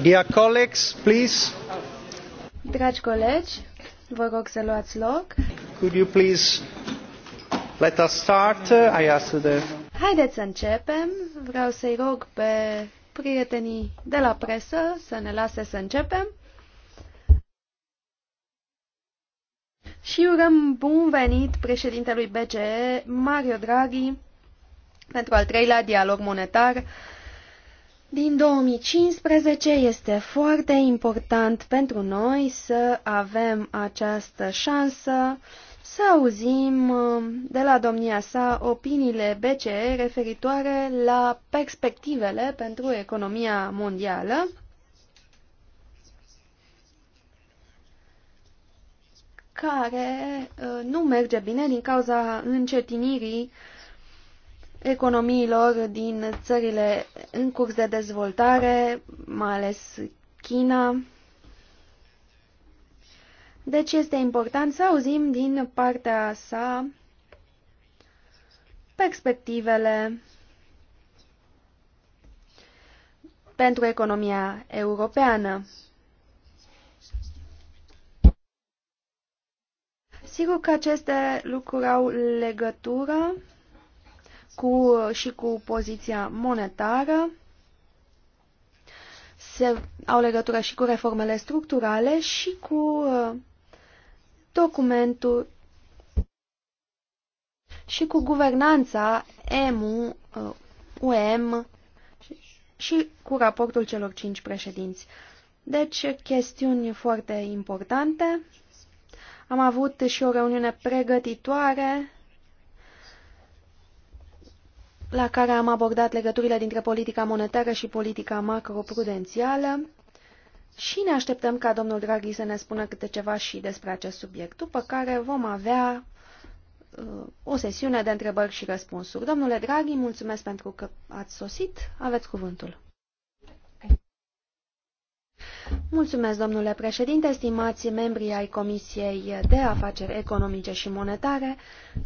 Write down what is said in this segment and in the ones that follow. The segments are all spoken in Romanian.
Dear colleagues, please. Dragi colegi, vă rog să luați loc. Could you please let us start? I ask the... Haideți să începem. Vreau să-i rog pe prietenii de la presă să ne lase să începem. Și urăm bun venit președintelui BCE, Mario Draghi, pentru al treilea dialog monetar din 2015 este foarte important pentru noi să avem această șansă să auzim uh, de la domnia sa opiniile BCE referitoare la perspectivele pentru economia mondială. care uh, nu merge bine din cauza încetinirii uh, economiilor din țările în curs de dezvoltare, mai ales China. Deci este important să auzim din partea sa perspectivele pentru economia europeană. Sigur că aceste lucruri au legătură cu, și cu poziția monetară, se, au legătură și cu reformele structurale și cu uh, documentul și cu guvernanța EMU, UEM uh, și cu raportul celor cinci președinți. Deci, chestiuni foarte importante. Am avut și o reuniune pregătitoare la care am abordat legăturile dintre politica monetară și politica macroprudențială și ne așteptăm ca domnul Draghi să ne spună câte ceva și despre acest subiect, după care vom avea uh, o sesiune de întrebări și răspunsuri. Domnule Draghi, mulțumesc pentru că ați sosit. Aveți cuvântul. Mulțumesc, domnule președinte, stimați membrii ai Comisiei de Afaceri Economice și Monetare,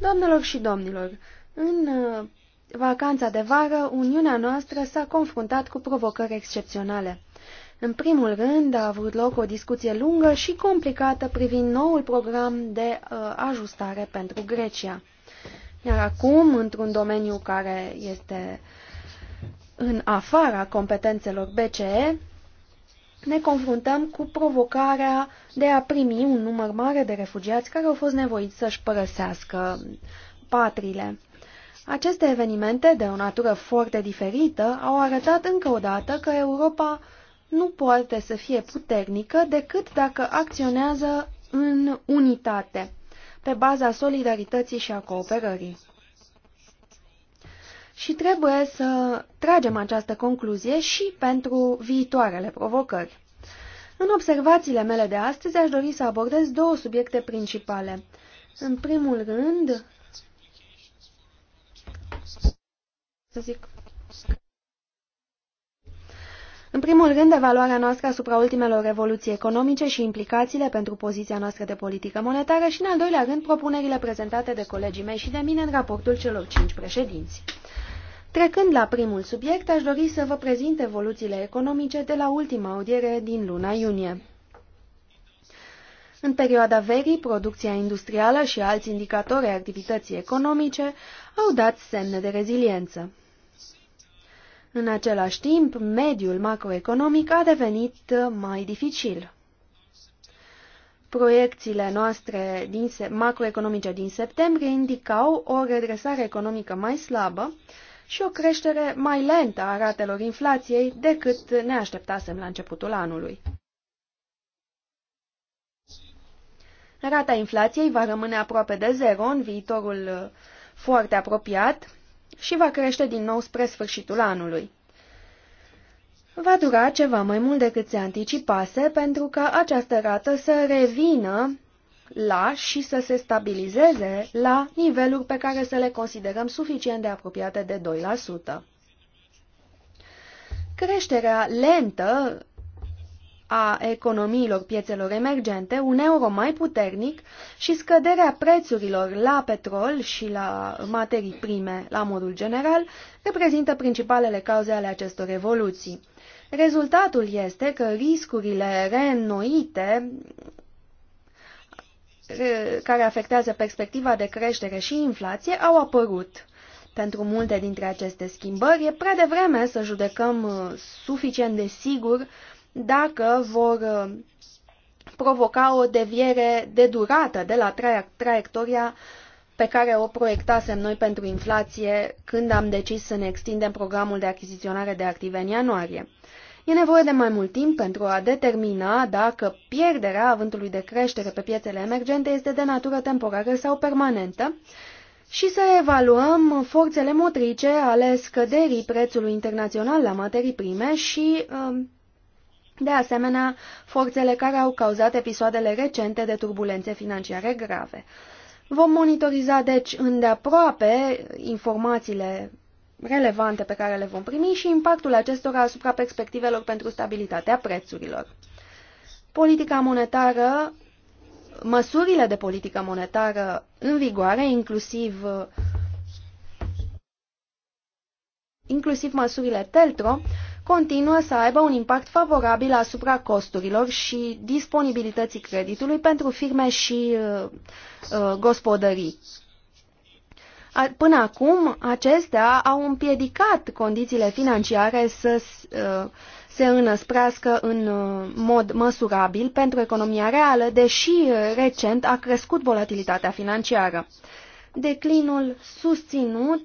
domnilor și domnilor. În uh, vacanța de vară, Uniunea noastră s-a confruntat cu provocări excepționale. În primul rând, a avut loc o discuție lungă și complicată privind noul program de uh, ajustare pentru Grecia. Iar acum, într-un domeniu care este în afara competențelor BCE, ne confruntăm cu provocarea de a primi un număr mare de refugiați care au fost nevoiți să-și părăsească patriile. Aceste evenimente, de o natură foarte diferită, au arătat încă o dată că Europa nu poate să fie puternică decât dacă acționează în unitate, pe baza solidarității și a cooperării. Și trebuie să tragem această concluzie și pentru viitoarele provocări. În observațiile mele de astăzi aș dori să abordez două subiecte principale. În primul rând, să zic. În primul rând, evaluarea noastră asupra ultimelor revoluții economice și implicațiile pentru poziția noastră de politică monetară și, în al doilea rând, propunerile prezentate de colegii mei și de mine în raportul celor cinci președinți. Trecând la primul subiect, aș dori să vă prezint evoluțiile economice de la ultima audiere din luna iunie. În perioada verii, producția industrială și alți indicatori ai activității economice au dat semne de reziliență. În același timp, mediul macroeconomic a devenit mai dificil. Proiecțiile noastre din macroeconomice din septembrie indicau o redresare economică mai slabă și o creștere mai lentă a ratelor inflației decât ne așteptasem la începutul anului. Rata inflației va rămâne aproape de zero în viitorul uh, foarte apropiat și va crește din nou spre sfârșitul anului. Va dura ceva mai mult decât se anticipase pentru ca această rată să revină la și să se stabilizeze la niveluri pe care să le considerăm suficient de apropiate de 2%. Creșterea lentă a economiilor piețelor emergente, un euro mai puternic și scăderea prețurilor la petrol și la materii prime la modul general reprezintă principalele cauze ale acestor evoluții. Rezultatul este că riscurile reînnoite care afectează perspectiva de creștere și inflație au apărut. Pentru multe dintre aceste schimbări e prea devreme să judecăm uh, suficient de sigur dacă vor uh, provoca o deviere de durată de la traiectoria pe care o proiectasem noi pentru inflație când am decis să ne extindem programul de achiziționare de active în ianuarie. E nevoie de mai mult timp pentru a determina dacă pierderea avântului de creștere pe piețele emergente este de natură temporară sau permanentă și să evaluăm forțele motrice ale scăderii prețului internațional la materii prime și uh, de asemenea, forțele care au cauzat episoadele recente de turbulențe financiare grave. Vom monitoriza, deci, îndeaproape informațiile relevante pe care le vom primi și impactul acestora asupra perspectivelor pentru stabilitatea prețurilor. Politica monetară, măsurile de politică monetară în vigoare, inclusiv inclusiv măsurile TELTRO, continuă să aibă un impact favorabil asupra costurilor și disponibilității creditului pentru firme și uh, uh gospodării. până acum, acestea au împiedicat condițiile financiare să uh, se înăsprească în uh, mod măsurabil pentru economia reală, deși recent a crescut volatilitatea financiară. Declinul susținut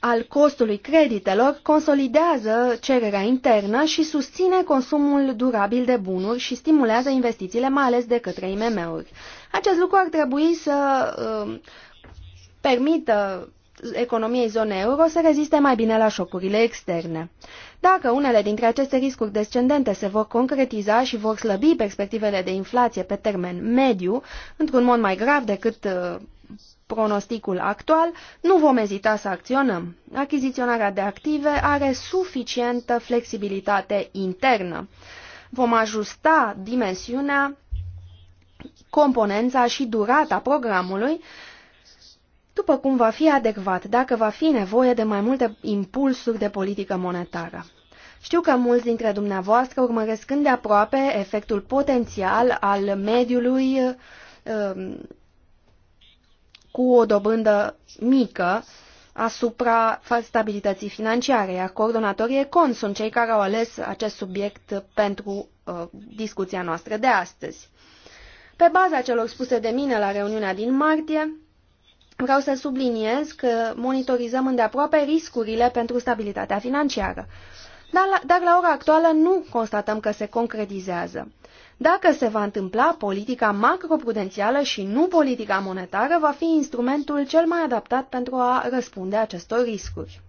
al costului creditelor consolidează cererea internă și susține consumul durabil de bunuri și stimulează investițiile, mai ales de către IMM-uri. Acest lucru ar trebui să uh, permită economiei zonei euro să reziste mai bine la șocurile externe. Dacă unele dintre aceste riscuri descendente se vor concretiza și vor slăbi perspectivele de inflație pe termen mediu, într-un mod mai grav decât uh, pronosticul actual, nu vom ezita să acționăm. Achiziționarea de active are suficientă flexibilitate internă. Vom ajusta dimensiunea, componența și durata programului după cum va fi adecvat, dacă va fi nevoie de mai multe impulsuri de politică monetară. Știu că mulți dintre dumneavoastră urmăresc aproape efectul potențial al mediului um, cu o dobândă mică asupra stabilității financiare, iar coordonatorii ECON sunt cei care au ales acest subiect pentru uh, discuția noastră de astăzi. Pe baza celor spuse de mine la reuniunea din martie, vreau să subliniez că monitorizăm îndeaproape riscurile pentru stabilitatea financiară, dar la, dar la ora actuală nu constatăm că se concretizează. Dacă se va întâmpla, politica macroprudențială și nu politica monetară va fi instrumentul cel mai adaptat pentru a răspunde acestor riscuri.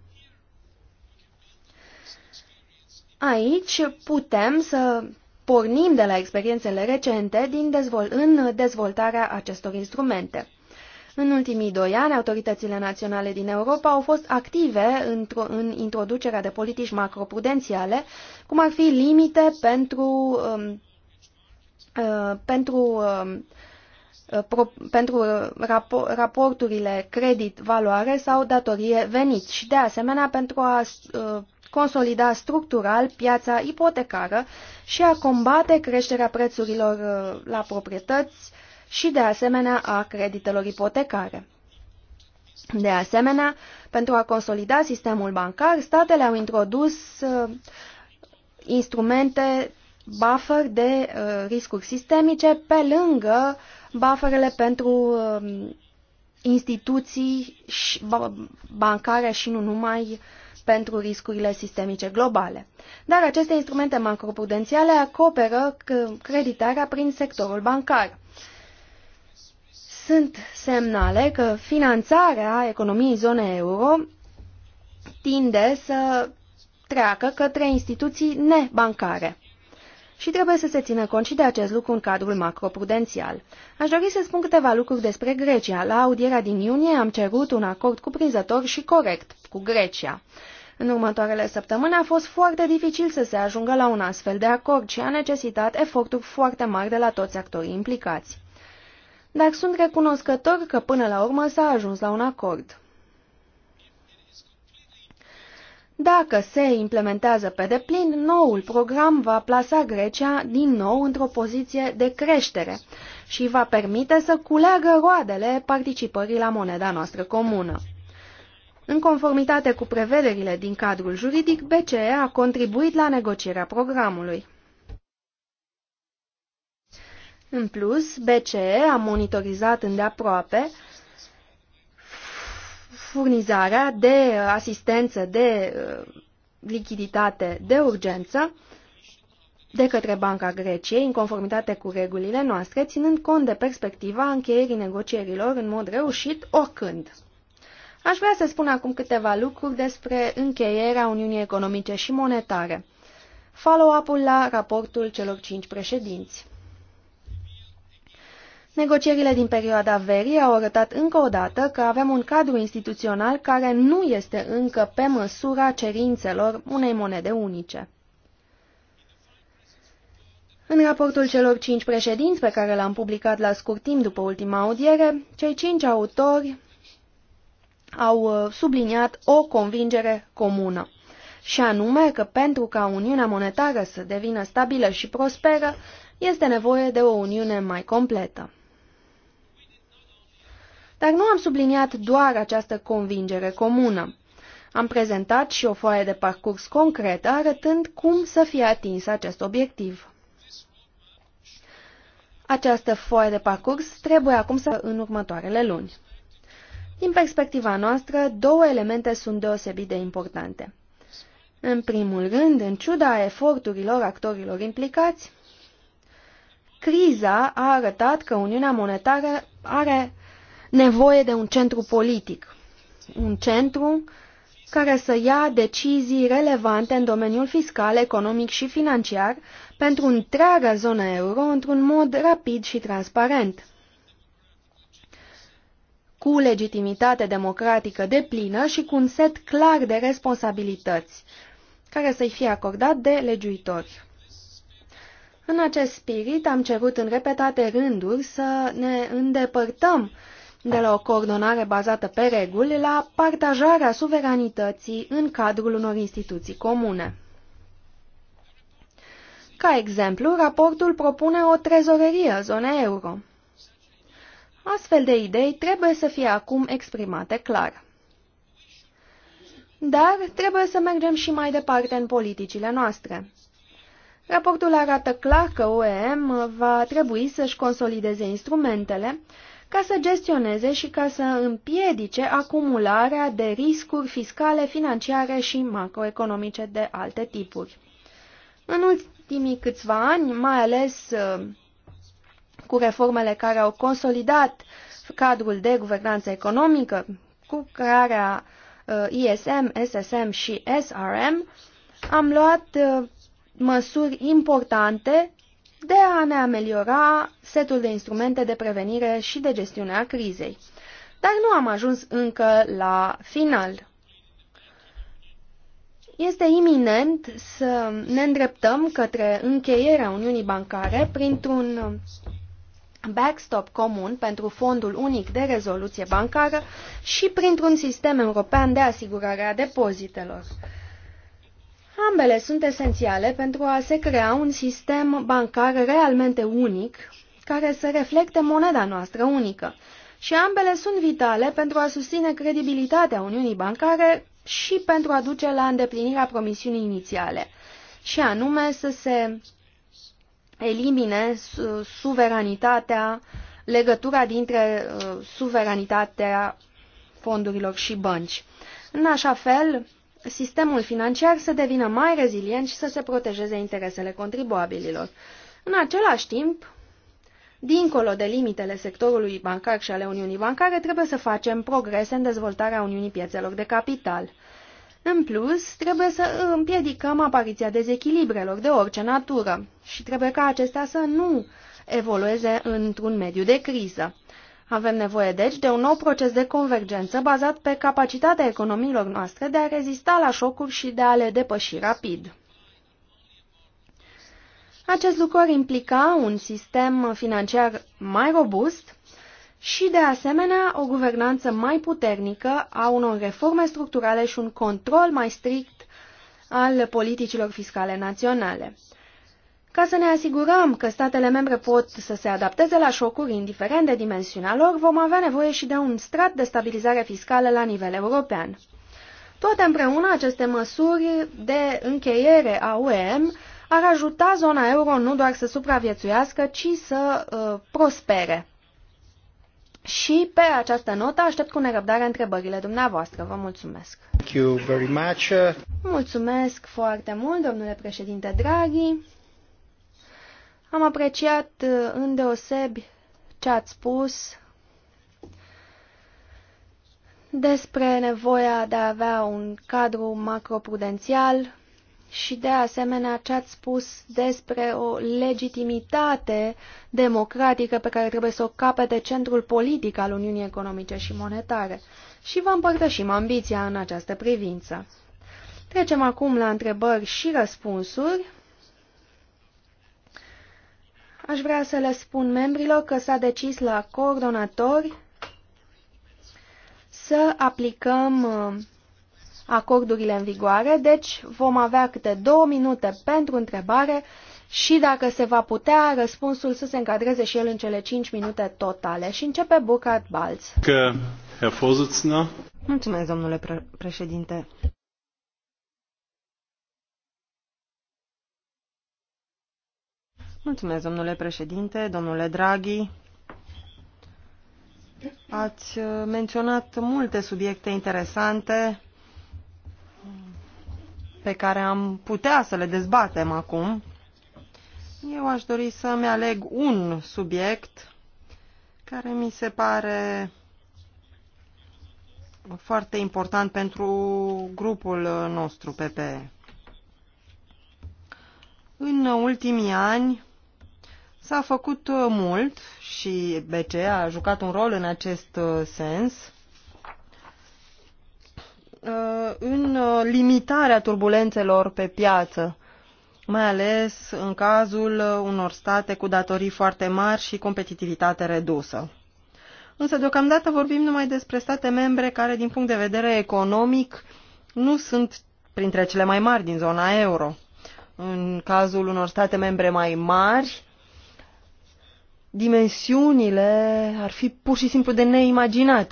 Aici putem să pornim de la experiențele recente din dezvol în dezvoltarea acestor instrumente. În ultimii doi ani, autoritățile naționale din Europa au fost active în introducerea de politici macroprudențiale, cum ar fi limite pentru um, Uh, pentru, uh, pro, pentru rapo, raporturile credit-valoare sau datorie-venit și de asemenea pentru a uh, consolida structural piața ipotecară și a combate creșterea prețurilor la proprietăți și de asemenea a creditelor ipotecare. De asemenea, pentru a consolida sistemul bancar, statele au introdus instrumente buffer de uh, riscuri sistemice pe lângă bufferele pentru um, instituții bancare și nu numai pentru riscurile sistemice globale. Dar aceste instrumente macroprudențiale acoperă creditarea prin sectorul bancar. Sunt semnale că finanțarea economiei zonei euro tinde să treacă către instituții nebancare și trebuie să se țină cont și de acest lucru în cadrul macroprudențial. Aș dori să spun câteva lucruri despre Grecia. La audierea din iunie am cerut un acord cuprinzător și corect cu Grecia. În următoarele săptămâni a fost foarte dificil să se ajungă la un astfel de acord și a necesitat eforturi foarte mari de la toți actorii implicați. Dar sunt recunoscător că până la urmă s-a ajuns la un acord. Dacă se implementează pe deplin, noul program va plasa Grecia din nou într-o poziție de creștere și va permite să culeagă roadele participării la moneda noastră comună. În conformitate cu prevederile din cadrul juridic, BCE a contribuit la negocierea programului. În plus, BCE a monitorizat îndeaproape furnizarea de uh, asistență, de uh, lichiditate de urgență de către Banca Greciei, în conformitate cu regulile noastre, ținând cont de perspectiva încheierii negocierilor în mod reușit oricând. Aș vrea să spun acum câteva lucruri despre încheierea Uniunii Economice și Monetare, follow-up-ul la raportul celor cinci președinți. Negocierile din perioada verii au arătat încă o dată că avem un cadru instituțional care nu este încă pe măsura cerințelor unei monede unice. În raportul celor cinci președinți pe care l-am publicat la scurt timp după ultima audiere, cei cinci autori au uh, subliniat o convingere comună, și anume că pentru ca Uniunea Monetară să devină stabilă și prosperă, este nevoie de o Uniune mai completă dar nu am subliniat doar această convingere comună. Am prezentat și o foaie de parcurs concretă arătând cum să fie atins acest obiectiv. Această foaie de parcurs trebuie acum să în următoarele luni. Din perspectiva noastră, două elemente sunt deosebit de importante. În primul rând, în ciuda eforturilor actorilor implicați, criza a arătat că Uniunea Monetară are nevoie de un centru politic. Un centru care să ia decizii relevante în domeniul fiscal, economic și financiar pentru întreaga zonă euro într-un mod rapid și transparent. Cu legitimitate democratică deplină și cu un set clar de responsabilități, care să-i fie acordat de legiuitori. În acest spirit am cerut în repetate rânduri să ne îndepărtăm de la o coordonare bazată pe reguli la partajarea suveranității în cadrul unor instituții comune. Ca exemplu, raportul propune o trezorerie a zonei euro. Astfel de idei trebuie să fie acum exprimate clar. Dar trebuie să mergem și mai departe în politicile noastre. Raportul arată clar că OEM va trebui să-și consolideze instrumentele ca să gestioneze și ca să împiedice acumularea de riscuri fiscale, financiare și macroeconomice de alte tipuri. În ultimii câțiva ani, mai ales uh, cu reformele care au consolidat cadrul de guvernanță economică, cu crearea uh, ISM, SSM și SRM, am luat uh, măsuri importante de a ne ameliora setul de instrumente de prevenire și de gestiune a crizei. Dar nu am ajuns încă la final. Este iminent să ne îndreptăm către încheierea Uniunii Bancare printr-un backstop comun pentru fondul unic de rezoluție bancară și printr-un sistem european de asigurare a depozitelor. Ambele sunt esențiale pentru a se crea un sistem bancar realmente unic care să reflecte moneda noastră unică și ambele sunt vitale pentru a susține credibilitatea Uniunii Bancare și pentru a duce la îndeplinirea promisiunii inițiale, și anume să se elimine suveranitatea, legătura dintre uh, suveranitatea fondurilor și bănci. În așa fel, sistemul financiar să devină mai rezilient și să se protejeze interesele contribuabililor. În același timp, dincolo de limitele sectorului bancar și ale Uniunii Bancare, trebuie să facem progrese în dezvoltarea Uniunii Piețelor de Capital. În plus, trebuie să împiedicăm apariția dezechilibrelor de orice natură și trebuie ca acestea să nu evolueze într-un mediu de criză. Avem nevoie, deci, de un nou proces de convergență bazat pe capacitatea economiilor noastre de a rezista la șocuri și de a le depăși rapid. Acest lucru ar implica un sistem financiar mai robust și, de asemenea, o guvernanță mai puternică a unor reforme structurale și un control mai strict al politicilor fiscale naționale. Ca să ne asigurăm că statele membre pot să se adapteze la șocuri indiferent de dimensiunea lor, vom avea nevoie și de un strat de stabilizare fiscală la nivel european. Toate împreună, aceste măsuri de încheiere a UEM ar ajuta zona euro nu doar să supraviețuiască, ci să uh, prospere. Și pe această notă aștept cu nerăbdare întrebările dumneavoastră. Vă mulțumesc. Thank you very much. Mulțumesc foarte mult, domnule președinte Draghi. Am apreciat uh, îndeosebi ce ați spus despre nevoia de a avea un cadru macroprudențial și de asemenea ce ați spus despre o legitimitate democratică pe care trebuie să o capete centrul politic al Uniunii Economice și Monetare. Și vă împărtășim ambiția în această privință. Trecem acum la întrebări și răspunsuri. Aș vrea să le spun membrilor că s-a decis la coordonatori să aplicăm uh, acordurile în vigoare, deci vom avea câte două minute pentru întrebare și dacă se va putea, răspunsul să se încadreze și el în cele cinci minute totale. Și începe bucat Balz. Mulțumesc, domnule președinte. Mulțumesc, domnule președinte, domnule Draghi. Ați uh, menționat multe subiecte interesante pe care am putea să le dezbatem acum. Eu aș dori să-mi aleg un subiect care mi se pare foarte important pentru grupul nostru PP. În ultimii ani S-a făcut uh, mult și BC a jucat un rol în acest uh, sens uh, în limitarea turbulențelor pe piață, mai ales în cazul unor state cu datorii foarte mari și competitivitate redusă. Însă deocamdată vorbim numai despre state membre care, din punct de vedere economic, nu sunt printre cele mai mari din zona euro. În cazul unor state membre mai mari, dimensiunile ar fi pur și simplu de neimaginat.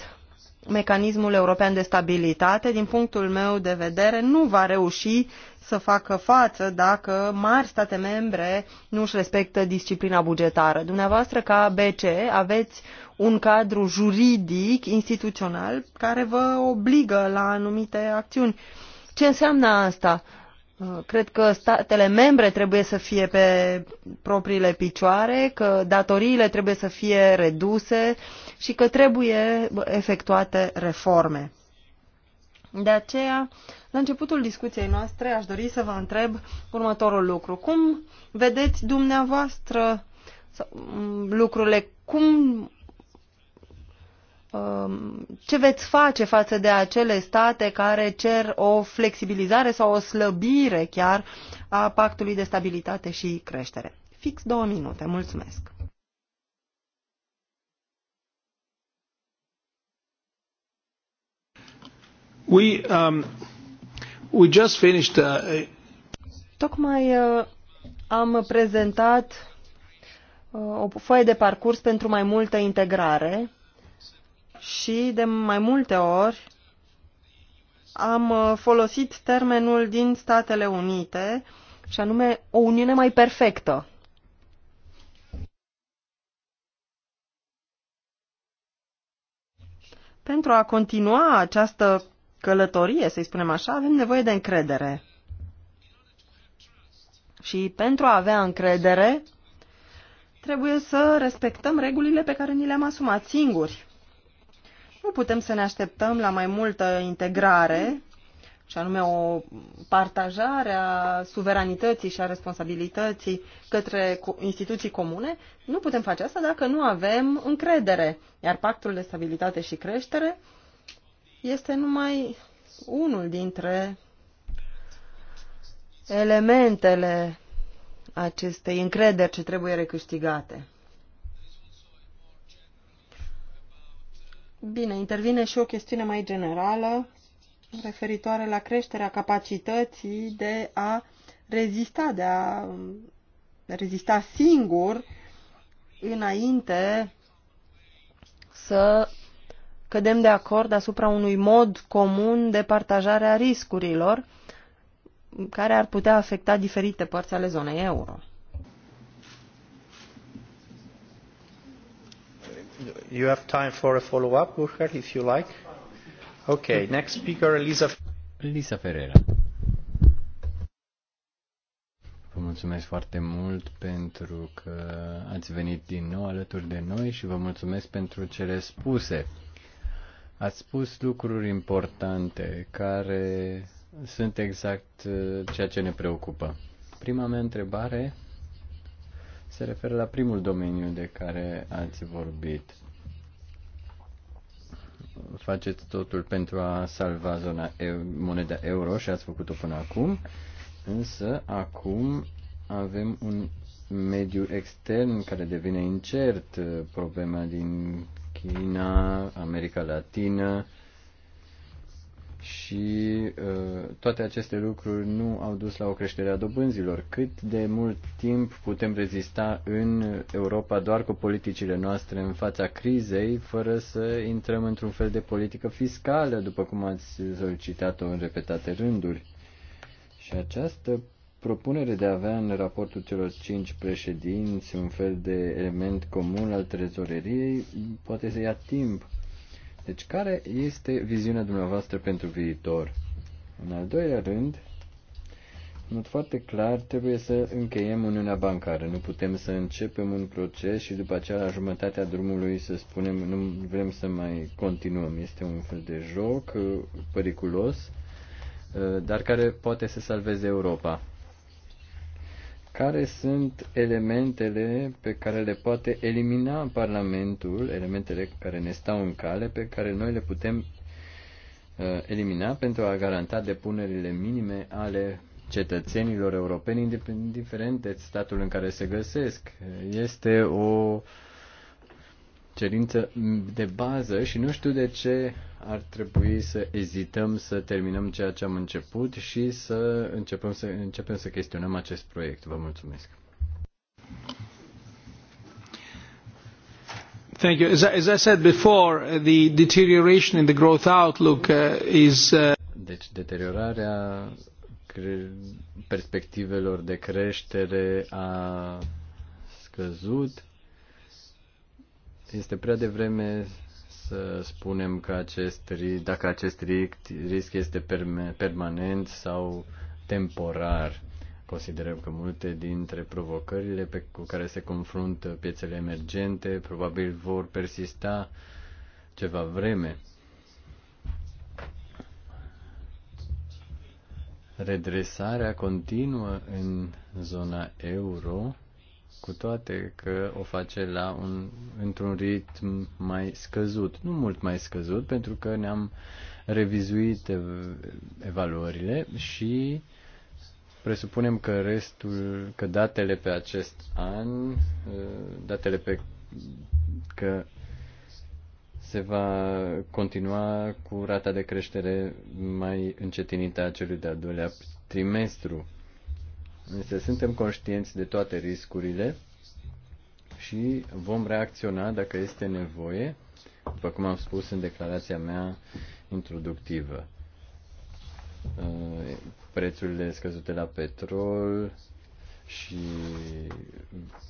Mecanismul european de stabilitate, din punctul meu de vedere, nu va reuși să facă față dacă mari state membre nu își respectă disciplina bugetară. Dumneavoastră, ca BCE, aveți un cadru juridic, instituțional, care vă obligă la anumite acțiuni. Ce înseamnă asta? Uh, cred că statele membre trebuie să fie pe propriile picioare, că datoriile trebuie să fie reduse și că trebuie efectuate reforme. De aceea, la începutul discuției noastre, aș dori să vă întreb următorul lucru. Cum vedeți dumneavoastră um, lucrurile? Cum Um, ce veți face față de acele state care cer o flexibilizare sau o slăbire chiar a pactului de stabilitate și creștere? Fix două minute. Mulțumesc. We, um, we just finished, uh... Tocmai uh, am prezentat uh, o foaie de parcurs pentru mai multă integrare și de mai multe ori am uh, folosit termenul din Statele Unite și anume o Uniune mai perfectă. Pentru a continua această călătorie, să-i spunem așa, avem nevoie de încredere. Și pentru a avea încredere, trebuie să respectăm regulile pe care ni le-am asumat singuri. Nu putem să ne așteptăm la mai multă integrare, și anume o partajare a suveranității și a responsabilității către instituții comune, nu putem face asta dacă nu avem încredere. Iar pactul de stabilitate și creștere este numai unul dintre elementele acestei încrederi ce trebuie recâștigate. Bine, intervine și o chestiune mai generală referitoare la creșterea capacității de a rezista, de a um, rezista singur înainte să cădem de acord asupra unui mod comun de partajare a riscurilor care ar putea afecta diferite părți ale zonei euro. you have time for a follow-up, Burkhard, if you like. Okay, next speaker, Elisa. Elisa Ferreira. Vă mulțumesc foarte mult pentru că ați venit din nou alături de noi și vă mulțumesc pentru cele spuse. Ați spus lucruri importante care sunt exact uh, ceea ce ne preocupă. Prima mea întrebare se referă la primul domeniu de care ați vorbit. Faceți totul pentru a salva zona eu, moneda euro și ați făcut-o până acum, însă acum avem un mediu extern care devine incert, uh, problema din China, America Latină, și uh, toate aceste lucruri nu au dus la o creștere a dobânzilor. Cât de mult timp putem rezista în Europa doar cu politicile noastre în fața crizei, fără să intrăm într-un fel de politică fiscală, după cum ați solicitat-o în repetate rânduri? Și această propunere de a avea în raportul celor cinci președinți un fel de element comun al trezoreriei poate să ia timp deci, care este viziunea dumneavoastră pentru viitor? În al doilea rând, în mod foarte clar, trebuie să încheiem Uniunea Bancară. Nu putem să începem un proces și după aceea, la jumătatea drumului, să spunem, nu vrem să mai continuăm. Este un fel de joc uh, periculos, uh, dar care poate să salveze Europa care sunt elementele pe care le poate elimina Parlamentul, elementele care ne stau în cale, pe care noi le putem uh, elimina pentru a garanta depunerile minime ale cetățenilor europeni, indiferent de statul în care se găsesc. Este o cerință de bază și nu știu de ce ar trebui să ezităm să terminăm ceea ce am început și să începem să, începem să chestionăm acest proiect. Vă mulțumesc. Thank you. As I, as I said before, the deterioration in the growth outlook uh, is. Uh... Deci deteriorarea perspectivelor de creștere a scăzut este prea devreme să spunem că acest, dacă acest risc este permanent sau temporar. Considerăm că multe dintre provocările pe, cu care se confruntă piețele emergente probabil vor persista ceva vreme. Redresarea continuă în zona euro cu toate că o face la un, într-un ritm mai scăzut, nu mult mai scăzut, pentru că ne-am revizuit evaluările și presupunem că restul, că datele pe acest an, ă, datele pe că se va continua cu rata de creștere mai încetinită a celui de-al doilea trimestru Însă suntem conștienți de toate riscurile și vom reacționa dacă este nevoie, după cum am spus în declarația mea introductivă. Uh, prețurile scăzute la petrol și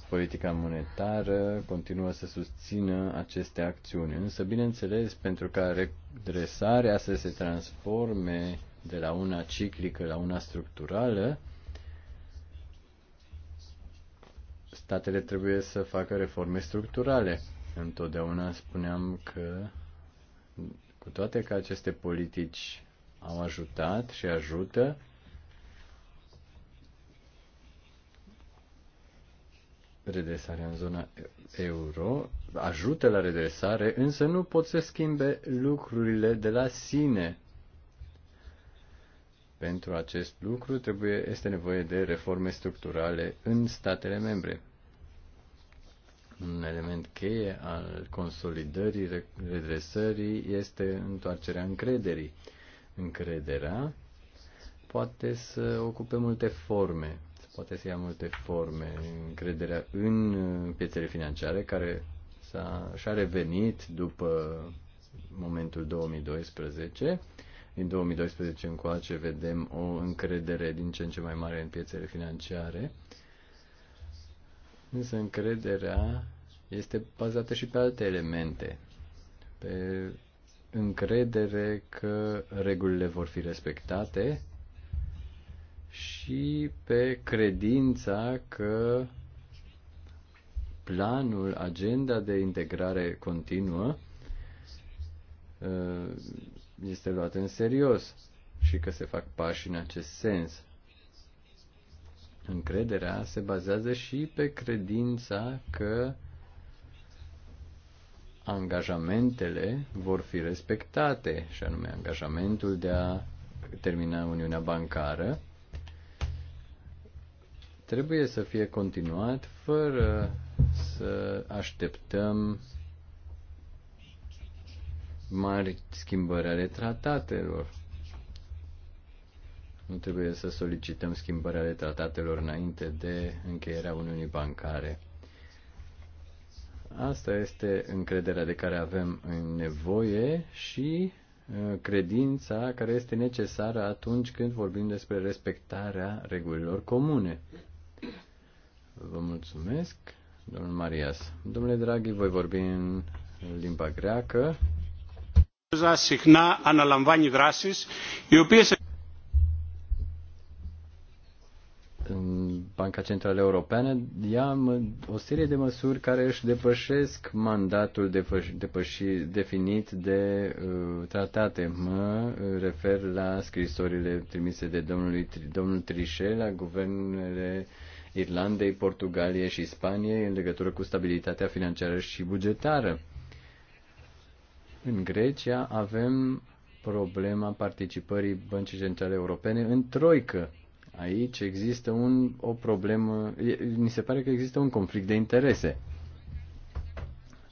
politica monetară continuă să susțină aceste acțiuni. Însă, bineînțeles, pentru ca redresarea să se transforme de la una ciclică la una structurală, statele trebuie să facă reforme structurale. Întotdeauna spuneam că, cu toate că aceste politici au ajutat și ajută, redresarea în zona euro ajută la redresare, însă nu pot să schimbe lucrurile de la sine. Pentru acest lucru trebuie, este nevoie de reforme structurale în statele membre un element cheie al consolidării, redresării, este întoarcerea încrederii. Încrederea poate să ocupe multe forme, poate să ia multe forme. Încrederea în piețele financiare, care s-a, și-a revenit după momentul 2012. Din 2012 încoace vedem o încredere din ce în ce mai mare în piețele financiare Însă încrederea este bazată și pe alte elemente. Pe încredere că regulile vor fi respectate și pe credința că planul, agenda de integrare continuă uh, este luat în serios și că se fac pași în acest sens. Încrederea se bazează și pe credința că angajamentele vor fi respectate, și anume angajamentul de a termina Uniunea Bancară trebuie să fie continuat fără să așteptăm mari schimbări ale tratatelor. Nu trebuie să solicităm schimbarea tratatelor înainte de încheierea Uniunii Bancare. Asta este încrederea de care avem nevoie și uh, credința care este necesară atunci când vorbim despre respectarea regulilor comune. Vă mulțumesc, domnul Marias. Domnule Draghi, voi vorbi în limba greacă. Συχνά αναλαμβάνει drasis, Eu οποίες în Banca Centrală Europeană ia o serie de măsuri care își depășesc mandatul depăș, depăși, definit de uh, tratate. Mă uh, refer la scrisorile trimise de domnului, domnul Trichet la guvernele Irlandei, Portugaliei și Spaniei în legătură cu stabilitatea financiară și bugetară. În Grecia avem problema participării Băncii Centrale Europene în troică Aici există un, o problemă, mi se pare că există un conflict de interese.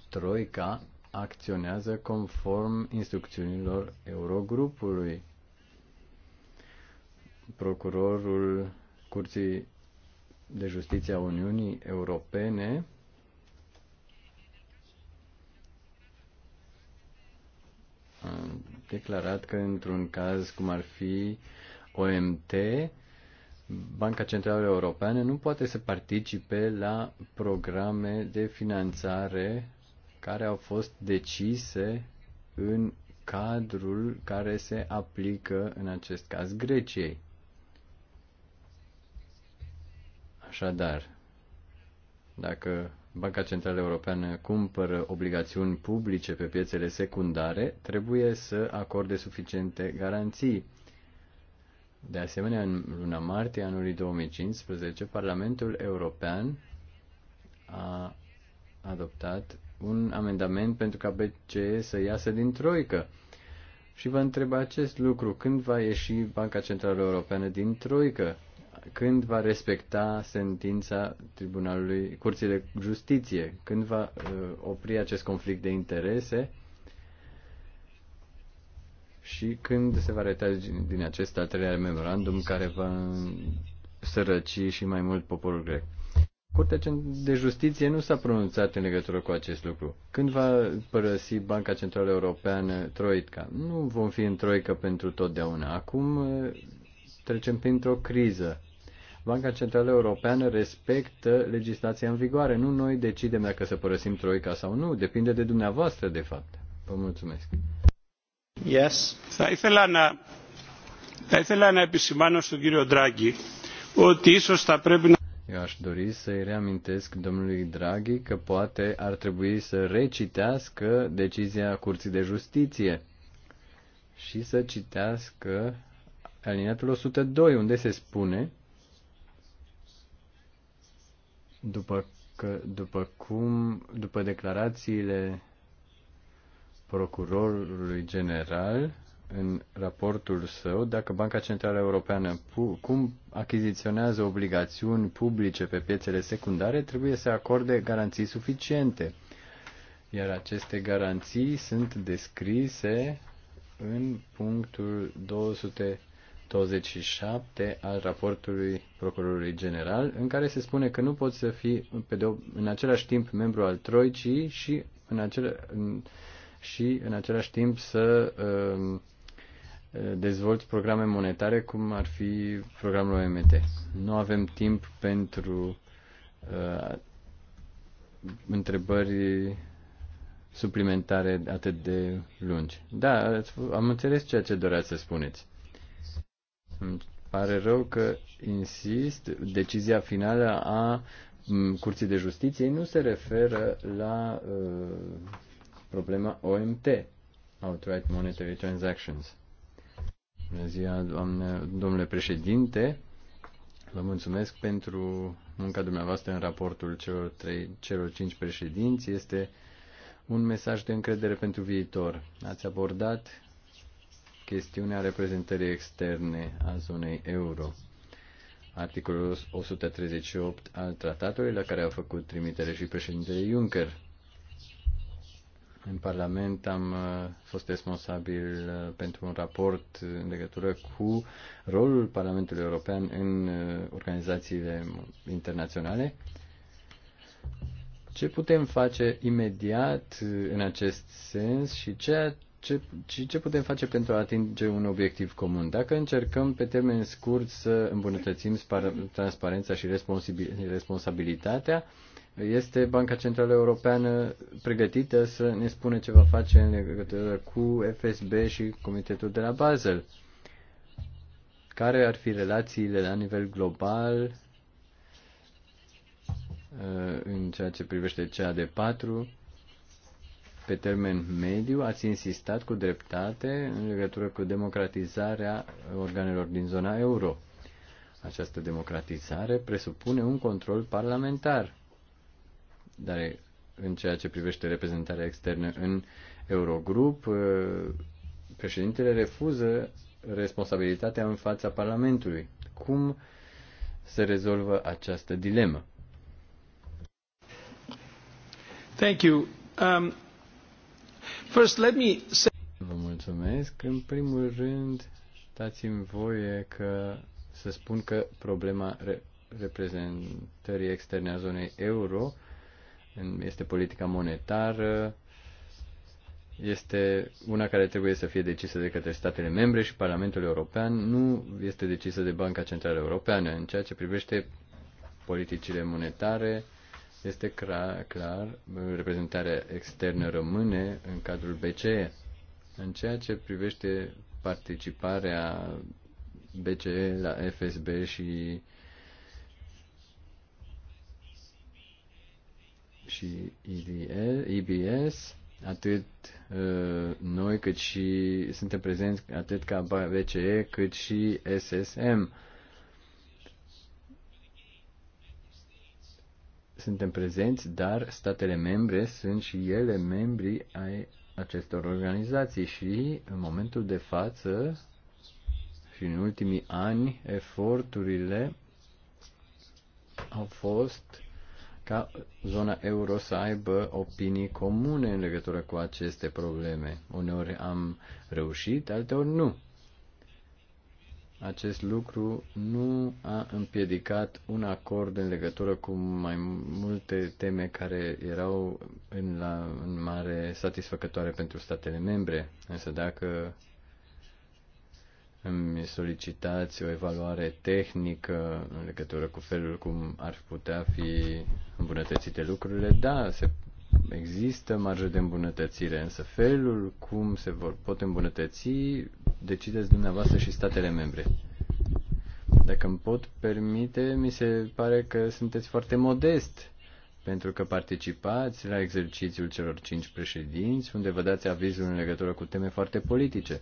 Troica acționează conform instrucțiunilor Eurogrupului. Procurorul Curții de Justiție a Uniunii Europene a declarat că într-un caz cum ar fi OMT, Banca Centrală Europeană nu poate să participe la programe de finanțare care au fost decise în cadrul care se aplică în acest caz Greciei. Așadar, dacă Banca Centrală Europeană cumpără obligațiuni publice pe piețele secundare, trebuie să acorde suficiente garanții de asemenea, în luna martie anului 2015, Parlamentul European a adoptat un amendament pentru ca BCE să iasă din troică. Și vă întreb acest lucru, când va ieși Banca Centrală Europeană din troică? Când va respecta sentința Tribunalului Curții de Justiție? Când va uh, opri acest conflict de interese? și când se va retrage din acest al treilea memorandum care va sărăci și mai mult poporul grec. Curtea de Justiție nu s-a pronunțat în legătură cu acest lucru. Când va părăsi Banca Centrală Europeană Troica? Nu vom fi în Troică pentru totdeauna. Acum eh, trecem printr-o criză. Banca Centrală Europeană respectă legislația în vigoare. Nu noi decidem dacă să părăsim Troica sau nu. Depinde de dumneavoastră, de fapt. Vă mulțumesc. Yes. Θα ήθελα να, θα ήθελα να επισημάνω στον κύριο Ντράγκη ότι ίσως θα πρέπει να... Eu aș dori să-i reamintesc domnului Draghi că poate ar trebui să recitească decizia Curții de Justiție și să citească alineatul 102, unde se spune după, că, după cum, după declarațiile procurorului general în raportul său dacă Banca Centrală Europeană cum achiziționează obligațiuni publice pe piețele secundare, trebuie să acorde garanții suficiente. Iar aceste garanții sunt descrise în punctul 227 al raportului Procurorului General, în care se spune că nu poți să fii pe de, în același timp membru al Troicii și în, acele, în, și în același timp să um, dezvolți programe monetare cum ar fi programul OMT. Nu avem timp pentru uh, întrebări suplimentare atât de lungi. Da, am înțeles ceea ce doreați să spuneți. Îmi pare rău că, insist, decizia finală a mm, Curții de Justiție nu se referă la uh, problema OMT, Outright Monetary Transactions. Bună ziua, doamne, domnule președinte. Vă mulțumesc pentru munca dumneavoastră în raportul celor, trei, celor cinci președinți. Este un mesaj de încredere pentru viitor. Ați abordat chestiunea reprezentării externe a zonei euro. Articolul 138 al tratatului la care a făcut trimitere și președintele Juncker. În Parlament am uh, fost responsabil uh, pentru un raport în legătură cu rolul Parlamentului European în uh, organizațiile internaționale. Ce putem face imediat în acest sens și ceea ce, ce putem face pentru a atinge un obiectiv comun. Dacă încercăm pe termen scurt să îmbunătățim transparența și responsabilitatea, este Banca Centrală Europeană pregătită să ne spune ce va face în legătură cu FSB și Comitetul de la Basel? Care ar fi relațiile la nivel global uh, în ceea ce privește cea de patru? Pe termen mediu ați insistat cu dreptate în legătură cu democratizarea organelor din zona euro. Această democratizare presupune un control parlamentar dar în ceea ce privește reprezentarea externă în Eurogrup, uh, președintele refuză responsabilitatea în fața Parlamentului. Cum se rezolvă această dilemă? Thank you. Um, first, let me say... Vă mulțumesc. În primul rând, dați-mi voie că să spun că problema re- reprezentării externe a zonei euro este politica monetară, este una care trebuie să fie decisă de către statele membre și Parlamentul European, nu este decisă de Banca Centrală Europeană. În ceea ce privește politicile monetare, este clar, clar reprezentarea externă rămâne în cadrul BCE. În ceea ce privește participarea BCE la FSB și și IBS, atât uh, noi cât și suntem prezenți atât ca BCE cât și SSM. Suntem prezenți, dar statele membre sunt și ele membri ai acestor organizații și în momentul de față și în ultimii ani eforturile au fost ca zona euro să aibă opinii comune în legătură cu aceste probleme. Uneori am reușit, alteori nu. Acest lucru nu a împiedicat un acord în legătură cu mai multe teme care erau în, la, în mare satisfăcătoare pentru statele membre. Însă dacă îmi solicitați o evaluare tehnică în legătură cu felul cum ar putea fi îmbunătățite lucrurile. Da, se, există marjă de îmbunătățire, însă felul cum se vor, pot îmbunătăți decideți dumneavoastră și statele membre. Dacă îmi pot permite, mi se pare că sunteți foarte modest pentru că participați la exercițiul celor cinci președinți, unde vă dați avizul în legătură cu teme foarte politice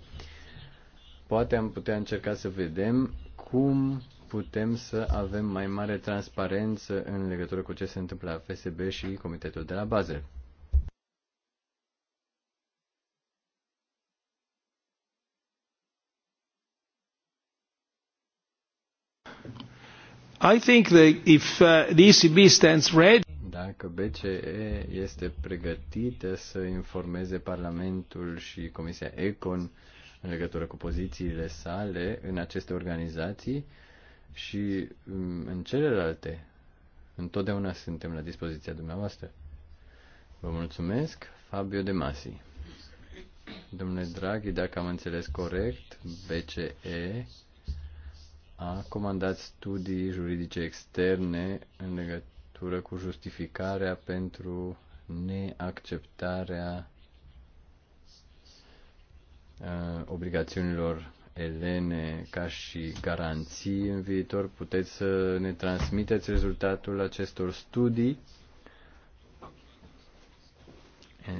poate am putea încerca să vedem cum putem să avem mai mare transparență în legătură cu ce se întâmplă la FSB și Comitetul de la Bazel. I think that if uh, the ECB stands ready dacă BCE este pregătită să informeze Parlamentul și Comisia Econ uh, în legătură cu pozițiile sale în aceste organizații și mm, în celelalte. Întotdeauna suntem la dispoziția dumneavoastră. Vă mulțumesc, Fabio De Masi. Domnule Draghi, dacă am înțeles corect, BCE a comandat studii juridice externe în legătură cu justificarea pentru neacceptarea Uh, obligațiunilor elene ca și garanții în viitor, puteți să ne transmiteți rezultatul acestor studii.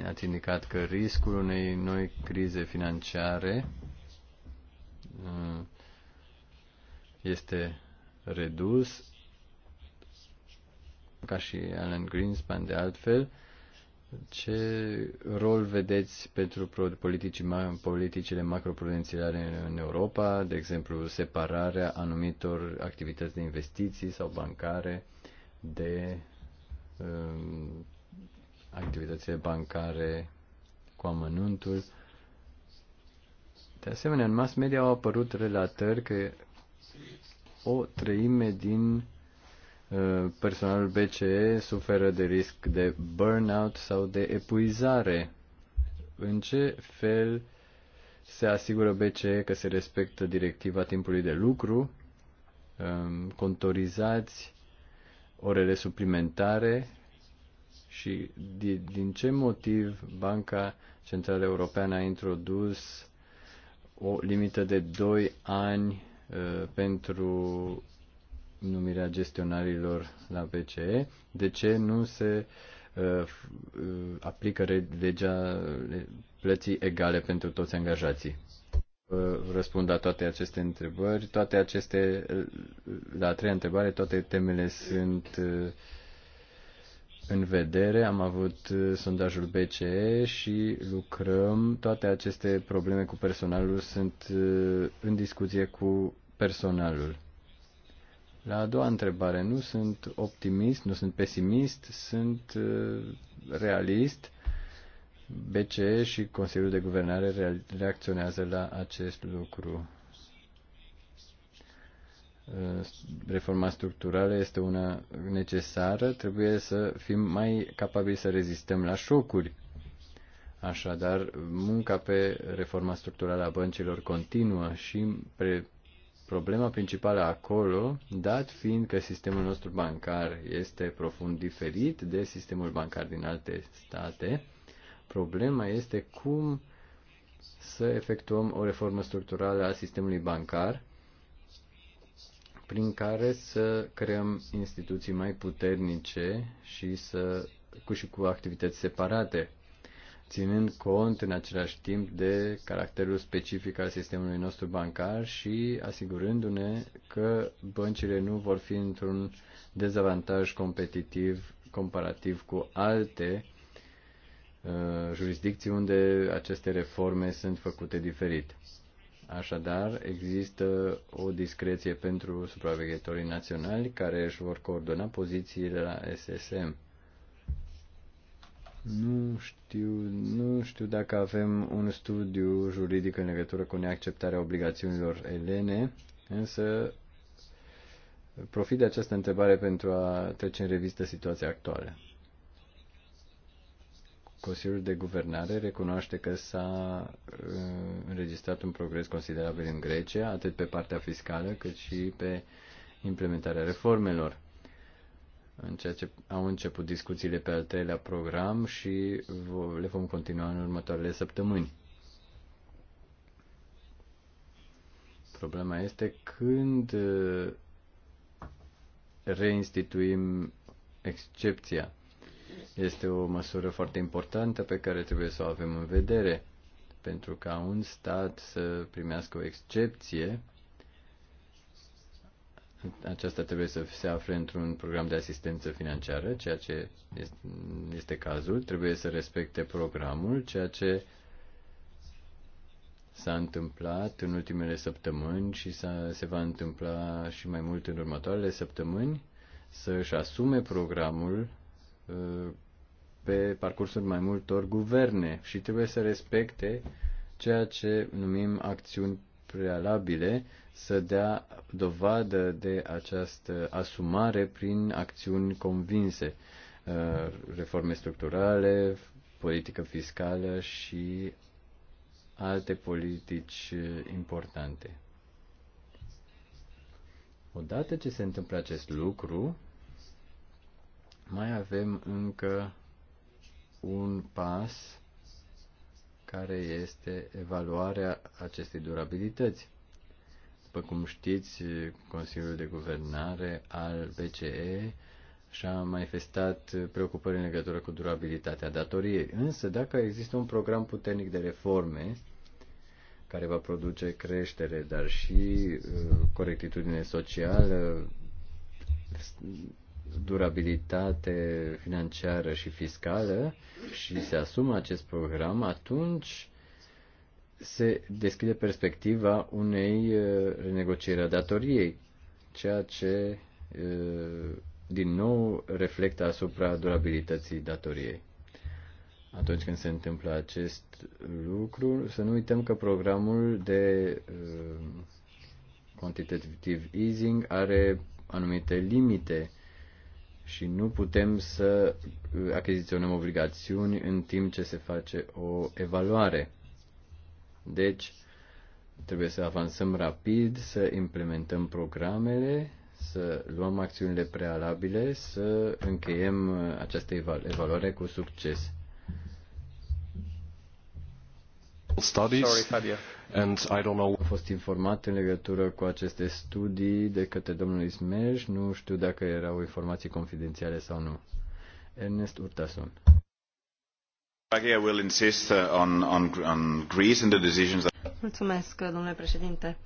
Ați indicat că riscul unei noi crize financiare uh, este redus, ca și Alan Greenspan de altfel, ce rol vedeți pentru politicile macroprudențiale în Europa, de exemplu separarea anumitor activități de investiții sau bancare de um, activitățile bancare cu amănuntul? De asemenea, în mass media au apărut relatări că o treime din Uh, personalul BCE suferă de risc de burnout sau de epuizare. În ce fel se asigură BCE că se respectă directiva timpului de lucru? Um, contorizați orele suplimentare și din ce motiv Banca Centrală Europeană a introdus o limită de 2 ani uh, pentru numirea gestionarilor la BCE, de ce nu se uh, uh aplică legea plății egale pentru toți angajații. Uh, răspund la toate aceste întrebări. Toate aceste, uh, la a treia întrebare, toate temele sunt uh, în vedere. Am avut uh, sondajul BCE și lucrăm. Toate aceste probleme cu personalul sunt în discuție cu personalul. La a doua întrebare, nu sunt optimist, nu sunt pesimist, sunt uh, realist. BCE și Consiliul de Guvernare reacționează la acest lucru. Uh, reforma structurală este una necesară, trebuie să fim mai capabili să rezistăm la șocuri. Așadar, munca pe reforma structurală a băncilor continuă și pre- Problema principală acolo, dat fiind că sistemul nostru bancar este profund diferit de sistemul bancar din alte state, problema este cum să efectuăm o reformă structurală a sistemului bancar prin care să creăm instituții mai puternice și să cu și cu activități separate ținând cont în același timp de caracterul specific al sistemului nostru bancar și asigurându-ne că băncile nu vor fi într-un dezavantaj competitiv comparativ cu alte uh, jurisdicții unde aceste reforme sunt făcute diferit. Așadar, există o discreție pentru supraveghetorii naționali care își vor coordona pozițiile la SSM. Nu știu, nu știu dacă avem un studiu juridic în legătură cu neacceptarea obligațiunilor elene, însă profit de această întrebare pentru a trece în revistă situația actuală. Consiliul de Guvernare recunoaște că s-a uh, înregistrat un progres considerabil în Grecia, atât pe partea fiscală cât și pe implementarea reformelor în ceea ce au început discuțiile pe al treilea program și le vom continua în următoarele săptămâni. Problema este când uh, reinstituim excepția. Este o măsură foarte importantă pe care trebuie să o avem în vedere, pentru ca un stat să primească o excepție aceasta trebuie să se afle într-un program de asistență financiară, ceea ce este cazul, trebuie să respecte programul, ceea ce s-a întâmplat în ultimele săptămâni și se va întâmpla și mai mult în următoarele săptămâni, să-și asume programul uh, pe parcursul mai multor guverne și trebuie să respecte ceea ce numim acțiuni prealabile, să dea dovadă de această asumare prin acțiuni convinse, uh, reforme structurale, politică fiscală și alte politici importante. Odată ce se întâmplă acest lucru, mai avem încă un pas care este evaluarea acestei durabilități. După cum știți, Consiliul de Guvernare al BCE și-a manifestat preocupări în legătură cu durabilitatea datoriei. Însă, dacă există un program puternic de reforme care va produce creștere, dar și uh, corectitudine socială, durabilitate financiară și fiscală și se asumă acest program, atunci se deschide perspectiva unei renegocieri uh, a datoriei, ceea ce uh, din nou reflectă asupra durabilității datoriei. Atunci când se întâmplă acest lucru, să nu uităm că programul de uh, quantitative easing are anumite limite și nu putem să achiziționăm obligațiuni în timp ce se face o evaluare. Deci, trebuie să avansăm rapid, să implementăm programele, să luăm acțiunile prealabile, să încheiem această evaluare cu succes. Studies. Sorry, And I don't know. Am fost informat în legătură cu aceste studii de către domnul Ismej, nu știu dacă erau informații confidențiale sau nu. Ernest Urtasun. Mulțumesc, domnule președinte.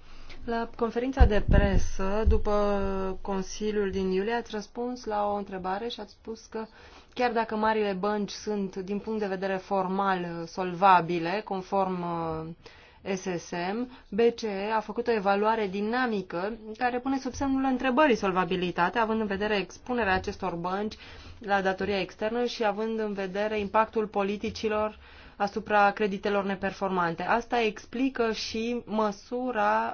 La conferința de presă, după Consiliul din iulie, ați răspuns la o întrebare și ați spus că chiar dacă marile bănci sunt, din punct de vedere formal, solvabile, conform uh, SSM, BCE a făcut o evaluare dinamică care pune sub semnul întrebării solvabilitatea, având în vedere expunerea acestor bănci la datoria externă și având în vedere impactul politicilor asupra creditelor neperformante. Asta explică și măsura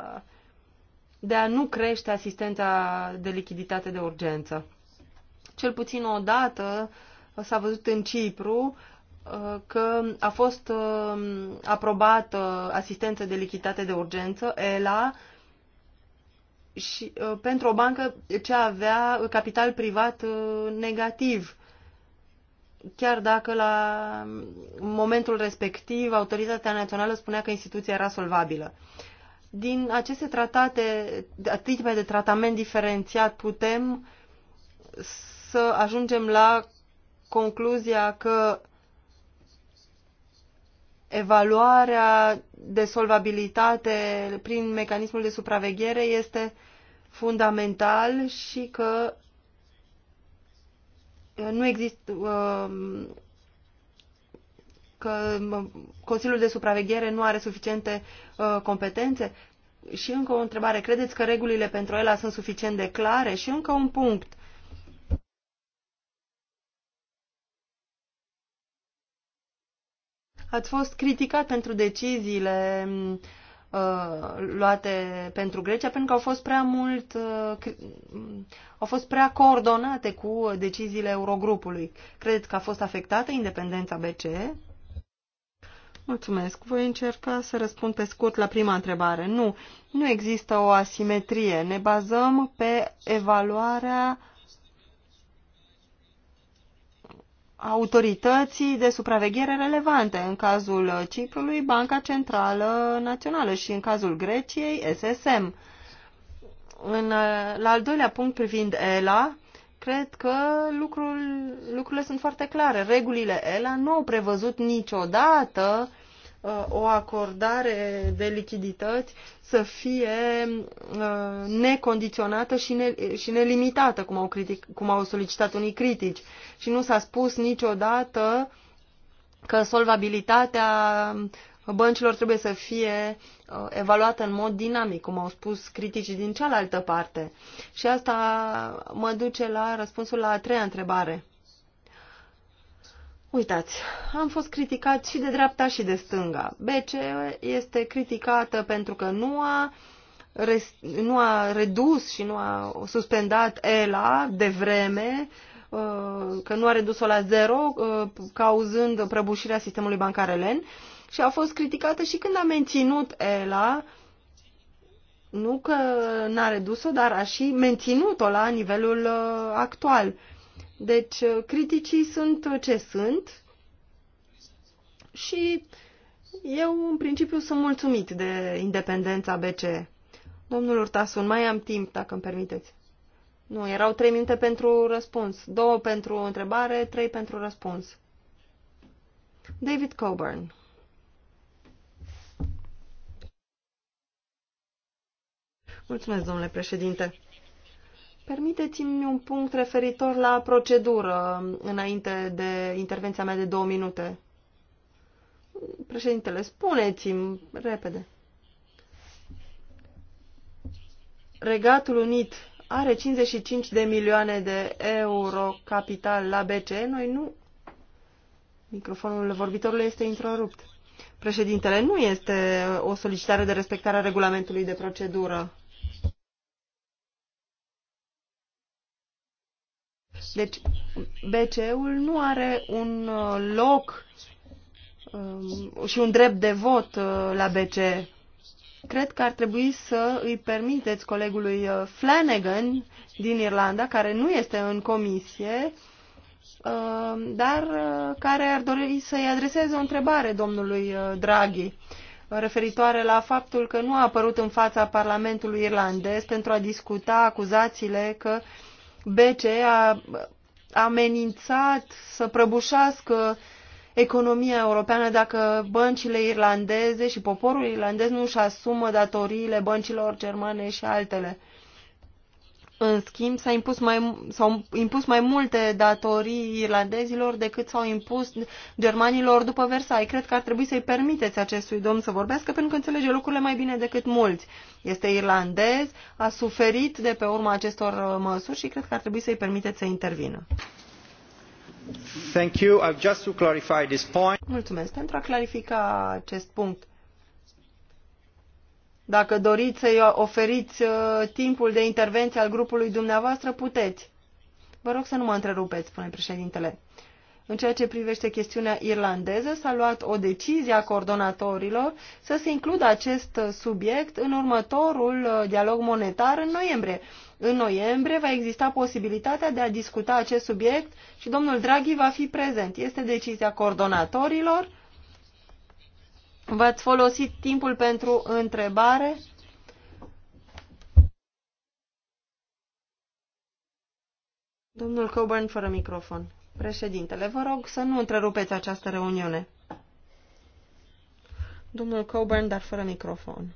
de a nu crește asistența de lichiditate de urgență. Cel puțin o dată s-a văzut în Cipru Uh, că a fost uh, aprobată uh, asistență de lichitate de urgență, ELA, și, pentru o bancă ce avea capital privat negativ. Chiar dacă la momentul respectiv autoritatea națională spunea că instituția era solvabilă. Din aceste tratate, tipe de tratament diferențiat, putem să ajungem la concluzia că evaluarea de solvabilitate prin mecanismul de supraveghere este fundamental și că uh, nu există uh, că uh, Consiliul de Supraveghere nu are suficiente competențe. Și încă o întrebare. Credeți că regulile pentru ELA sunt suficient de clare? Și încă un punct. Ați fost criticat pentru deciziile uh, luate pentru Grecia pentru că au fost prea mult uh, au fost prea coordonate cu deciziile Eurogrupului. Credeți că a fost afectată independența BCE? Mulțumesc. Voi încerca să răspund pe scurt la prima întrebare. Nu, nu există o asimetrie. Ne bazăm pe evaluarea uh, autorității de supraveghere relevante, în cazul Ciprului Banca Centrală Națională și în cazul Greciei SSM. În, la al doilea punct privind ELA, cred că lucrul, lucrurile sunt foarte clare. Regulile ELA nu au prevăzut niciodată uh, o acordare de lichidități să fie uh, necondiționată și, ne, și nelimitată, cum au, critic, cum au solicitat unii critici. Și nu s-a spus niciodată că solvabilitatea băncilor trebuie să fie uh, evaluată în mod dinamic, cum au spus criticii din cealaltă parte. Și asta mă duce la răspunsul la a treia întrebare. Uitați, am fost criticat și de dreapta și de stânga. BC este criticată pentru că nu a, res, nu a redus și nu a suspendat ELA de vreme, uh, că nu a redus-o la zero, uh, cauzând prăbușirea sistemului bancar elen și a fost criticată și când a menținut ELA, nu că n-a redus-o, dar a și menținut-o la nivelul uh, actual deci, uh, criticii sunt uh, ce sunt și eu, în principiu, sunt mulțumit de independența BCE. Domnul Urtasun, mai am timp, dacă îmi permiteți. Nu, erau trei minute pentru răspuns. Două pentru întrebare, trei pentru răspuns. David Coburn. Mulțumesc, domnule președinte. Permiteți-mi un punct referitor la procedură înainte de intervenția mea de două minute. Președintele, spuneți-mi repede. Regatul Unit are 55 de milioane de euro capital la BCE, noi nu... Microfonul vorbitorului este întrerupt. Președintele, nu este o solicitare de respectare a regulamentului de procedură. Deci, BCE-ul nu are un uh, loc um, și un drept de vot uh, la BCE. Cred că ar trebui să îi permiteți colegului uh, Flanagan din Irlanda, care nu este în comisie, dar care ar dori să-i adreseze o întrebare domnului Draghi referitoare la faptul că nu a apărut în fața Parlamentului irlandez pentru a discuta acuzațiile că uh, BCE a amenințat să prăbușească economia europeană dacă băncile irlandeze și poporul irlandez nu își asumă datoriile băncilor germane și altele. În schimb, s-au impus, mai, s-au impus mai multe datorii irlandezilor decât s-au impus germanilor după Versailles. Cred că ar trebui să-i permiteți acestui domn să vorbească pentru că înțelege lucrurile mai bine decât mulți. Este irlandez, a suferit de pe urma acestor uh, măsuri și cred că ar trebui să-i permiteți să intervină. Thank you. I've just to clarify this point. Mulțumesc pentru a clarifica acest punct dacă doriți să-i oferiți uh, timpul de intervenție al grupului dumneavoastră, puteți. Vă rog să nu mă întrerupeți, spune președintele. În ceea ce privește chestiunea irlandeză, s-a luat o decizie a coordonatorilor să se includă acest uh, subiect în următorul uh, dialog monetar în noiembrie. În noiembrie va exista posibilitatea de a discuta acest subiect și domnul Draghi va fi prezent. Este decizia coordonatorilor V-ați folosit timpul pentru întrebare? Domnul Coburn, fără microfon. Președintele, vă rog să nu întrerupeți această reuniune. Domnul Coburn, dar fără microfon.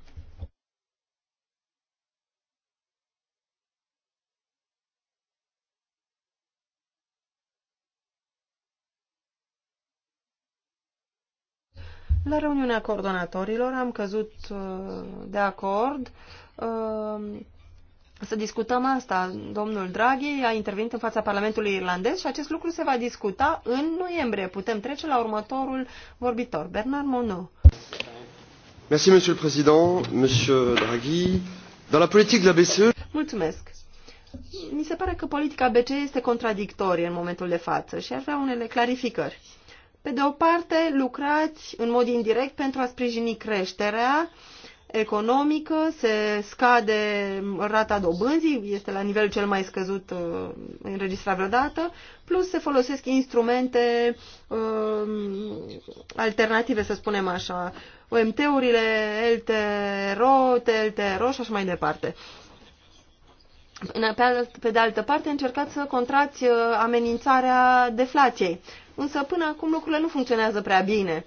La reuniunea coordonatorilor am căzut uh, de acord uh, să discutăm asta. Domnul Draghi a intervenit în fața Parlamentului Irlandez și acest lucru se va discuta în noiembrie. Putem trece la următorul vorbitor, Bernard Monod. Merci, Monsieur le Président, Monsieur Draghi. Dans la politique de la BCE... Mulțumesc. Mi se pare că politica BCE este contradictorie în momentul de față și ar vrea unele clarificări. Pe de o parte, lucrați în mod indirect pentru a sprijini creșterea economică, se scade rata dobânzii, este la nivelul cel mai scăzut uh, înregistrat vreodată, plus se folosesc instrumente uh, alternative, să spunem așa, OMT-urile, LTRO, TLTRO și așa mai departe. Pe de altă parte, încercați să contrați uh, amenințarea deflației însă până acum lucrurile nu funcționează prea bine,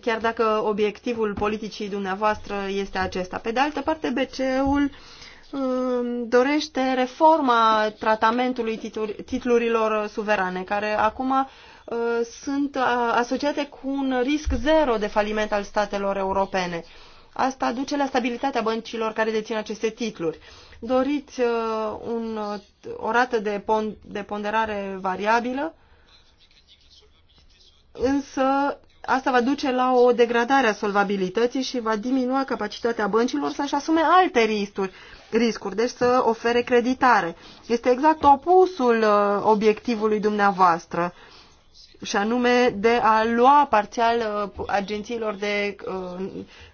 chiar dacă obiectivul politicii dumneavoastră este acesta. Pe de altă parte, BCE-ul um, dorește reforma tratamentului titlurilor suverane, care acum uh, sunt uh, asociate cu un risc zero de faliment al statelor europene. Asta duce la stabilitatea băncilor care dețin aceste titluri. Doriți uh, un, o rată de, pon, de ponderare variabilă însă asta va duce la o degradare a solvabilității și va diminua capacitatea băncilor să-și asume alte riscuri, riscuri, deci să ofere creditare. Este exact opusul uh, obiectivului dumneavoastră și anume de a lua parțial uh, agențiilor de uh,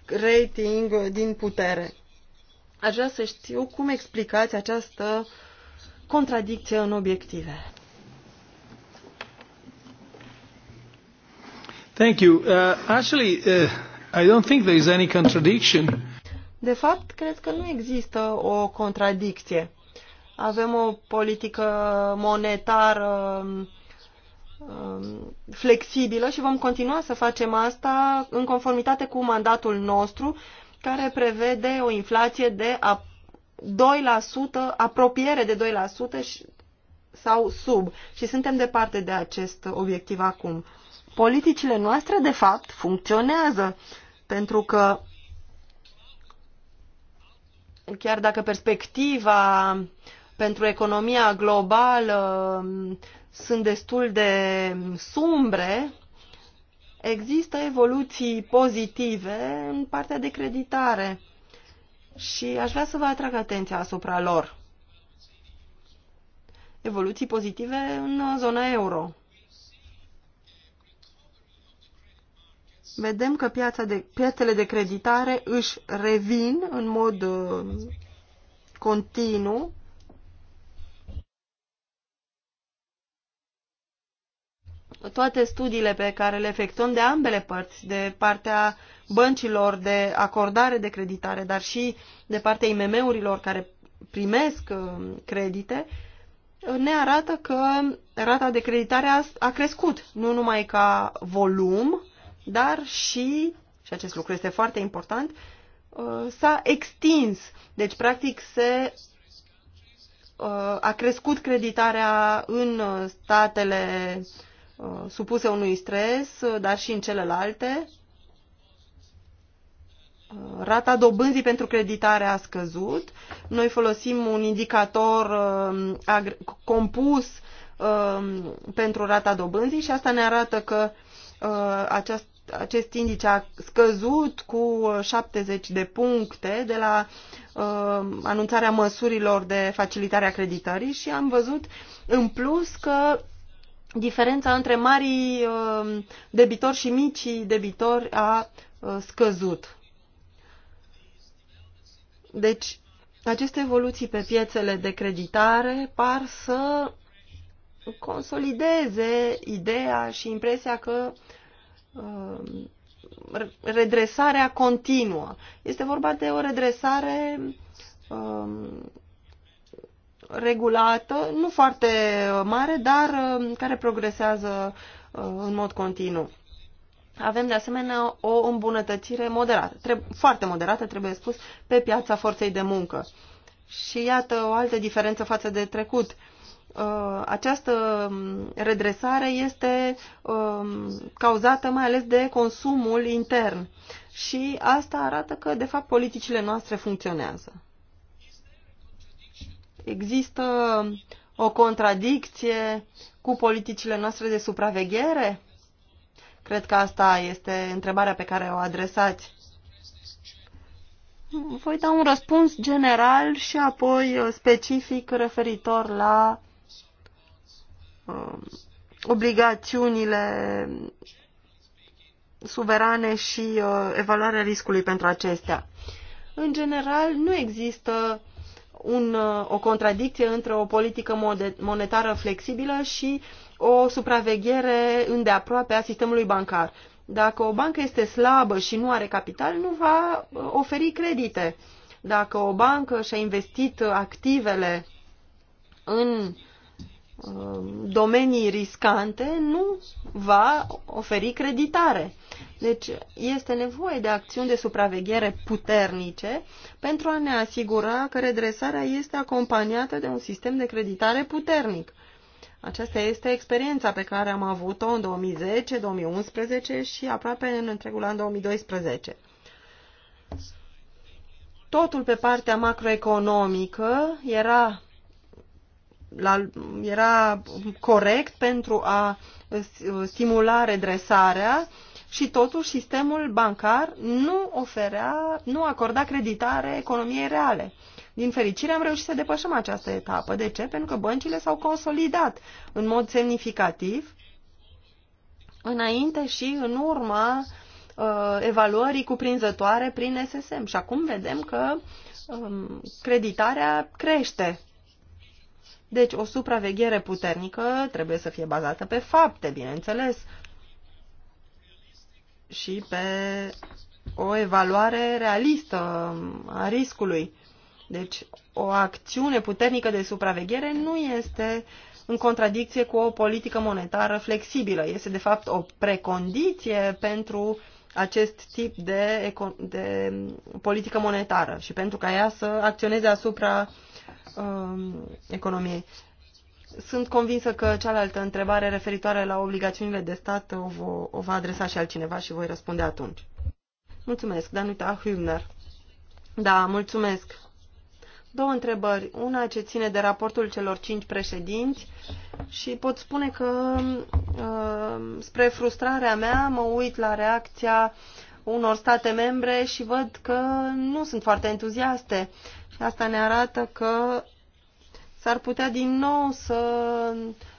rating din putere. Aș vrea să știu cum explicați această contradicție în obiective. Thank you. Uh, actually, uh, I don't think there is any contradiction. De fapt, cred că nu există o contradicție. Avem o politică monetară um, flexibilă și vom continua să facem asta în conformitate cu mandatul nostru, care prevede o inflație de 2%, apropiere de 2% sau sub. Și suntem departe de acest obiectiv acum politicile noastre, de fapt, funcționează, pentru că chiar dacă perspectiva pentru economia globală sunt destul de sumbre, există evoluții pozitive în partea de creditare și aș vrea să vă atrag atenția asupra lor. Evoluții pozitive în zona euro. vedem că piața de, piațele de creditare își revin în mod uh, continuu. Toate studiile pe care le efectuăm de ambele părți, de partea băncilor de acordare de creditare, dar și de partea IMM-urilor care primesc uh, credite, ne arată că rata de creditare a, a crescut, nu numai ca volum, dar și, și acest lucru este foarte important, uh, s-a extins. Deci, practic, se uh, a crescut creditarea în uh, statele supuse unui stres, dar și în celelalte. Rata dobânzii pentru creditare a scăzut. Noi folosim un indicator compus pentru rata dobânzii și asta ne arată că această acest indice a scăzut cu 70 uh, de puncte de la uh, anunțarea măsurilor de facilitare a creditării și am văzut în plus că diferența între marii uh, debitori și micii debitori a uh, scăzut. Deci, aceste evoluții pe piețele de creditare par să consolideze ideea și impresia că uh, Um, redresarea continuă. Este vorba de o redresare um, regulată, nu foarte uh, mare, dar um, care progresează uh, în mod continuu. Avem de asemenea o îmbunătățire moderată, foarte moderată, trebuie spus, pe piața forței de muncă. Și iată o altă diferență față de trecut. Uh, Uh, această redresare este um, cauzată mai ales de consumul intern. Și asta arată că, de fapt, politicile noastre funcționează. Există o contradicție cu politicile noastre de supraveghere? Cred că asta este întrebarea pe care o adresați. Voi da un răspuns general și apoi specific referitor la Um, obligațiunile suverane și uh, evaluarea riscului pentru acestea. În general, nu există un, uh, o contradicție între o politică monetară flexibilă și o supraveghere îndeaproape a sistemului bancar. Dacă o bancă este slabă și nu are capital, nu va uh, oferi credite. Dacă o bancă și-a investit activele în uh, Um, domenii riscante nu va oferi creditare. Deci este nevoie de acțiuni de supraveghere puternice pentru a ne asigura că redresarea este acompaniată de un sistem de creditare puternic. Aceasta este experiența pe care am avut-o în 2010, 2011 și aproape în întregul an 2012. Totul pe partea macroeconomică era la, era corect pentru a stimula redresarea și totuși sistemul bancar nu oferea, nu acorda creditare economiei reale. Din fericire am reușit să depășim această etapă. De ce? Pentru că băncile s-au consolidat în mod semnificativ înainte și în urma uh, evaluării cuprinzătoare prin SSM. Și acum vedem că um, creditarea crește deci o supraveghere puternică trebuie să fie bazată pe fapte, bineînțeles, și pe o evaluare realistă a riscului. Deci o acțiune puternică de supraveghere nu este în contradicție cu o politică monetară flexibilă. Este de fapt o precondiție pentru acest tip de, de politică monetară și pentru ca ea să acționeze asupra uh, uh, economiei. Sunt convinsă că cealaltă întrebare referitoare la obligațiunile de stat o, vo, o va adresa și altcineva și voi răspunde atunci. Mulțumesc, Danuta Hübner. Da, mulțumesc. Două întrebări. Una ce ține de raportul celor cinci președinți și pot spune că uh, spre frustrarea mea mă uit la reacția unor state membre și văd că nu sunt foarte entuziaste. Asta ne arată că s-ar putea din nou să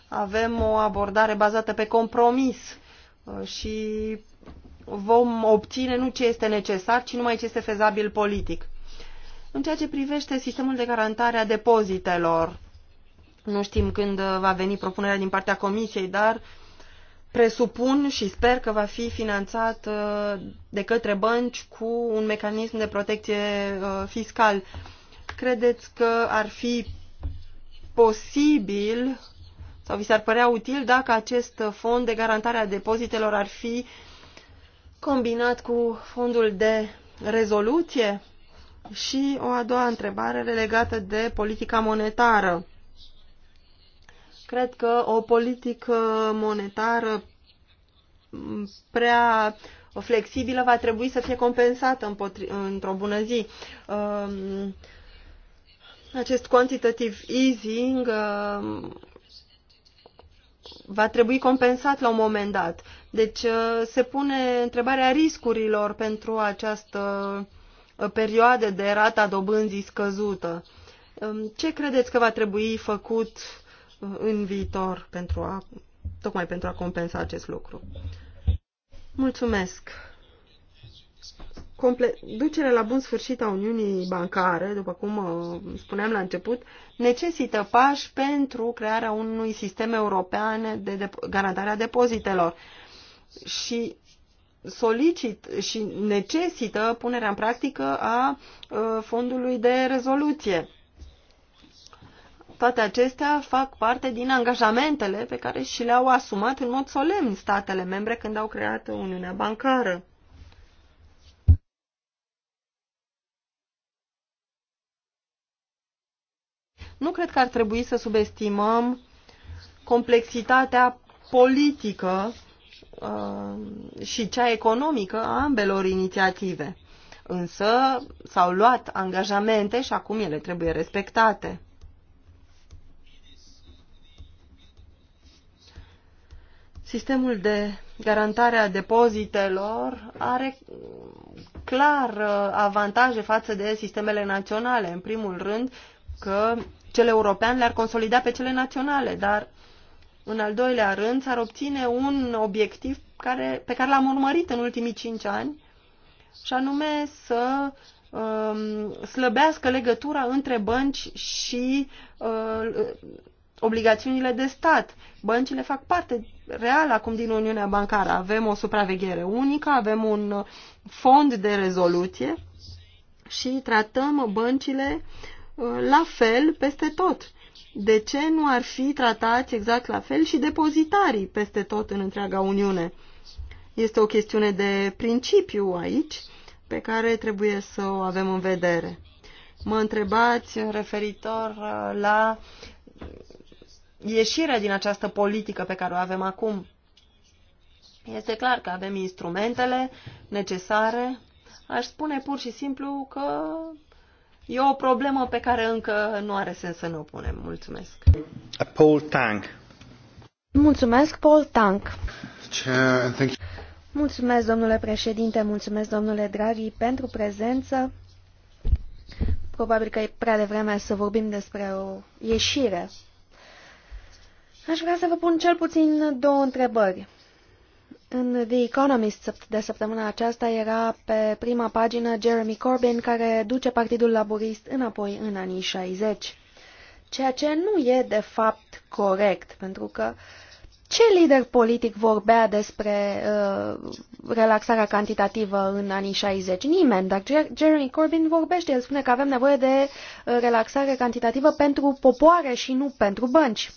avem o abordare bazată pe compromis uh, și vom obține nu ce este necesar, ci numai ce este fezabil politic. În ceea ce privește sistemul de garantare a depozitelor, nu știm când uh, va veni propunerea din partea Comisiei, dar presupun și sper că va fi finanțat uh, de către bănci cu un mecanism de protecție fiscal credeți că ar fi posibil sau vi s-ar părea util dacă acest fond de garantare a depozitelor ar fi combinat cu fondul de rezoluție? Și o a doua întrebare legată de politica monetară. Cred că o politică monetară prea flexibilă va trebui să fie compensată într-o bună zi. Um, acest quantitative easing uh, va trebui compensat la un moment dat. Deci uh, se pune întrebarea riscurilor pentru această uh, perioadă de rata dobânzii scăzută. Um, ce credeți că va trebui făcut în viitor pentru a, tocmai pentru a compensa acest lucru? Mulțumesc! ducerea la bun sfârșit a Uniunii Bancare, după cum uh, spuneam la început, necesită pași pentru crearea unui sistem european de, de garantare a depozitelor și solicit și necesită punerea în practică a uh, fondului de rezoluție. Toate acestea fac parte din angajamentele pe care și le-au asumat în mod solemn statele membre când au creat Uniunea Bancară. Nu cred că ar trebui să subestimăm complexitatea politică uh, și cea economică a ambelor inițiative. Însă s-au luat angajamente și acum ele trebuie respectate. Sistemul de garantare a depozitelor are clar uh, avantaje față de sistemele naționale. În primul rând că cel european le-ar consolida pe cele naționale, dar în al doilea rând s-ar obține un obiectiv care, pe care l-am urmărit în ultimii cinci ani și anume să um, slăbească legătura între bănci și uh, obligațiunile de stat. Băncile fac parte real acum din Uniunea Bancară. Avem o supraveghere unică, avem un fond de rezoluție și tratăm băncile la fel peste tot. De ce nu ar fi tratați exact la fel și depozitarii peste tot în întreaga Uniune? Este o chestiune de principiu aici pe care trebuie să o avem în vedere. Mă întrebați referitor uh, la ieșirea din această politică pe care o avem acum. Este clar că avem instrumentele necesare. Aș spune pur și simplu că E o problemă pe care încă nu are sens să ne opunem. Mulțumesc. Paul Tang. Mulțumesc, Paul Tang. Mulțumesc, domnule președinte, mulțumesc, domnule Draghi, pentru prezență. Probabil că e prea devreme să vorbim despre o ieșire. Aș vrea să vă pun cel puțin două întrebări. În The Economist de săptămâna aceasta era pe prima pagină Jeremy Corbyn care duce Partidul Laborist înapoi în anii 60. Ceea ce nu e de fapt corect, pentru că ce lider politic vorbea despre uh, relaxarea cantitativă în anii 60? Nimeni, dar Jeremy Corbyn vorbește, el spune că avem nevoie de uh, relaxare cantitativă pentru popoare și nu pentru bănci.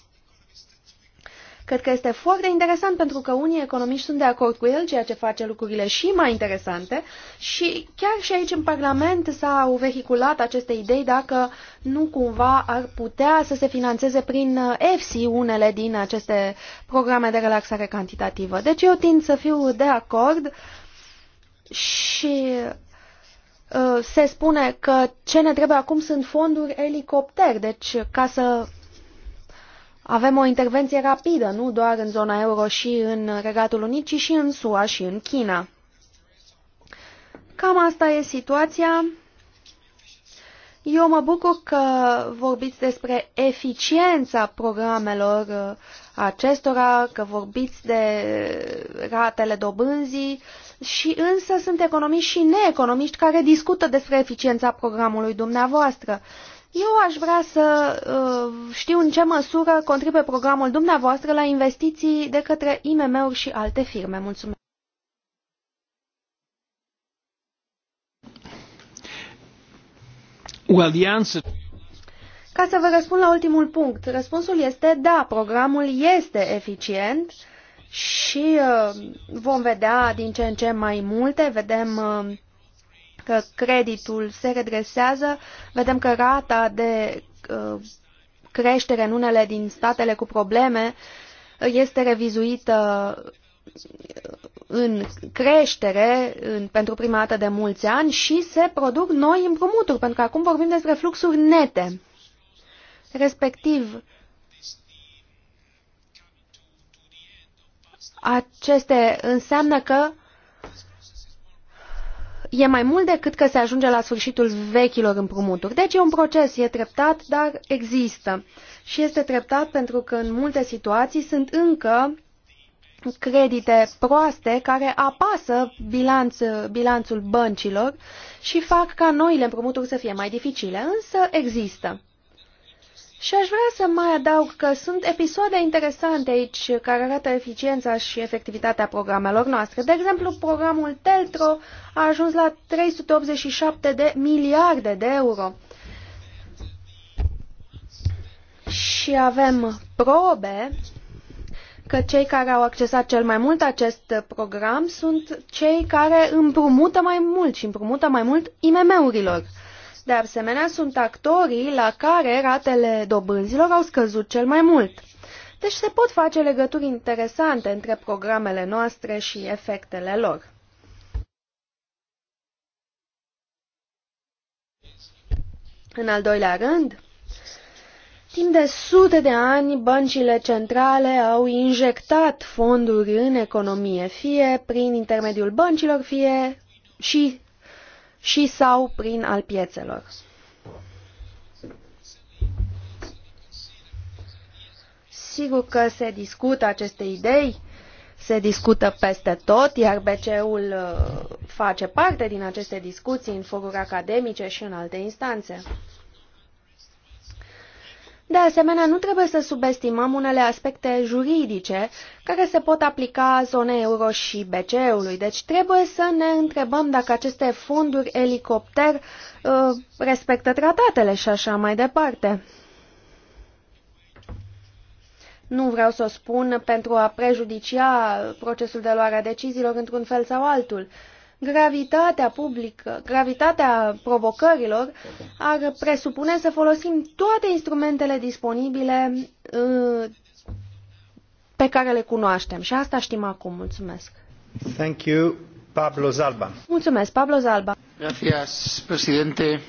Cred că este foarte interesant pentru că unii economiști sunt de acord cu el, ceea ce face lucrurile și mai interesante și chiar și aici în Parlament s-au vehiculat aceste idei dacă nu cumva ar putea să se financeze prin EFSI uh, unele din aceste programe de relaxare cantitativă. Deci eu tind să fiu de acord și uh, se spune că ce ne trebuie acum sunt fonduri elicopter, deci ca să avem o intervenție rapidă, nu doar în zona euro și în Regatul Unit, ci și în SUA și în China. Cam asta e situația. Eu mă bucur că vorbiți despre eficiența programelor uh, acestora, că vorbiți de ratele dobânzii și însă sunt economiști și neeconomiști care discută despre eficiența programului dumneavoastră. Eu aș vrea să uh, știu în ce măsură contribuie programul dumneavoastră la investiții de către IMM-uri și alte firme. Mulțumesc! Well, the answer... Ca să vă răspund la ultimul punct, răspunsul este da, programul este eficient și uh, vom vedea din ce în ce mai multe, vedem uh, că creditul se redresează, vedem că rata de uh, creștere în unele din statele cu probleme este revizuită uh, în creștere în, pentru prima dată de mulți ani și se produc noi împrumuturi, pentru că acum vorbim despre fluxuri nete. Respectiv, aceste înseamnă că e mai mult decât că se ajunge la sfârșitul vechilor împrumuturi. Deci e un proces, e treptat, dar există. Și este treptat pentru că în multe situații sunt încă credite proaste care apasă bilanț, bilanțul băncilor și fac ca noile împrumuturi să fie mai dificile, însă există. Și aș vrea să mai adaug că sunt episoade interesante aici care arată eficiența și efectivitatea programelor noastre. De exemplu, programul Teltro a ajuns la 387 de miliarde de euro. Și avem probe că cei care au accesat cel mai mult acest program sunt cei care împrumută mai mult și împrumută mai mult IMM-urilor de asemenea, sunt actorii la care ratele dobânzilor au scăzut cel mai mult. Deci se pot face legături interesante între programele noastre și efectele lor. În al doilea rând, timp de sute de ani, băncile centrale au injectat fonduri în economie, fie prin intermediul băncilor, fie și și sau prin al piețelor. Sigur că se discută aceste idei, se discută peste tot, iar BCE-ul uh, face parte din aceste discuții în foruri academice și în alte instanțe. De asemenea, nu trebuie să subestimăm unele aspecte juridice care se pot aplica zonei euro și BCE-ului. Deci trebuie să ne întrebăm dacă aceste fonduri elicopter uh, respectă tratatele și așa mai departe. Nu vreau să o spun pentru a prejudicia procesul de luare a deciziilor într-un fel sau altul. Uh, gravitatea publică, gravitatea provocărilor ar presupune să folosim toate instrumentele disponibile uh, pe care le cunoaștem. Și asta știm acum. Mulțumesc. Thank you, Pablo Zalba. Mulțumesc, Pablo Zalba. Gracias, președinte.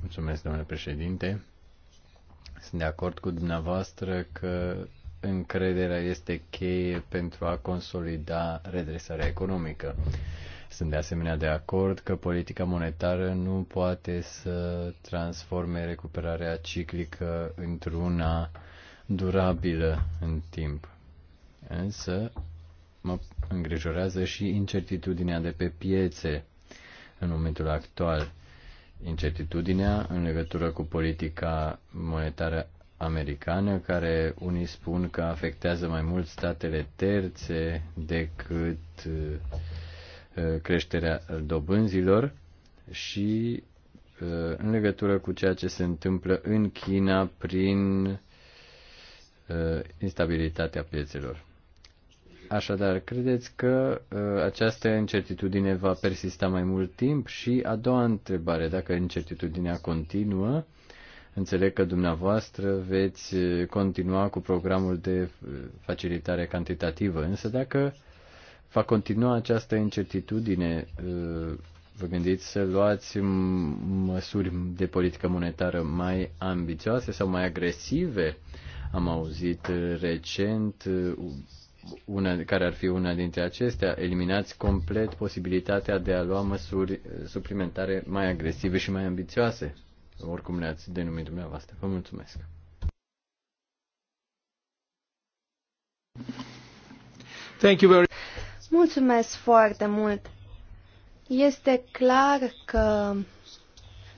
Mulțumesc, domnule președinte. Sunt de acord cu dumneavoastră că încrederea este cheie pentru a consolida redresarea economică. Sunt de asemenea de acord că politica monetară nu poate să transforme recuperarea ciclică într-una durabilă în timp. Însă mă îngrijorează și incertitudinea de pe piețe în momentul actual. Incertitudinea în legătură cu politica monetară americană, care unii spun că afectează mai mult statele terțe decât uh, Uh, creșterea dobânzilor și uh, în legătură cu ceea ce se întâmplă în China prin uh, instabilitatea piețelor. Așadar, credeți că această incertitudine va persista mai mult timp? Și a doua întrebare, dacă incertitudinea continuă, Înțeleg că dumneavoastră veți continua cu programul de facilitare cantitativă, însă dacă va continua această incertitudine? Uh, vă gândiți să luați măsuri de politică monetară mai ambițioase sau mai agresive? Am auzit uh, recent uh, una, care ar fi una dintre acestea, eliminați complet posibilitatea de a lua măsuri suplimentare mai agresive și mai ambițioase, oricum le-ați denumit dumneavoastră. Vă mulțumesc. Thank you very Mulțumesc foarte mult! Este clar că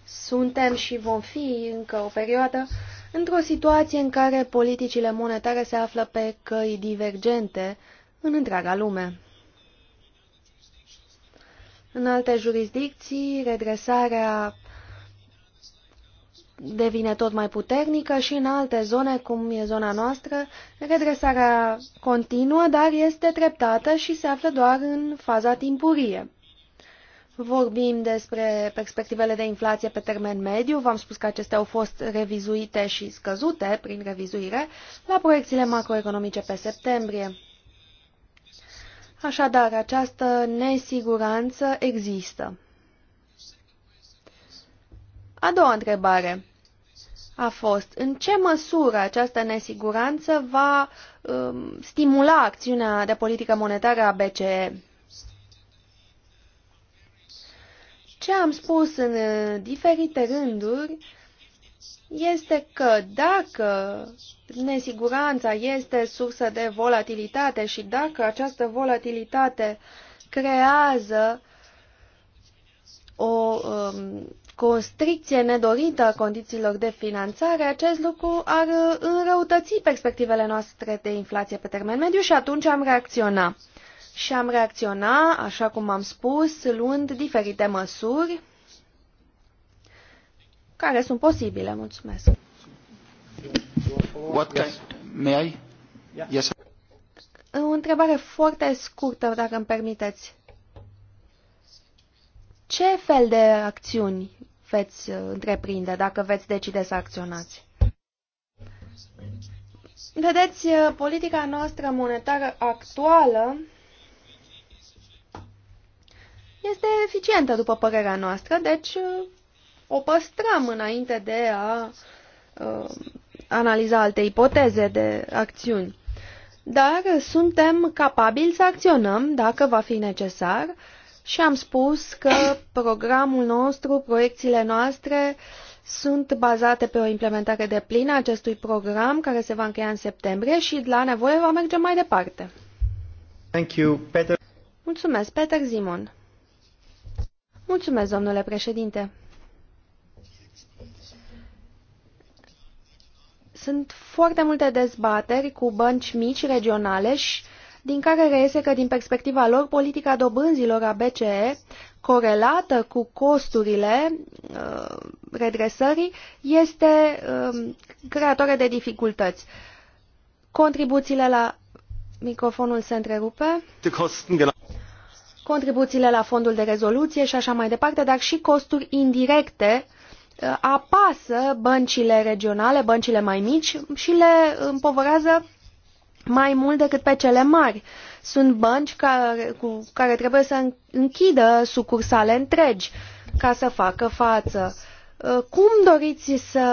suntem și vom fi încă o perioadă într-o situație în care politicile monetare se află pe căi divergente în întreaga lume. În alte jurisdicții, redresarea devine tot mai puternică și în alte zone, cum e zona noastră, redresarea continuă, dar este treptată și se află doar în faza timpurie. Vorbim despre perspectivele de inflație pe termen mediu, v-am spus că acestea au fost revizuite și scăzute prin revizuire la proiecțiile macroeconomice pe septembrie. Așadar, această nesiguranță există. A doua întrebare a fost în ce măsură această nesiguranță va um, stimula acțiunea de politică monetară a BCE? Ce am spus în uh, diferite rânduri este că dacă nesiguranța este sursă de volatilitate și dacă această volatilitate creează o um, cu o stricție nedorită a condițiilor de finanțare, acest lucru ar uh, înrăutăți perspectivele noastre de inflație pe termen mediu și atunci am reacționa. Și am reacționa, așa cum am spus, luând diferite măsuri care sunt posibile. Mulțumesc. What can... May I? Yes. O întrebare foarte scurtă, dacă îmi permiteți. Ce fel de acțiuni veți uh, întreprinde, dacă veți decide să acționați. Vedeți, uh, politica noastră monetară actuală este eficientă, după părerea noastră, deci uh, o păstrăm înainte de a uh, analiza alte ipoteze de acțiuni. Dar suntem capabili să acționăm, dacă va fi necesar, uh, și am spus că programul nostru, proiecțiile noastre sunt bazate pe o implementare de plină acestui program care se va încheia în septembrie și la nevoie va merge mai departe. Thank you, Peter. Mulțumesc, Peter Zimon. Mulțumesc, domnule președinte. Sunt foarte multe dezbateri cu bănci mici regionale și din care reiese că din perspectiva lor politica dobânzilor a BCE corelată cu costurile uh, redresării este uh, creatoare de dificultăți. Contribuțiile la microfonul se întrerupe. Contribuțiile la fondul de rezoluție și așa mai departe, dar și costuri indirecte uh, apasă băncile regionale, băncile mai mici și le împovărează mai mult decât pe cele mari. Sunt bănci care, cu, care trebuie să închidă sucursale întregi ca să facă față. Uh, cum doriți să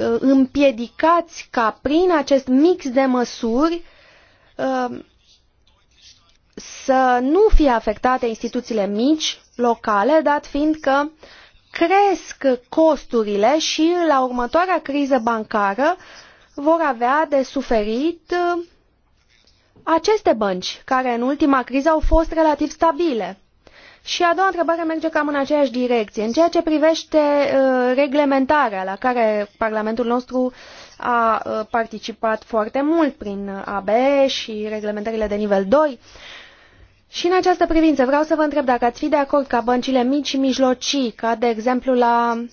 uh, împiedicați ca prin acest mix de măsuri uh, să nu fie afectate instituțiile mici, locale, dat fiind că cresc costurile și la următoarea criză bancară vor avea de suferit uh, aceste bănci, care în ultima criză au fost relativ stabile. Și a doua întrebare merge cam în aceeași direcție. În ceea ce privește uh, reglementarea la care Parlamentul nostru a uh, participat foarte mult prin ABE și reglementările de nivel 2, și în această privință vreau să vă întreb dacă ați fi de acord ca băncile mici și mijlocii, ca de exemplu la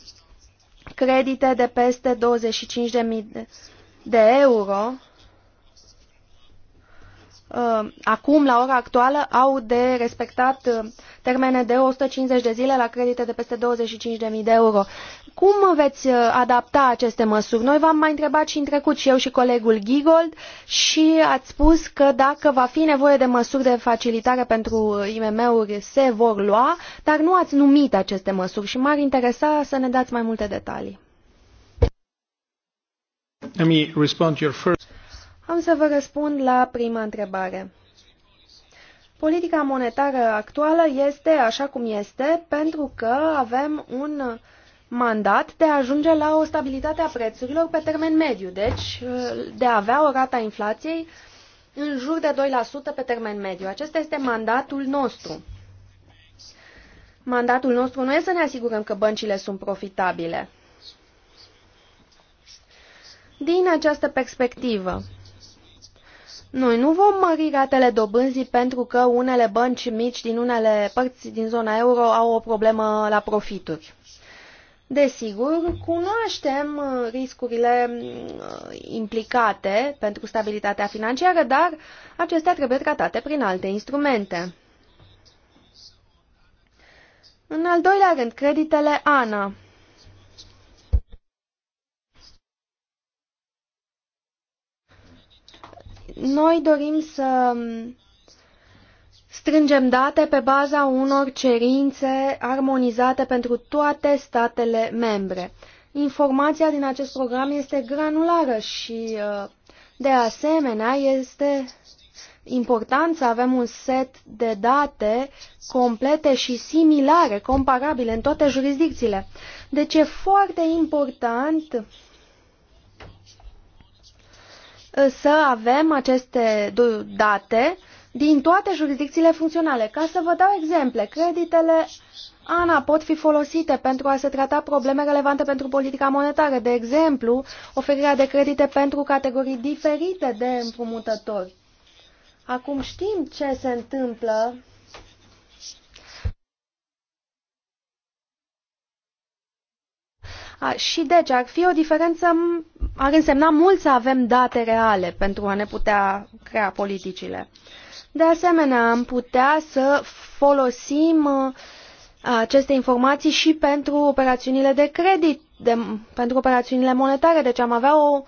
credite de peste 25.000 de euro, Uh, acum, la ora actuală, au de respectat uh, termene de 150 de zile la credite de peste 25.000 de euro. Cum veți uh, adapta aceste măsuri? Noi v-am mai întrebat și în trecut și eu și colegul Gigold și ați spus că dacă va fi nevoie de măsuri de facilitare pentru IMM-uri se vor lua, dar nu ați numit aceste măsuri și m-ar interesa să ne dați mai multe detalii. Let me respond to your first... Am să vă răspund la prima întrebare. Politica monetară actuală este așa cum este pentru că avem un mandat de a ajunge la o stabilitate a prețurilor pe termen mediu, deci uh, de a avea o rată a inflației în jur de 2% pe termen mediu. Acesta este mandatul nostru. Mandatul nostru nu este să ne asigurăm că băncile sunt profitabile. Din această perspectivă, noi nu vom mări ratele dobânzii pentru că unele bănci mici din unele părți din zona euro au o problemă la profituri. Desigur, cunoaștem uh, riscurile uh, implicate pentru stabilitatea financiară, dar acestea trebuie tratate prin alte instrumente. În al doilea rând, creditele ANA. Noi dorim să strângem date pe baza unor cerințe armonizate pentru toate statele membre. Informația din acest program este granulară și, uh, de asemenea, este important să avem un set de date complete și similare, comparabile în toate jurisdicțiile. Deci e foarte important uh, să avem aceste date din toate jurisdicțiile funcționale. Ca să vă dau exemple, creditele ANA pot fi folosite pentru a se trata probleme relevante pentru politica monetară, de exemplu, oferirea de credite pentru categorii diferite de împrumutători. Acum știm ce se întâmplă A, și deci ar fi o diferență ar însemna mult să avem date reale pentru a ne putea crea politicile. De asemenea, am putea să folosim uh, aceste informații și pentru operațiunile de credit, de, pentru operațiunile monetare, deci am avea o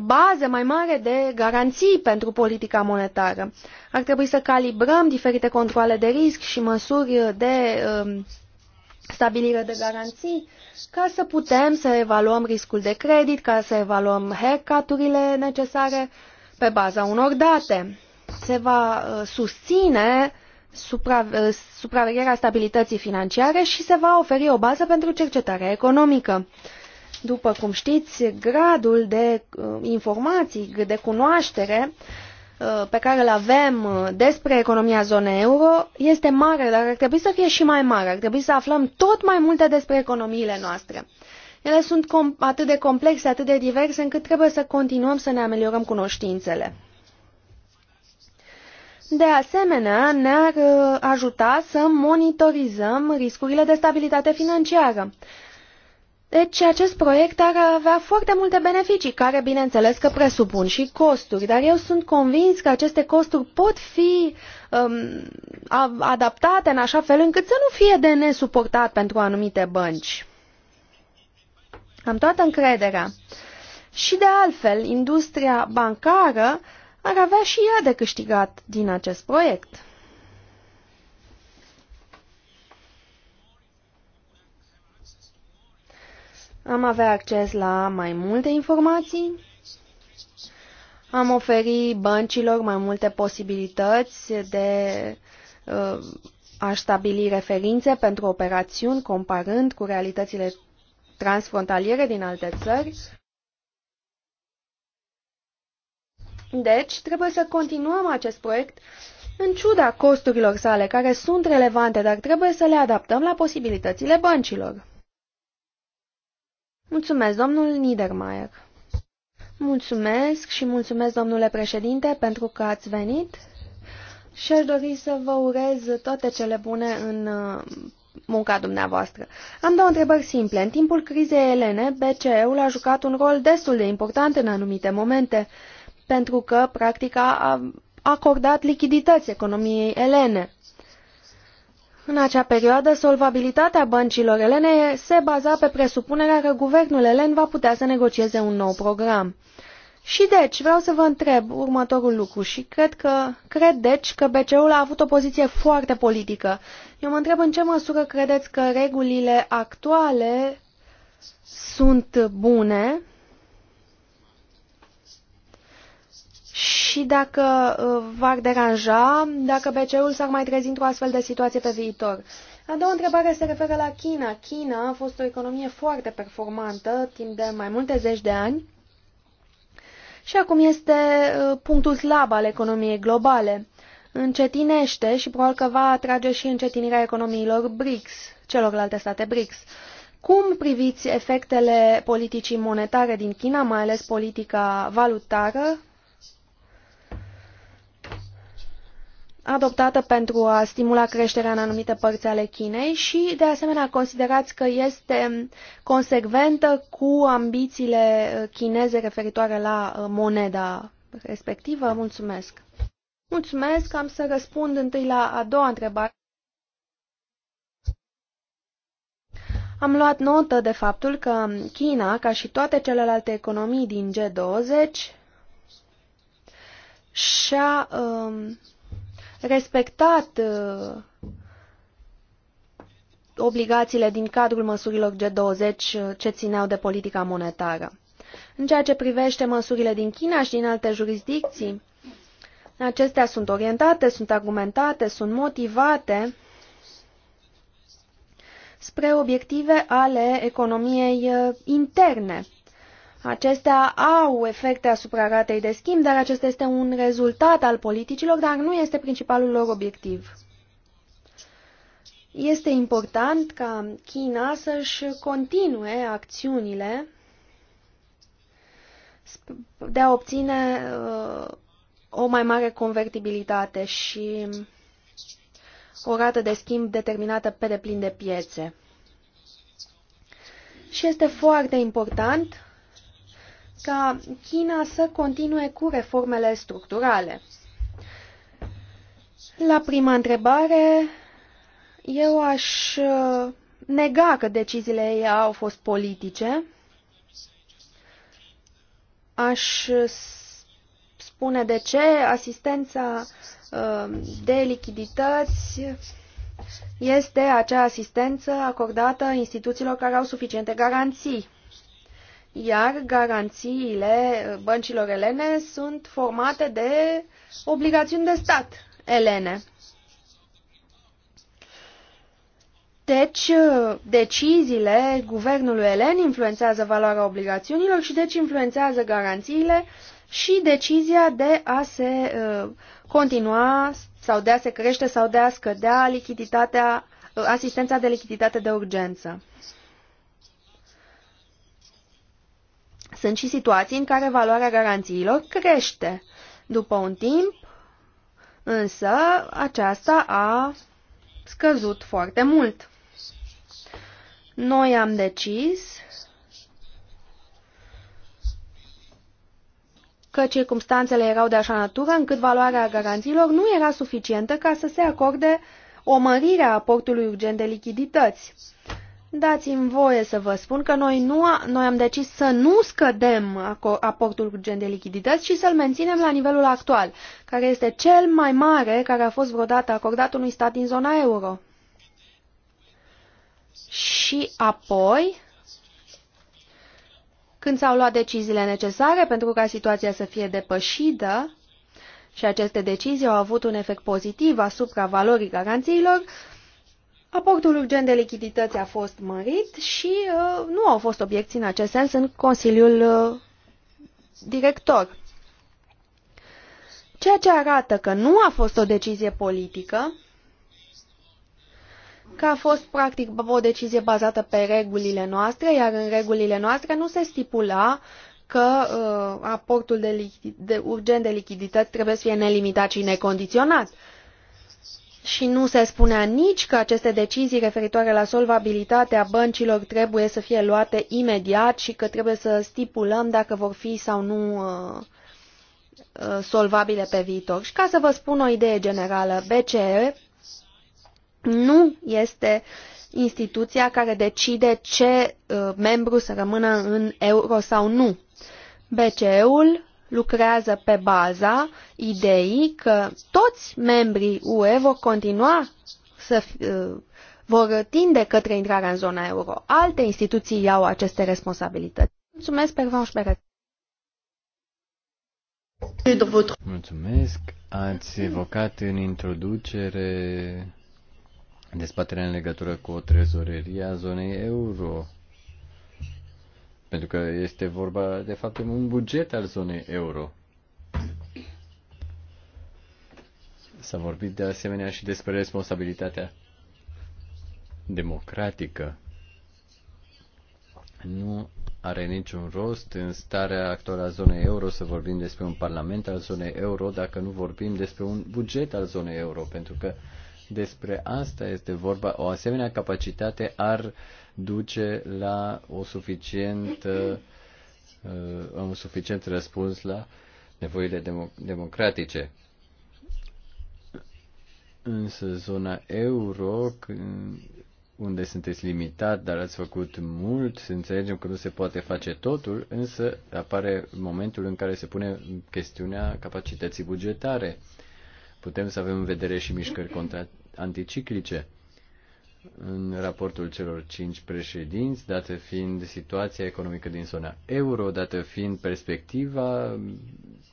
bază mai mare de garanții pentru politica monetară. Ar trebui să calibrăm diferite controle de risc și măsuri de uh, stabilire de garanții, ca să putem să evaluăm riscul de credit, ca să evaluăm haircut-urile necesare pe baza unor date. Se va uh, susține supra, uh, supravegherea stabilității financiare și se va oferi o bază pentru cercetarea economică. După cum știți, gradul de uh, informații, de cunoaștere Uh, pe care îl avem uh, despre economia zonei euro este mare, dar ar trebui să fie și mai mare. Ar trebui să aflăm tot mai multe despre economiile noastre. Ele sunt atât de complexe, atât de diverse, încât trebuie să continuăm să ne ameliorăm cunoștințele. De asemenea, ne-ar uh, ajuta să monitorizăm riscurile de stabilitate financiară. Deci acest proiect ar avea foarte multe beneficii, care bineînțeles că presupun și costuri, dar eu sunt convins că aceste costuri pot fi um, adaptate în așa fel încât să nu fie de nesuportat pentru anumite bănci. Am toată încrederea. Și de altfel, industria bancară ar avea și ea de câștigat din acest proiect. am avea acces la mai multe informații, am oferi băncilor mai multe posibilități de uh, a stabili referințe pentru operațiuni, comparând cu realitățile transfrontaliere din alte țări. Deci, trebuie să continuăm acest proiect în ciuda costurilor sale, care sunt relevante, dar trebuie să le adaptăm la posibilitățile băncilor. Mulțumesc, domnul Niedermayer. Mulțumesc și mulțumesc, domnule președinte, pentru că ați venit și aș dori să vă urez toate cele bune în uh, munca dumneavoastră. Am două întrebări simple. În timpul crizei elene, BCE-ul a jucat un rol destul de important în anumite momente, pentru că practic a acordat lichidități economiei elene. În acea perioadă, solvabilitatea băncilor elene se baza pe presupunerea că guvernul elen va putea să negocieze un nou program. Și deci, vreau să vă întreb următorul lucru și cred că, cred deci că BCE-ul a avut o poziție foarte politică. Eu mă întreb în ce măsură credeți că regulile actuale sunt bune și dacă uh, v-ar deranja, dacă BCE-ul s-ar mai trezi într-o astfel de situație pe viitor. A doua întrebare se referă la China. China a fost o economie foarte performantă timp de mai multe zeci de ani și acum este uh, punctul slab al economiei globale. Încetinește și probabil că va atrage și încetinirea economiilor BRICS, celorlalte state BRICS. Cum priviți efectele politicii monetare din China, mai ales politica valutară, adoptată pentru a stimula creșterea în anumite părți ale Chinei și, de asemenea, considerați că este consecventă cu ambițiile chineze referitoare la uh, moneda respectivă? Mulțumesc! Mulțumesc! Am să răspund întâi la a doua întrebare. Am luat notă de faptul că China, ca și toate celelalte economii din G20, și-a um, respectat uh, obligațiile din cadrul măsurilor G20 uh, ce țineau de politica monetară. În ceea ce privește măsurile din China și din alte jurisdicții, acestea sunt orientate, sunt argumentate, sunt motivate spre obiective ale economiei uh, interne. Acestea au efecte asupra ratei de schimb, dar acesta este un rezultat al politicilor, dar nu este principalul lor obiectiv. Este important ca China să-și continue acțiunile de a obține uh, o mai mare convertibilitate și o rată de schimb determinată pe deplin de piețe. Și este foarte important ca China să continue cu reformele structurale. La prima întrebare, eu aș uh, nega că deciziile ei au fost politice. Aș uh, spune de ce asistența uh, de lichidități este acea asistență acordată instituțiilor care au suficiente garanții iar garanțiile băncilor elene sunt formate de obligațiuni de stat elene. Deci, deciziile guvernului elen influențează valoarea obligațiunilor și deci influențează garanțiile și decizia de a se uh, continua sau de a se crește sau de a scădea lichiditatea, uh, asistența de lichiditate de urgență. Sunt și situații în care valoarea garanțiilor crește. După un timp, însă, aceasta a scăzut foarte mult. Noi am decis că circumstanțele erau de așa natură încât valoarea garanțiilor nu era suficientă ca să se acorde o mărire a aportului urgent de lichidități. Dați-mi voie să vă spun că noi, nu, noi am decis să nu scădem aportul urgent de lichidități, și să-l menținem la nivelul actual, care este cel mai mare care a fost vreodată acordat unui stat din zona euro. Și apoi, când s-au luat deciziile necesare pentru ca situația să fie depășită, și aceste decizii au avut un efect pozitiv asupra valorii garanțiilor, Aportul urgent de lichidități a fost mărit și uh, nu au fost obiecții în acest sens în Consiliul uh, Director. Ceea ce arată că nu a fost o decizie politică, că a fost practic o decizie bazată pe regulile noastre, iar în regulile noastre nu se stipula că uh, aportul de, de urgent de lichidități trebuie să fie nelimitat și necondiționat. Uh, și nu se spunea nici că aceste decizii referitoare la solvabilitatea băncilor trebuie să fie luate imediat și că trebuie să stipulăm dacă vor fi sau nu uh, uh solvabile pe viitor. Și ca să vă spun o idee generală, BCE nu este instituția care decide ce uh, membru să rămână în euro sau nu. BCE-ul lucrează pe baza ideii că toți membrii UE vor continua să uh, vor tinde către intrarea în zona euro. Alte instituții iau aceste responsabilități. Mulțumesc, Pervan Șperet. Mulțumesc. Ați evocat în introducere dezbaterea în legătură cu o trezoreria zonei euro. Pentru că este vorba, de fapt, de un buget al zonei euro. S-a vorbit de asemenea și despre responsabilitatea democratică. Nu are niciun rost în starea actuală a zonei euro să vorbim despre un parlament al zonei euro dacă nu vorbim despre un buget al zonei euro, pentru că despre asta este vorba. O asemenea capacitate ar uh, duce la o suficientă, uh, un suficient răspuns la nevoile democratice. Însă zona euro, unde sunteți limitat, dar ați făcut mult, să înțelegem că nu se poate face totul, însă apare momentul în care se pune chestiunea capacității bugetare. Putem să avem în vedere și mișcări contra anticiclice în raportul celor cinci președinți, dată fiind situația economică din zona euro, dată fiind perspectiva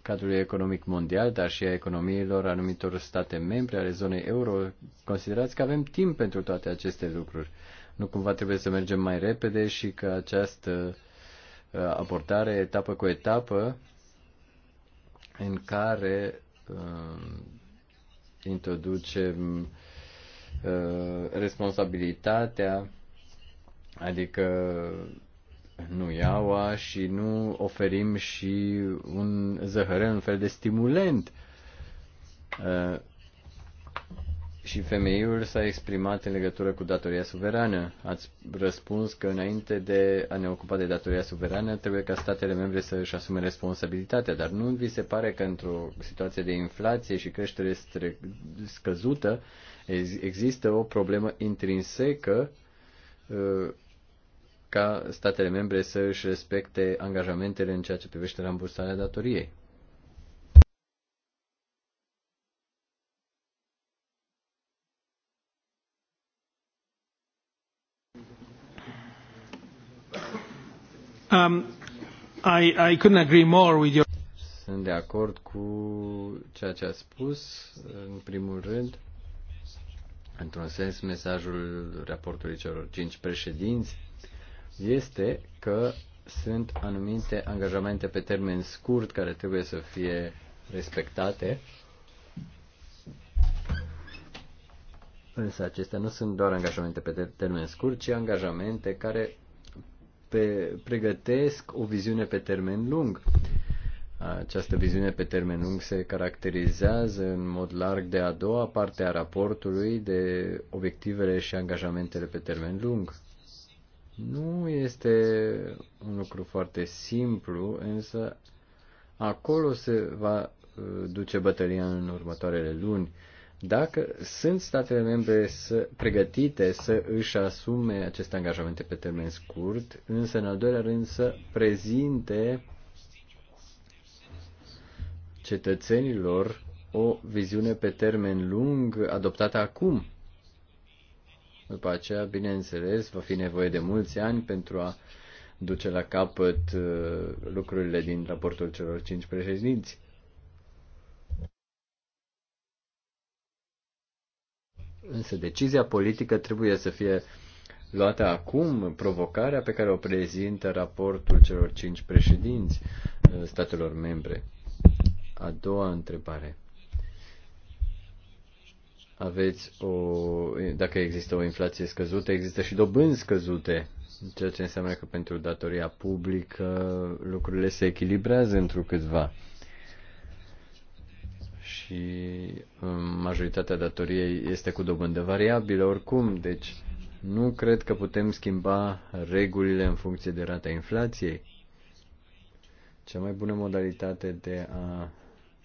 cadrului economic mondial, dar și a economiilor anumitor state membre ale zonei euro, considerați că avem timp pentru toate aceste lucruri. Nu cumva trebuie să mergem mai repede și că această uh, abordare etapă cu etapă în care uh, introducem uh, Uh, responsabilitatea, adică nu iaua și nu oferim și un zăhăren, un fel de stimulent. Uh, și femeiul s-a exprimat în legătură cu datoria suverană. Ați răspuns că înainte de a ne ocupa de datoria suverană, trebuie ca statele membre să își asume responsabilitatea, dar nu vi se pare că într-o situație de inflație și creștere scăzută, Există o problemă intrinsecă uh, ca statele membre să își respecte angajamentele în ceea ce privește rambursarea datoriei. Um, I, I couldn't agree more with your... Sunt de acord cu ceea ce a spus, în primul rând într-un sens, mesajul raportului celor cinci președinți este că sunt anumite angajamente pe termen scurt care trebuie să fie respectate, însă acestea nu sunt doar angajamente pe termen scurt, ci angajamente care pe, pregătesc o viziune pe termen lung. Această viziune pe termen lung se caracterizează în mod larg de a doua parte a raportului de obiectivele și angajamentele pe termen lung. Nu este un lucru foarte simplu, însă acolo se va uh, duce bătălia în următoarele luni. Dacă sunt statele membre să, pregătite să își asume aceste angajamente pe termen scurt, însă în al doilea rând să prezinte cetățenilor o viziune pe termen lung adoptată acum. După aceea, bineînțeles, va fi nevoie de mulți ani pentru a duce la capăt uh, lucrurile din raportul celor cinci președinți. Însă decizia politică trebuie să fie luată acum, provocarea pe care o prezintă raportul celor cinci președinți uh, statelor membre. A doua întrebare. Aveți o, dacă există o inflație scăzută, există și dobânzi scăzute, ceea ce înseamnă că pentru datoria publică lucrurile se echilibrează într-o câțiva și um, majoritatea datoriei este cu dobândă variabilă oricum, deci nu cred că putem schimba regulile în funcție de rata inflației. Cea mai bună modalitate de a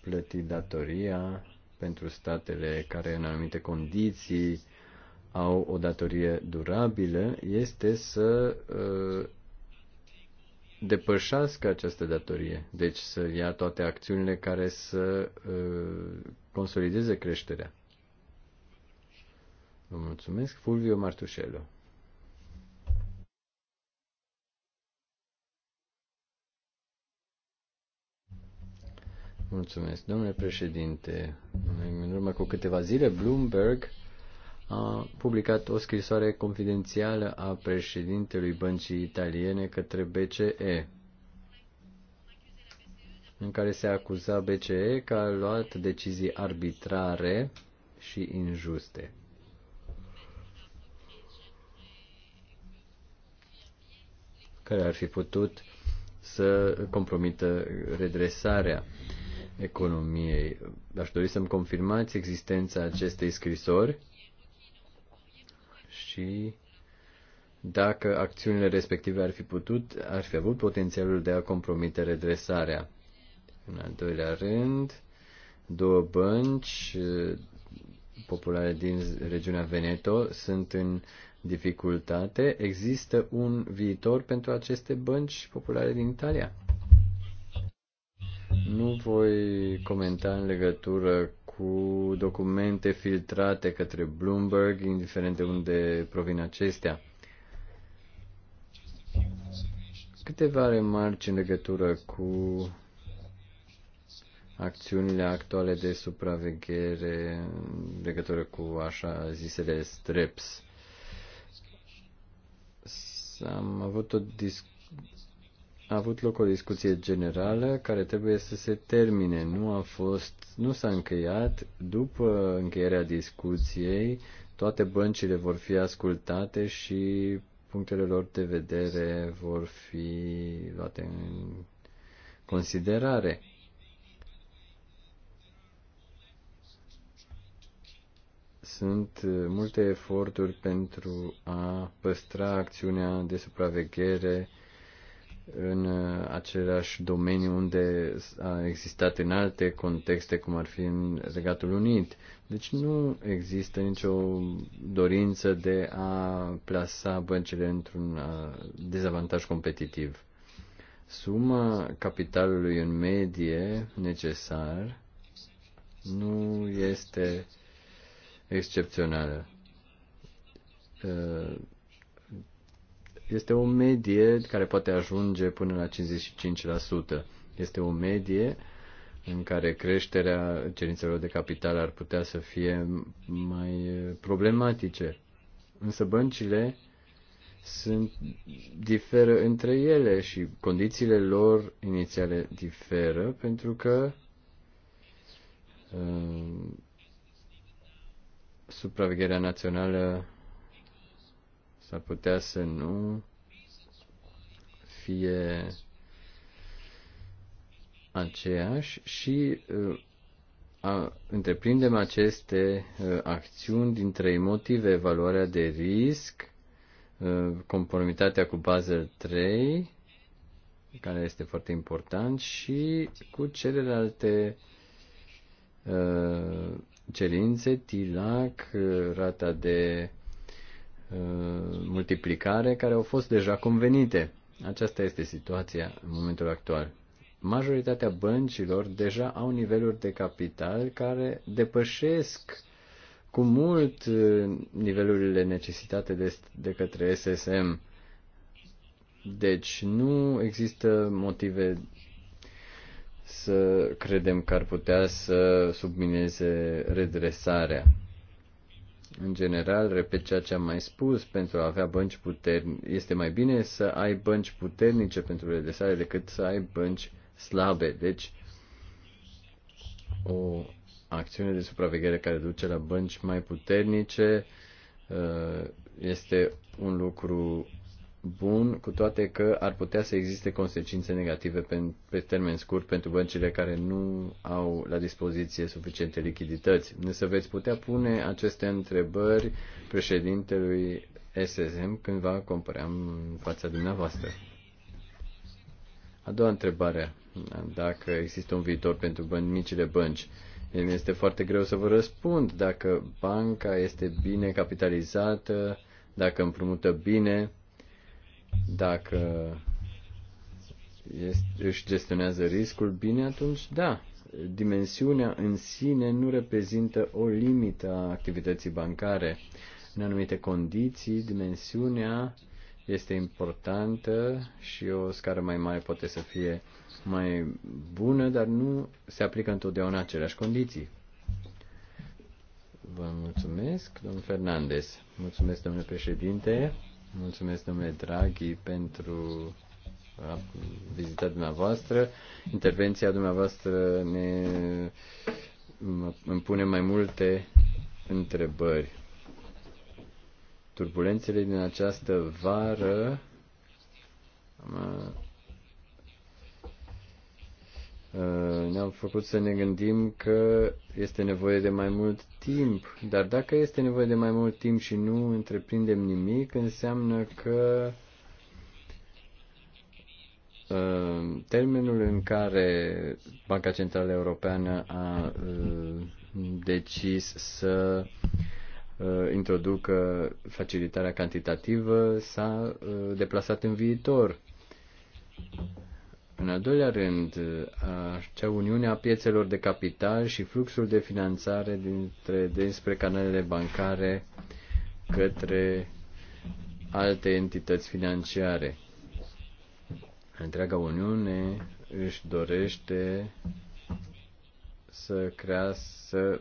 plăti datoria pentru statele care în anumite condiții au o datorie durabilă este să uh, depășească această datorie. Deci să ia toate acțiunile care să uh, consolideze creșterea. Vă mulțumesc, Fulvio Martușelu. Mulțumesc, domnule președinte. În urmă cu câteva zile, Bloomberg a publicat o scrisoare confidențială a președintelui băncii italiene către BCE, în care se acuza BCE că a luat decizii arbitrare și injuste. care ar fi putut să compromită redresarea economiei. Aș dori să-mi confirmați existența acestei scrisori și dacă acțiunile respective ar fi putut, ar fi avut potențialul de a compromite redresarea. În al doilea rând, două bănci eh, populare din regiunea Veneto sunt în dificultate. Există un viitor pentru aceste bănci populare din Italia? Nu voi comenta în legătură cu documente filtrate către Bloomberg, indiferent de unde provin acestea. Câteva remarci în legătură cu acțiunile actuale de supraveghere în legătură cu așa zisele STREPS. Am avut o discuție a avut loc o discuție generală care trebuie să se termine. Nu a fost, nu s-a încheiat. După încheierea discuției, toate băncile vor fi ascultate și punctele lor de vedere vor fi luate în considerare. Sunt multe eforturi pentru a păstra acțiunea de supraveghere în uh, același domeniu unde a existat în alte contexte, cum ar fi în Regatul Unit. Deci nu există nicio dorință de a plasa băncile într-un uh, dezavantaj competitiv. Suma capitalului în medie necesar nu este excepțională uh, este o medie care poate ajunge până la 55%. Este o medie în care creșterea cerințelor de capital ar putea să fie mai problematice. Însă băncile sunt, diferă între ele și condițiile lor inițiale diferă pentru că uh, supravegherea națională S-ar putea să nu fie aceeași și uh, a, întreprindem aceste a, uh, acțiuni din trei motive, evaluarea de risc, a, uh, conformitatea cu Basel 3, care este foarte important, și cu celelalte a, cerințe, TILAC, rata de Uh, multiplicare care au fost deja convenite. Aceasta este situația în momentul actual. Majoritatea băncilor deja au niveluri de capital care depășesc cu mult uh, nivelurile necesitate de, de către SSM. Deci nu există motive să credem că ar putea să submineze redresarea. În general, repet ceea ce am mai spus, pentru a avea bănci puternice, este mai bine să ai bănci puternice pentru redresare decât să ai bănci slabe. Deci, o acțiune de supraveghere care duce la bănci mai puternice uh, este un lucru bun, cu toate că ar putea să existe consecințe negative pe, pe termen scurt pentru băncile care nu au la dispoziție suficiente lichidități. Însă veți putea pune aceste întrebări președintelui SSM când va compărea în fața dumneavoastră. A doua întrebare, dacă există un viitor pentru băn- micile bănci. Mi este foarte greu să vă răspund dacă banca este bine capitalizată, dacă împrumută bine, dacă este, își gestionează riscul bine, atunci da, dimensiunea în sine nu reprezintă o limită a activității bancare. În anumite condiții, dimensiunea este importantă și o scară mai mare poate să fie mai bună, dar nu se aplică întotdeauna aceleași condiții. Vă mulțumesc, domnul Fernandez. Mulțumesc, domnule președinte. Mulțumesc, domnule Draghi, pentru uh, vizita dumneavoastră. Intervenția dumneavoastră ne îmi pune mai multe întrebări. Turbulențele din această vară Uh, ne-au făcut să ne gândim că este nevoie de mai mult timp, dar dacă este nevoie de mai mult timp și nu întreprindem nimic, înseamnă că uh, termenul în care Banca Centrală Europeană a uh, decis să introducă facilitarea cantitativă s-a deplasat în viitor. În al doilea rând, acea uniune a piețelor de capital și fluxul de finanțare dintre, dinspre canalele bancare către alte entități financiare. Întreaga Uniune își dorește să crească, să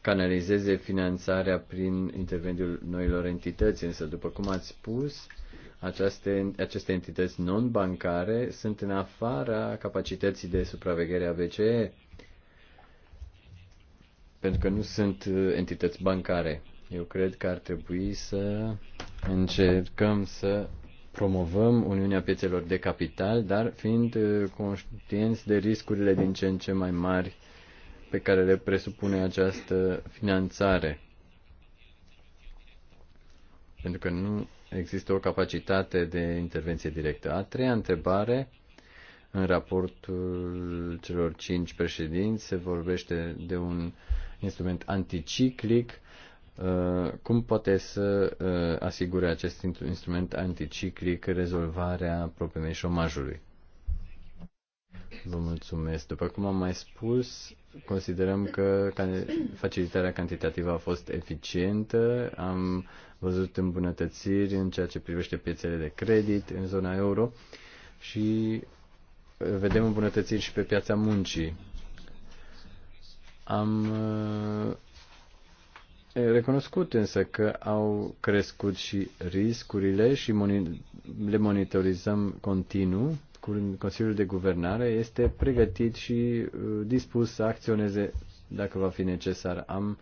canalizeze finanțarea prin intermediul noilor entități, însă, după cum ați spus, aceste, aceste entități non-bancare sunt în afara capacității de supraveghere a BCE, pentru că nu sunt uh, entități bancare. Eu cred că ar trebui să încercăm să promovăm Uniunea Piețelor de Capital, dar fiind uh, conștienți de riscurile din ce în ce mai mari pe care le presupune această finanțare. Pentru că nu există o capacitate de intervenție directă. A treia întrebare, în raportul celor cinci președinți se vorbește de un instrument anticiclic. Uh, cum poate să uh, asigure acest instrument anticiclic rezolvarea problemei șomajului? Vă mulțumesc. După cum am mai spus, considerăm că facilitarea cantitativă a fost eficientă, am văzut îmbunătățiri în ceea ce privește piețele de credit în zona euro și vedem îmbunătățiri și pe piața muncii. Am eh, recunoscut însă că au crescut și riscurile și le monitorizăm continuu Consiliul de Guvernare este pregătit și uh, dispus să acționeze dacă va fi necesar. Am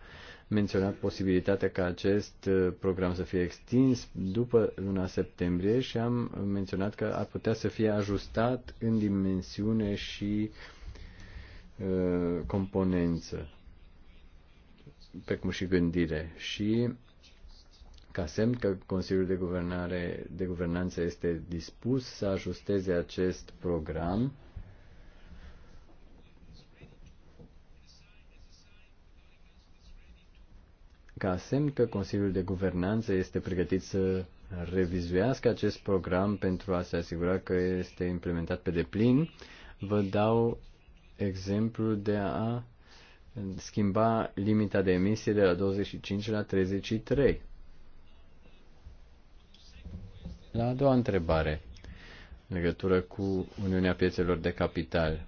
menționat posibilitatea ca acest uh, program să fie extins după luna septembrie și am menționat că ar putea să fie ajustat în dimensiune și uh, componență, precum și gândire. Și ca semn că Consiliul de Guvernare de Guvernanță este dispus să ajusteze acest program ca semn că Consiliul de Guvernanță este pregătit să revizuiască acest program pentru a se asigura că este implementat pe deplin, vă dau exemplu de a schimba limita de emisie de la 25 la 33. La a doua întrebare, în legătură cu Uniunea Piețelor de Capital,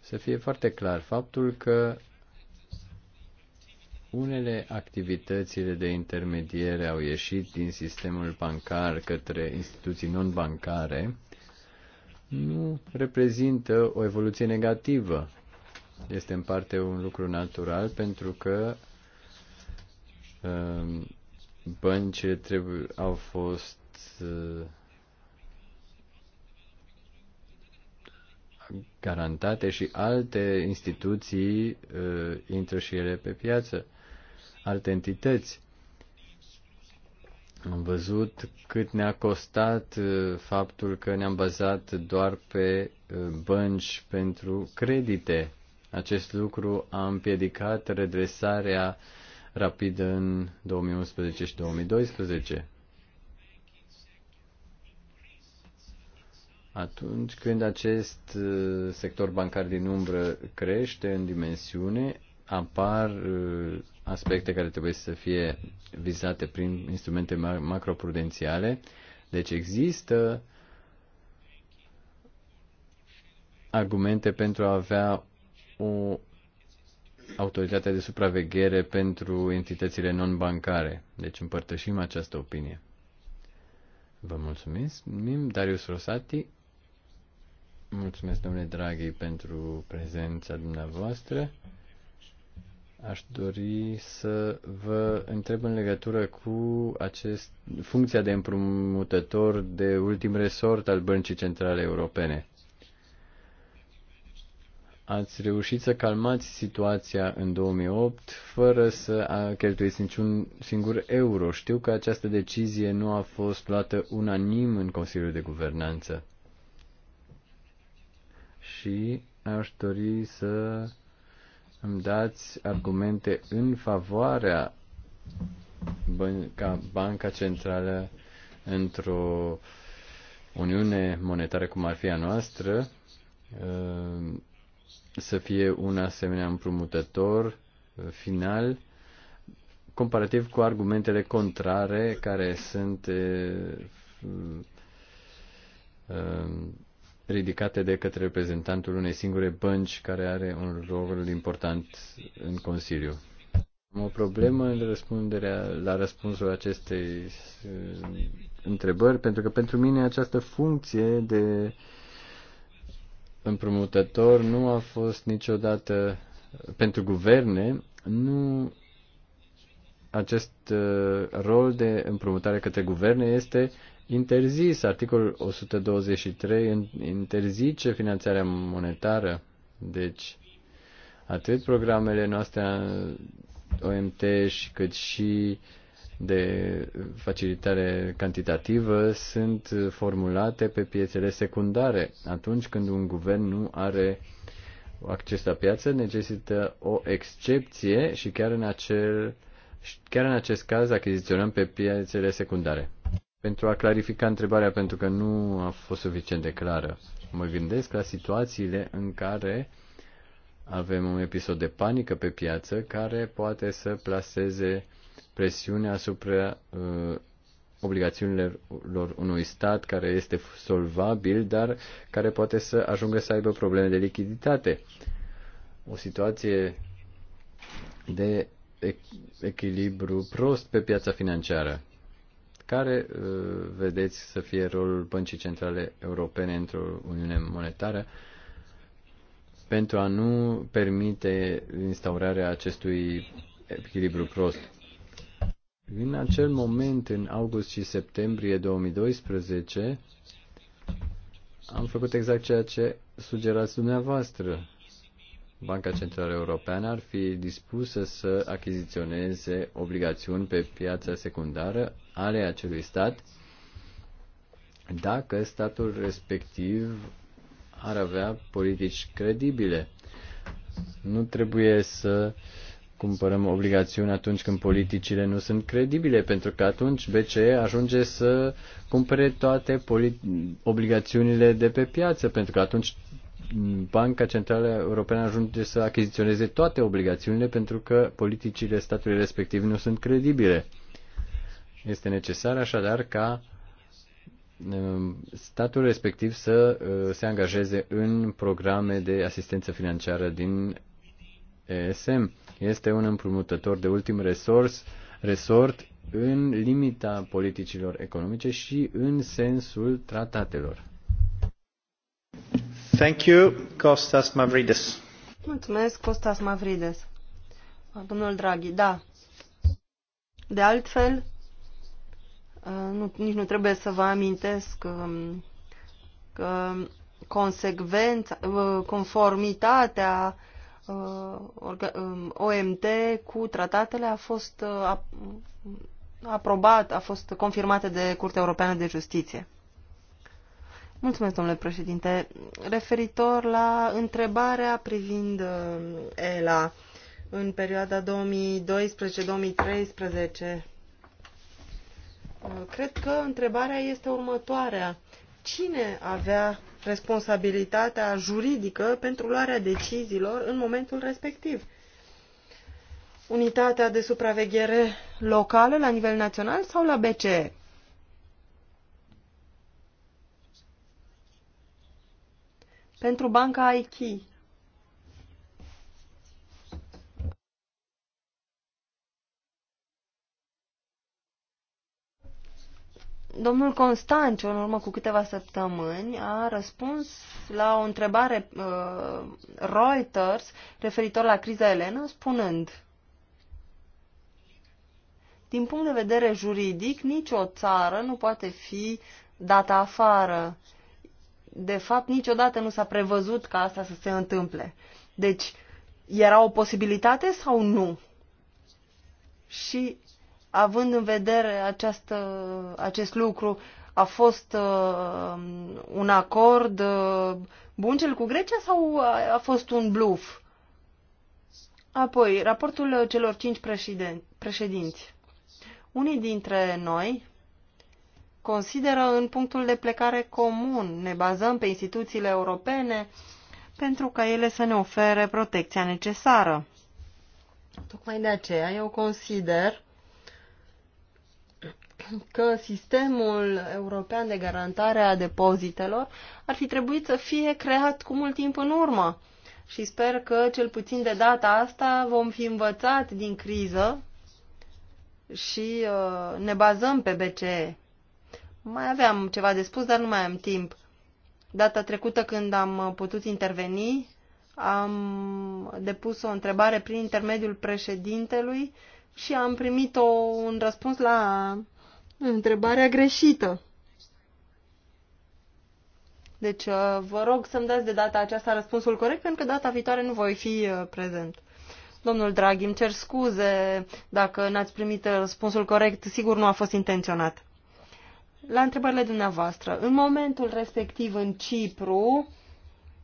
să fie foarte clar faptul că unele activitățile de intermediere au ieșit din sistemul bancar către instituții non-bancare, nu reprezintă o evoluție negativă. Este în parte un lucru natural pentru că um, băncile trebuie, au fost garantate și alte instituții uh, intră și ele pe piață, alte entități. Am văzut cât ne-a costat uh, faptul că ne-am bazat doar pe uh, bănci pentru credite. Acest lucru a împiedicat redresarea rapidă în 2011 și 2012. atunci când acest uh, sector bancar din umbră crește în dimensiune, apar uh, aspecte care trebuie să fie vizate prin instrumente macroprudențiale. Deci există argumente pentru a avea o autoritate de supraveghere pentru entitățile non-bancare. Deci împărtășim această opinie. Vă mulțumim, Darius Rosati. Mulțumesc, domnule Draghi, pentru prezența dumneavoastră. Aș dori să vă întreb în legătură cu acest, funcția de împrumutător de ultim resort al Băncii Centrale Europene. Ați reușit să calmați situația în 2008 fără să cheltuiți niciun singur euro. Știu că această decizie nu a fost luată unanim în Consiliul de Guvernanță și aș dori să îmi dați argumente în favoarea ca Banca Centrală într-o uniune monetară cum ar fi a noastră uh, să fie un asemenea împrumutător uh, final comparativ cu argumentele contrare care sunt uh, ridicate de către reprezentantul unei singure bănci care are un rol important în Consiliu. Am o problemă în răspunderea la răspunsul acestei uh, întrebări, pentru că pentru mine această funcție de împrumutător nu a fost niciodată pentru guverne, nu acest uh, rol de împrumutare către guverne este interzis. Articolul 123 interzice finanțarea monetară. Deci, atât programele noastre OMT și cât și de facilitare cantitativă sunt formulate pe piețele secundare. Atunci când un guvern nu are acces la piață, necesită o excepție și chiar în, acel, chiar în acest caz achiziționăm pe piețele secundare pentru a clarifica întrebarea, pentru că nu a fost suficient de clară. Mă gândesc la situațiile în care avem un episod de panică pe piață care poate să plaseze presiune asupra uh, obligațiunilor unui stat care este solvabil, dar care poate să ajungă să aibă probleme de lichiditate. O situație de echilibru prost pe piața financiară. Care uh, vedeți să fie rolul Băncii Centrale Europene într-o Uniune Monetară pentru a nu permite instaurarea acestui echilibru prost? În acel moment, în august și septembrie 2012, am făcut exact ceea ce sugerați dumneavoastră. Banca Centrală Europeană ar fi dispusă să achiziționeze obligațiuni pe piața secundară ale acelui stat dacă statul respectiv ar avea politici credibile. Nu trebuie să cumpărăm obligațiuni atunci când politicile nu sunt credibile, pentru că atunci BCE ajunge să cumpere toate obligațiunile de pe piață, pentru că atunci Banca Centrală Europeană ajunge să achiziționeze toate obligațiunile pentru că politicile statului respectiv nu sunt credibile. Este necesar așadar ca um, statul respectiv să uh, se angajeze în programe de asistență financiară din ESM. Este un împrumutător de ultim resurs, resort în limita politicilor economice și în sensul tratatelor. Thank you, Costas Mavridis. Mulțumesc, Costas Mavrides. Domnul Draghi, da. De altfel, uh, nu, nici nu trebuie să vă amintesc um, că, că consecvența, uh, conformitatea uh, OMT um, cu tratatele a fost aprobat, a fost confirmată de Curtea Europeană de Justiție. Mulțumesc, domnule președinte. Referitor la întrebarea privind uh, ELA în perioada 2012-2013, uh, cred că întrebarea este următoarea. Cine avea responsabilitatea juridică pentru luarea deciziilor în momentul respectiv? Unitatea de supraveghere locală la nivel național sau la BCE? pentru banca IKEA. Domnul Constanciu, în urmă cu câteva săptămâni, a răspuns la o întrebare uh, Reuters referitor la criza Elena, spunând Din punct de vedere juridic, nicio țară nu poate fi dată afară. Uh, de fapt, niciodată nu s-a prevăzut ca asta să se întâmple. Deci, era o posibilitate sau nu? Și, având în vedere această, acest lucru, a fost uh, un acord uh, bun cel cu Grecia sau a, a fost un bluff? Apoi, raportul celor cinci președinți. Unii dintre noi consideră în punctul de plecare comun. Ne bazăm pe instituțiile europene pentru ca ele să ne ofere protecția necesară. Tocmai de aceea eu consider că sistemul european de garantare a depozitelor ar fi trebuit să fie creat cu mult timp în urmă. Și sper că, cel puțin de data asta, vom fi învățat din criză și uh, ne bazăm pe BCE. Mai aveam ceva de spus, dar nu mai am timp. Data trecută când am putut interveni, am depus o întrebare prin intermediul președintelui și am primit o, un răspuns la întrebarea greșită. Deci uh, vă rog să-mi dați de data aceasta răspunsul corect, pentru că data viitoare nu voi fi uh, prezent. Domnul Draghi, îmi cer scuze dacă n-ați primit uh, răspunsul corect, sigur nu a fost intenționat la întrebările dumneavoastră. În momentul respectiv în Cipru,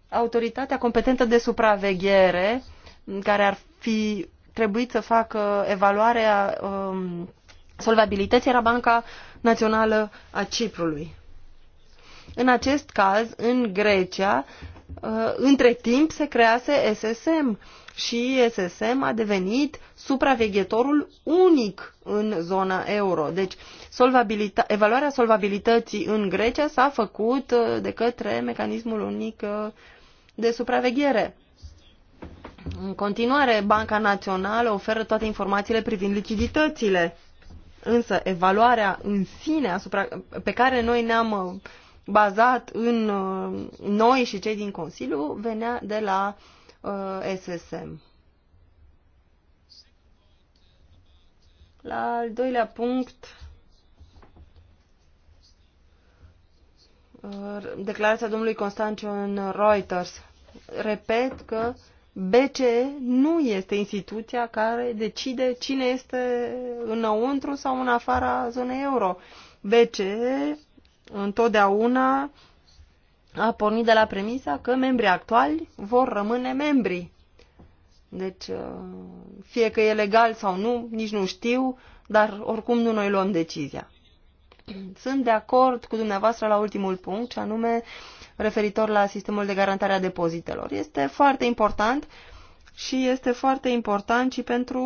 autoritatea competentă de supraveghere, care ar fi trebuit să facă evaluarea um, solvabilității, era Banca Națională a Ciprului. În acest caz, în Grecia, uh, între timp se crease SSM, și SSM a devenit supraveghetorul unic în zona euro. Deci, solvabilita- evaluarea solvabilității în Grecia s-a făcut uh, de către mecanismul unic uh, de supraveghere. În continuare, Banca Națională oferă toate informațiile privind lichiditățile, însă evaluarea în sine asupra, pe care noi ne-am uh, bazat în noi și cei din Consiliu venea de la uh, Uh, SSM. La al doilea punct, uh, declarația domnului Constanciu în Reuters. Repet că BCE nu este instituția care decide cine este înăuntru sau în afara zonei euro. BCE întotdeauna a pornit de la premisa că membrii actuali vor rămâne membri. Deci, uh, fie că e legal sau nu, nici nu știu, dar oricum nu noi luăm decizia. Sunt de acord cu dumneavoastră la ultimul punct, și anume referitor la sistemul de garantare a depozitelor. Este foarte important și este foarte important și pentru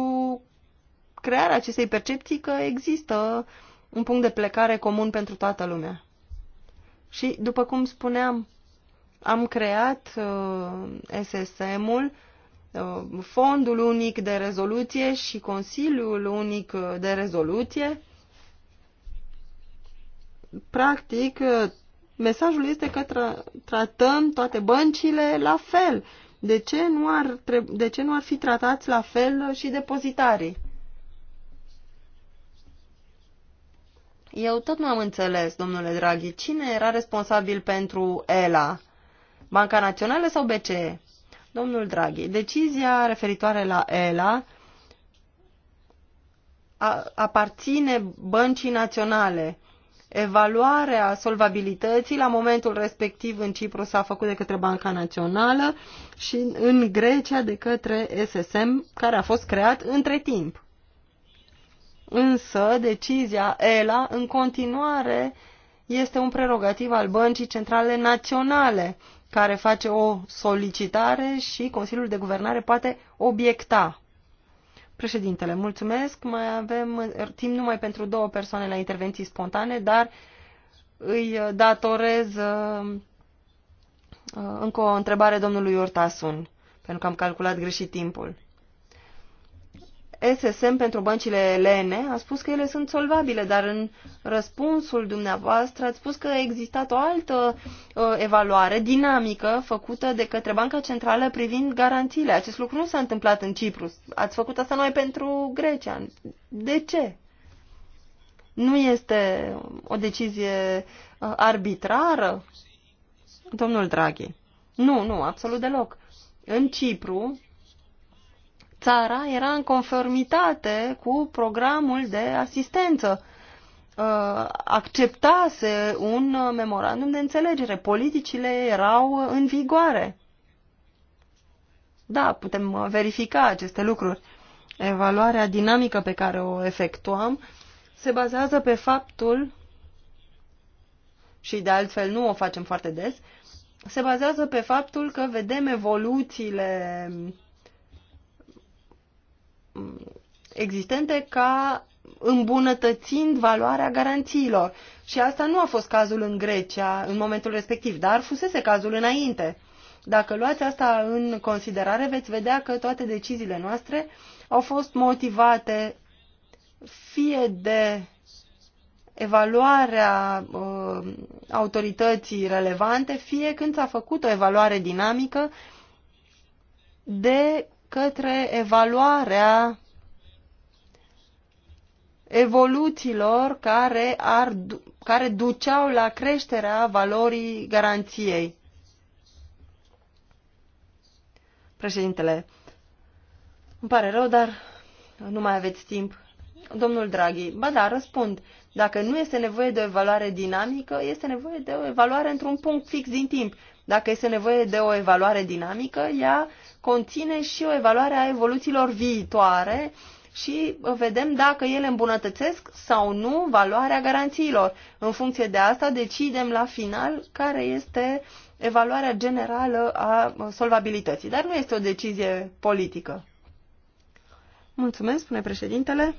crearea acestei percepții că există un punct de plecare comun pentru toată lumea. Și, după cum spuneam, am creat uh, SSM-ul, uh, Fondul Unic de Rezoluție și Consiliul Unic de Rezoluție. Practic, uh, mesajul este că tra tratăm toate băncile la fel. De ce, nu ar de ce nu ar fi tratați la fel și depozitarii? Eu tot nu am înțeles, domnule Draghi, cine era responsabil pentru ELA? Banca Națională sau BCE? Domnul Draghi, decizia referitoare la ELA aparține băncii naționale. Evaluarea solvabilității la momentul respectiv în Cipru s-a făcut de către Banca Națională și în Grecia de către SSM, care a fost creat între timp. Însă, decizia ELA în continuare este un prerogativ al Băncii Centrale Naționale, care face o solicitare și Consiliul de Guvernare poate obiecta. Președintele, mulțumesc. Mai avem er, timp numai pentru două persoane la intervenții spontane, dar îi datorez uh, uh, încă o întrebare domnului Ortasun, pentru că am calculat greșit timpul. SSM pentru băncile elene, a spus că ele sunt solvabile, dar în răspunsul dumneavoastră ați spus că a existat o altă uh, evaluare dinamică făcută de către Banca Centrală privind garanțiile. Acest lucru nu s-a întâmplat în Cipru. Ați făcut asta noi pentru Grecia. De ce? Nu este o decizie uh, arbitrară? Domnul Draghi. Nu, nu, absolut deloc. În Cipru, țara era în conformitate cu programul de asistență. Uh, acceptase un memorandum de înțelegere. Politicile erau în vigoare. Da, putem uh, verifica aceste lucruri. Evaluarea dinamică pe care o efectuăm se bazează pe faptul și de altfel nu o facem foarte des, se bazează pe faptul că vedem evoluțiile existente ca îmbunătățind valoarea garanțiilor. Și asta nu a fost cazul în Grecia în momentul respectiv, dar fusese cazul înainte. Dacă luați asta în considerare, veți vedea că toate deciziile noastre au fost motivate fie de evaluarea uh, autorității relevante, fie când s-a făcut o evaluare dinamică de către evaluarea evoluțiilor care, ar, care duceau la creșterea valorii garanției. Președintele, îmi pare rău, dar nu mai aveți timp. Domnul Draghi, ba da, răspund. Dacă nu este nevoie de o evaluare dinamică, este nevoie de o evaluare într-un punct fix din timp. Dacă este nevoie de o evaluare dinamică, ea conține și o evaluare a evoluțiilor viitoare și vedem dacă ele îmbunătățesc sau nu valoarea garanțiilor. În funcție de asta decidem la final care este evaluarea generală a solvabilității, dar nu este o decizie politică. Mulțumesc, spune președintele.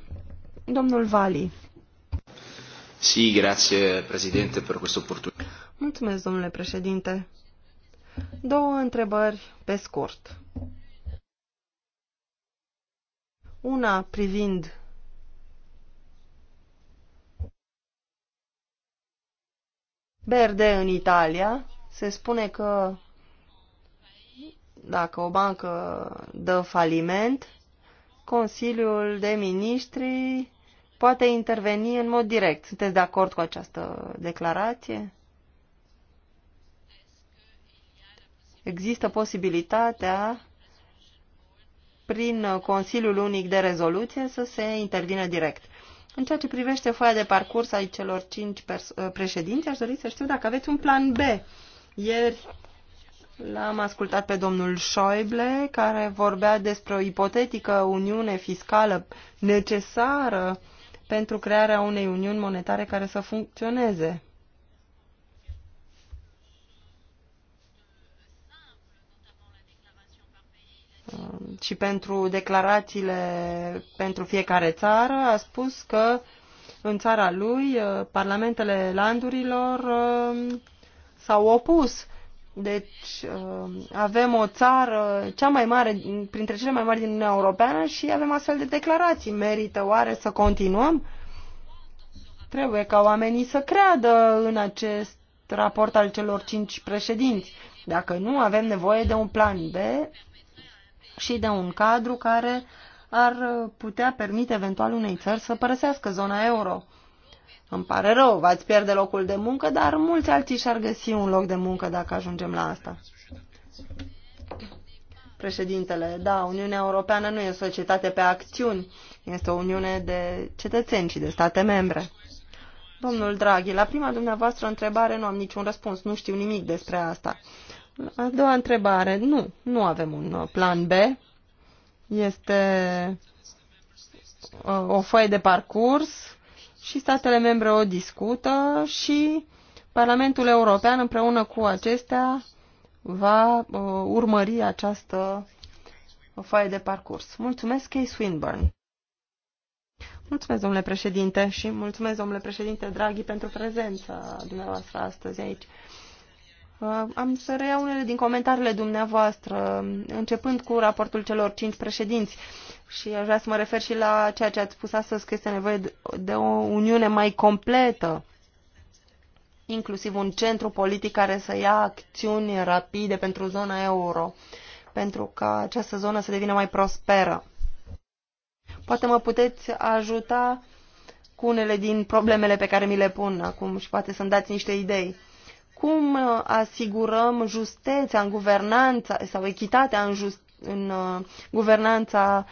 Domnul Vali. Si, grazie, președinte, per questo opportunità. Mulțumesc, domnule președinte. Două întrebări pe scurt. Una privind Berde în Italia, se spune că dacă o bancă dă faliment, Consiliul de Ministri poate interveni în mod direct. Sunteți de acord cu această declarație? Există posibilitatea prin uh, Consiliul Unic de Rezoluție să se intervină direct. În ceea ce privește foaia de parcurs ai celor cinci uh, președinți, aș dori să știu dacă aveți un plan B. Ieri l-am ascultat pe domnul Schäuble, care vorbea despre o ipotetică uniune fiscală necesară pentru crearea unei uniuni monetare care să funcționeze. și pentru declarațiile pentru fiecare țară, a spus că în țara lui uh, parlamentele landurilor uh, s-au opus. Deci uh, avem o țară cea mai mare, printre cele mai mari din Uniunea Europeană și avem astfel de declarații. Merită oare să continuăm? Trebuie ca oamenii să creadă în acest raport al celor cinci președinți. Dacă nu, avem nevoie de un plan B și de un cadru care ar putea permite eventual unei țări să părăsească zona euro. Îmi pare rău, v-ați pierde locul de muncă, dar mulți alții și-ar găsi un loc de muncă dacă ajungem la asta. Președintele, da, Uniunea Europeană nu e o societate pe acțiuni, este o uniune de cetățeni și de state membre. Domnul Draghi, la prima dumneavoastră întrebare nu am niciun răspuns, nu știu nimic despre asta. A doua întrebare. Nu, nu avem un uh, plan B. Este uh, o foaie de parcurs și statele membre o discută și Parlamentul European împreună cu acestea va uh, urmări această foaie de parcurs. Mulțumesc, Kay Swinburne. Mulțumesc, domnule președinte, și mulțumesc, domnule președinte Draghi, pentru prezența dumneavoastră astăzi aici. Uh, am să reiau unele din comentariile dumneavoastră, începând cu raportul celor cinci președinți. Și aș vrea să mă refer și la ceea ce ați spus astăzi, că este nevoie de o uniune mai completă, inclusiv un centru politic care să ia acțiuni rapide pentru zona euro, pentru ca această zonă să devină mai prosperă. Poate mă puteți ajuta cu unele din problemele pe care mi le pun acum și poate să-mi dați niște idei cum uh, asigurăm justeța în guvernanța sau echitatea în, just, în uh, guvernanța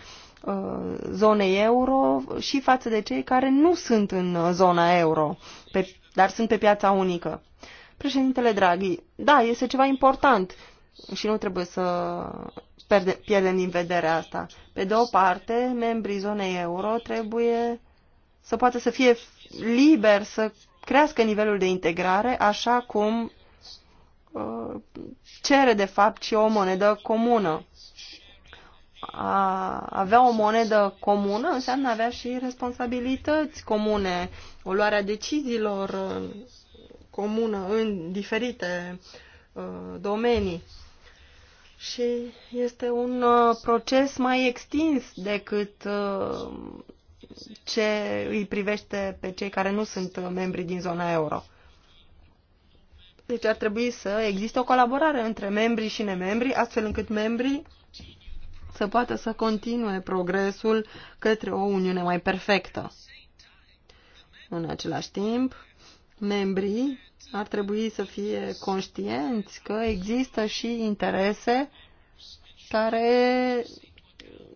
uh, zonei euro și față de cei care nu sunt în zona euro, pe, dar sunt pe piața unică? Președintele Draghi, da, este ceva important și nu trebuie să pierde, pierdem din vedere asta. Pe de o parte, membrii zonei euro trebuie să poată să fie liber să crească nivelul de integrare, așa cum uh, cere de fapt și o monedă comună. A avea o monedă comună înseamnă a avea și responsabilități comune, o luare a deciziilor uh, comună în diferite uh, domenii. Și este un proces mai extins decât ce îi privește pe cei care nu sunt membri din zona euro. Deci ar trebui să existe o colaborare între membrii și nemembrii, astfel încât membrii să poată să continue progresul către o Uniune mai perfectă. În același timp, membrii ar trebui să fie conștienți că există și interese care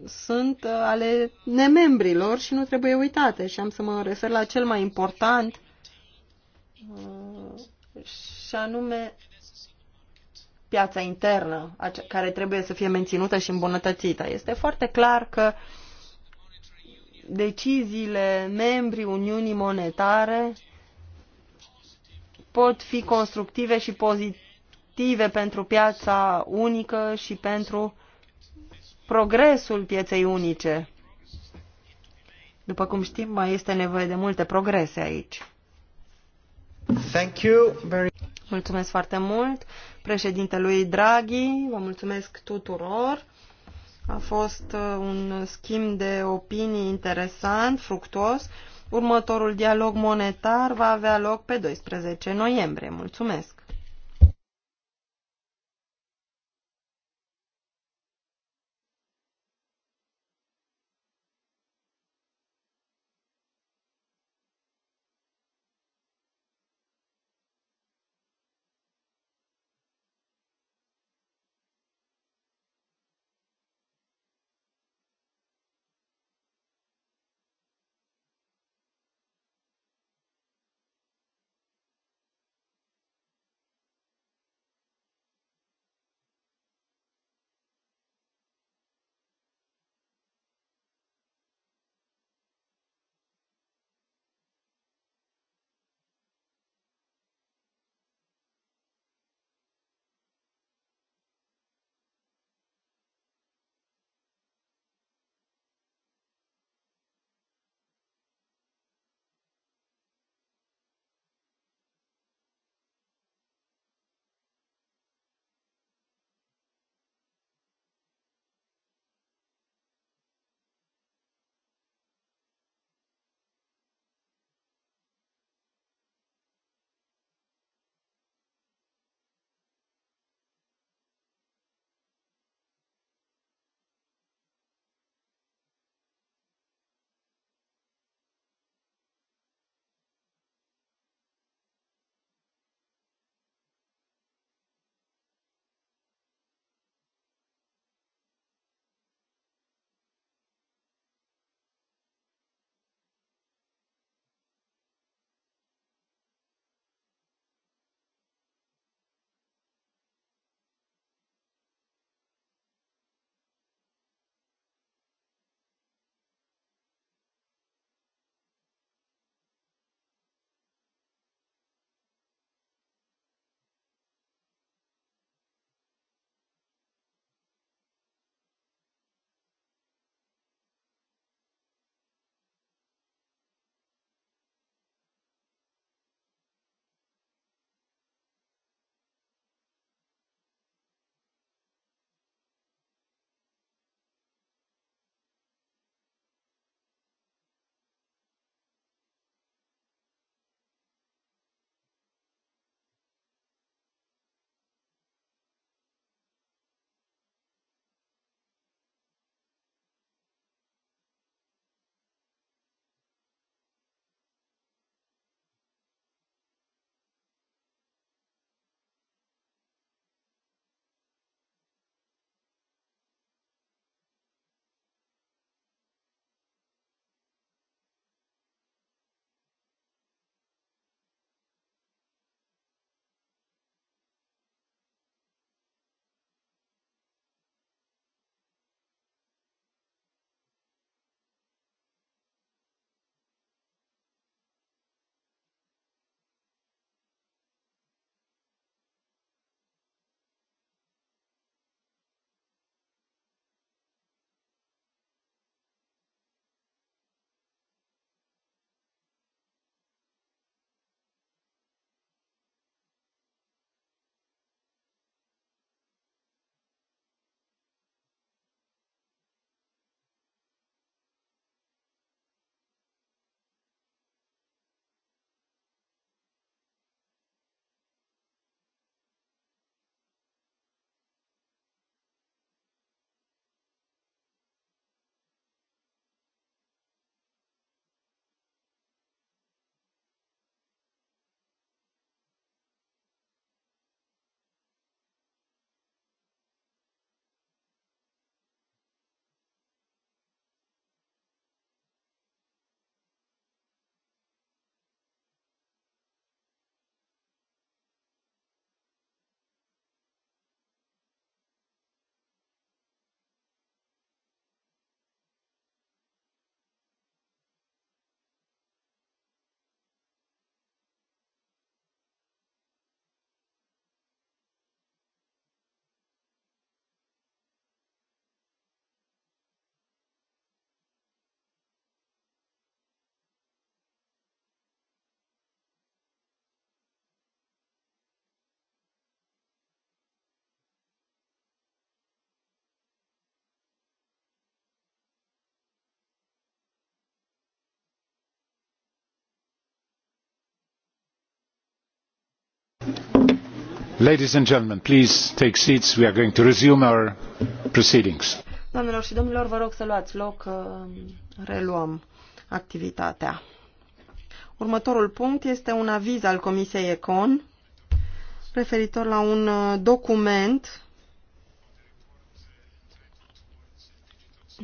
sunt uh, ale nemembrilor și nu trebuie uitate. Și am să mă refer la cel mai important uh, și anume piața internă, care trebuie să fie menținută și îmbunătățită. Este foarte clar că deciziile membrii Uniunii Monetare pot fi constructive și pozitive pentru piața unică și pentru progresul pieței unice. După cum știm, mai este nevoie de multe progrese aici. Thank you very... Mulțumesc foarte mult președintelui Draghi, vă mulțumesc tuturor. A fost uh, un schimb de opinii interesant, fructuos. Următorul dialog monetar va avea loc pe 12 noiembrie. Mulțumesc! Ladies and gentlemen, please take seats. We are going to resume our proceedings. Doamnelor și domnilor, vă rog să luați loc, uh, reluăm activitatea. Următorul punct este un aviz al Comisiei Econ referitor la un uh, document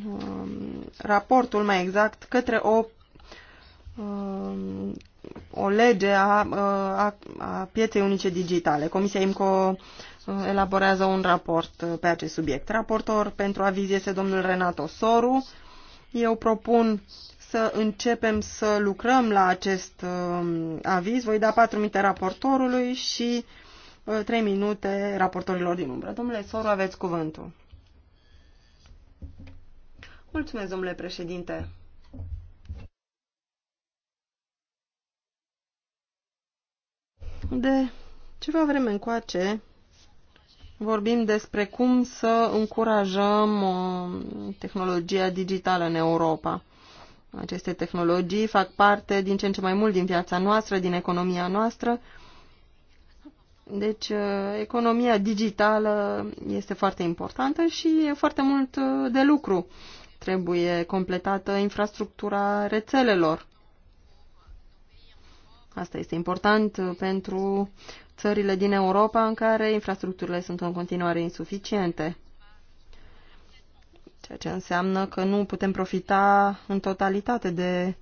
um, raportul mai exact către o um, o lege a, a, a pieței unice digitale. Comisia IMCO uh, elaborează un raport uh, pe acest subiect. Raportor pentru aviz este domnul Renato Soru. Eu propun să începem să lucrăm la acest uh, aviz. Voi da patru minute raportorului și trei minute raportorilor din umbră. Domnule Soru, aveți cuvântul. Mulțumesc, domnule președinte. De ceva vreme încoace vorbim despre cum să încurajăm uh, tehnologia digitală în Europa. Aceste tehnologii fac parte din ce în ce mai mult din viața noastră, din economia noastră. Deci, uh, economia digitală este foarte importantă și e foarte mult uh, de lucru. Trebuie completată infrastructura rețelelor. Asta este important pentru țările din Europa în care infrastructurile sunt în continuare insuficiente, ceea ce înseamnă că nu putem profita în totalitate de,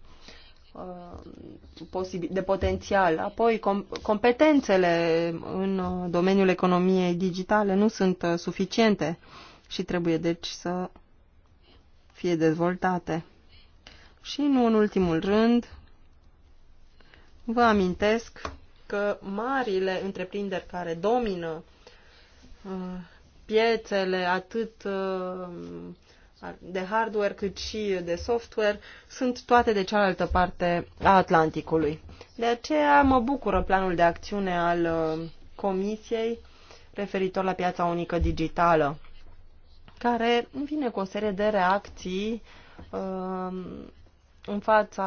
uh, de potențial. Apoi, competențele în uh, domeniul economiei digitale nu sunt uh, suficiente și trebuie deci să fie dezvoltate. Și nu în ultimul rând, Vă amintesc că marile întreprinderi care domină uh, piețele atât uh, de hardware cât și de software sunt toate de cealaltă parte a Atlanticului. De aceea mă bucură planul de acțiune al uh, Comisiei referitor la piața unică digitală, care vine cu o serie de reacții în fața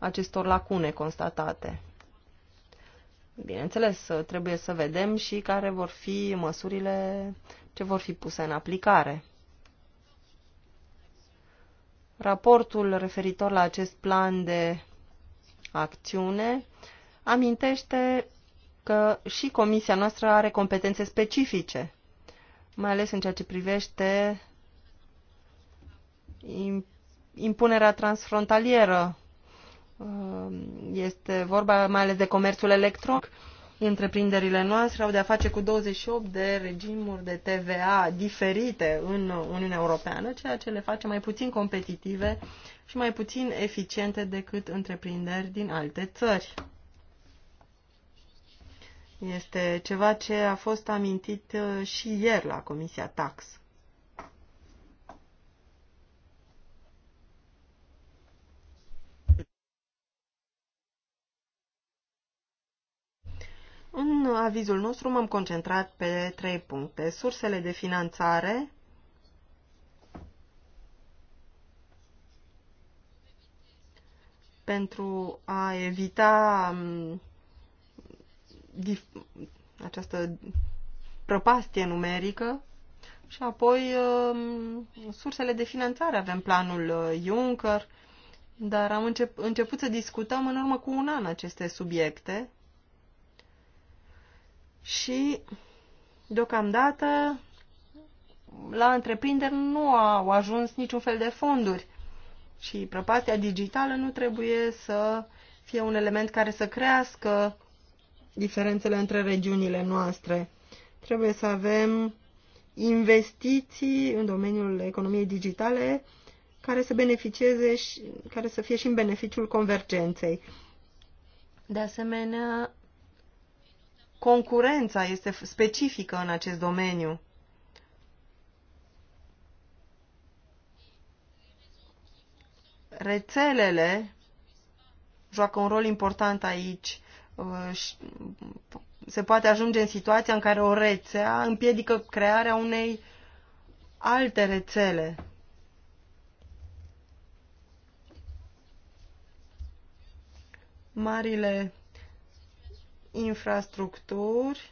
acestor lacune constatate. Bineînțeles, trebuie să vedem și care vor fi măsurile ce vor fi puse în aplicare. Raportul referitor la acest plan de acțiune amintește că și comisia noastră are competențe specifice, mai ales în ceea ce privește impunerea transfrontalieră Uh, este vorba mai ales de comerțul electronic. Întreprinderile noastre au de-a face cu 28 de regimuri de TVA diferite în Uniunea Europeană, ceea ce le face mai puțin competitive și mai puțin eficiente decât întreprinderi din alte țări. Este ceva ce a fost amintit uh, și ieri la Comisia Tax. În avizul nostru m-am concentrat pe trei puncte. Sursele de finanțare, pentru a evita um, această prăpastie numerică și apoi um, sursele de finanțare. Avem planul uh, Juncker, dar am încep, început să discutăm în urmă cu un an aceste subiecte și deocamdată la întreprinderi nu au ajuns niciun fel de fonduri și prăpastia digitală nu trebuie să fie un element care să crească diferențele între regiunile noastre. Trebuie să avem investiții în domeniul economiei digitale care să beneficieze și care să fie și în beneficiul convergenței. De asemenea, concurența este specifică în acest domeniu. Rețelele joacă un rol important aici. Uh, se poate ajunge în situația în care o rețea împiedică crearea unei alte rețele. Marile infrastructuri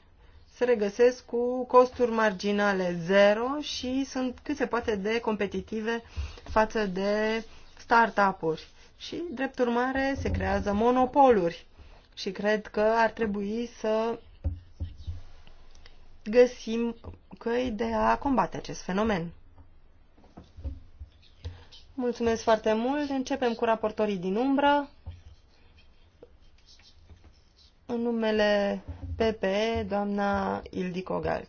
se regăsesc cu costuri marginale zero și sunt cât se poate de competitive față de startup-uri. Și, drept urmare, se creează monopoluri și cred că ar trebui să găsim căi de a combate acest fenomen. Mulțumesc foarte mult. Începem cu raportorii din umbră. În numele PPE, doamna Ildiko Galt.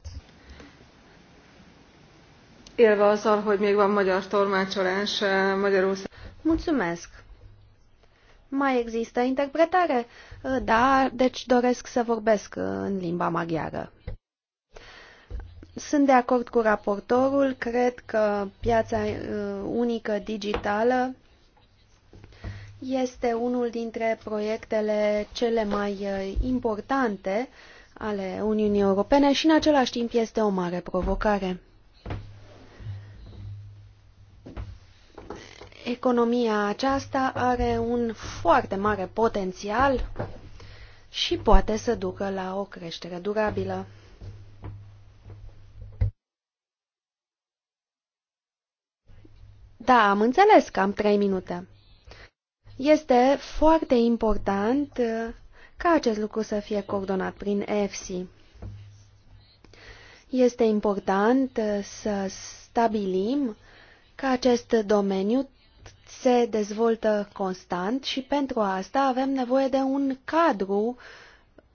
Élve azzal, hogy még van magyar tolmácsolás eh, Magyarország. Mulțumesc! Mai există interpretare? Eh, da, deci doresc să vorbesc eh, în limba maghiară. Sunt de acord cu raportorul, cred că piața unică digitală este unul dintre proiectele cele mai uh, importante ale Uniunii Europene și în același timp este o mare provocare. Economia aceasta are un foarte mare potențial și poate să ducă la o creștere durabilă. Da, am înțeles că am trei minute. Este foarte important uh, ca acest lucru să fie coordonat prin EFSI. Este important uh, să stabilim că acest domeniu se dezvoltă constant și pentru asta avem nevoie de un cadru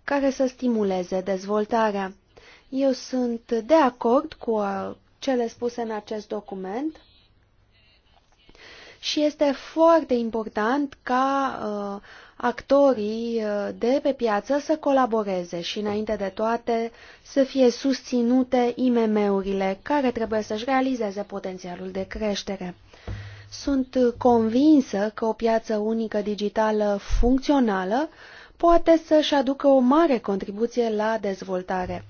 care să stimuleze dezvoltarea. Eu sunt de acord cu uh, cele spuse în acest document și este foarte important ca uh, actorii uh, de pe piață să colaboreze și, înainte de toate, să fie susținute IMM-urile care trebuie să-și realizeze potențialul de creștere. Sunt convinsă că o piață unică digitală funcțională poate să-și aducă o mare contribuție la dezvoltare.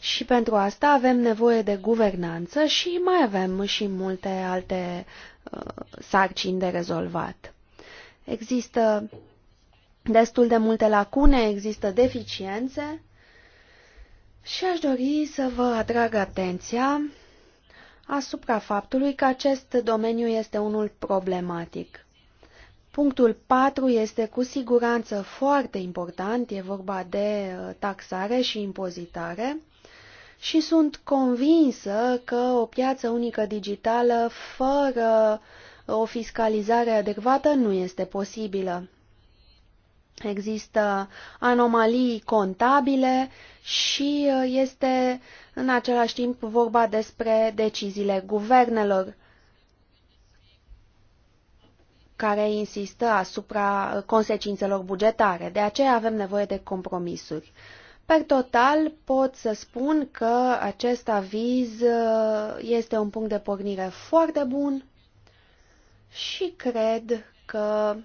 Și pentru asta avem nevoie de guvernanță și mai avem și multe alte sarcini de rezolvat. Există destul de multe lacune, există deficiențe și aș dori să vă atrag atenția asupra faptului că acest domeniu este unul problematic. Punctul 4 este cu siguranță foarte important, e vorba de uh, taxare și impozitare și sunt convinsă că o piață unică digitală fără o fiscalizare adecvată nu este posibilă. Există anomalii contabile și uh, este în același timp vorba despre deciziile guvernelor care insistă asupra uh, consecințelor bugetare. De aceea avem nevoie de compromisuri. Pe total, pot să spun că acest aviz uh, este un punct de pornire foarte bun și cred că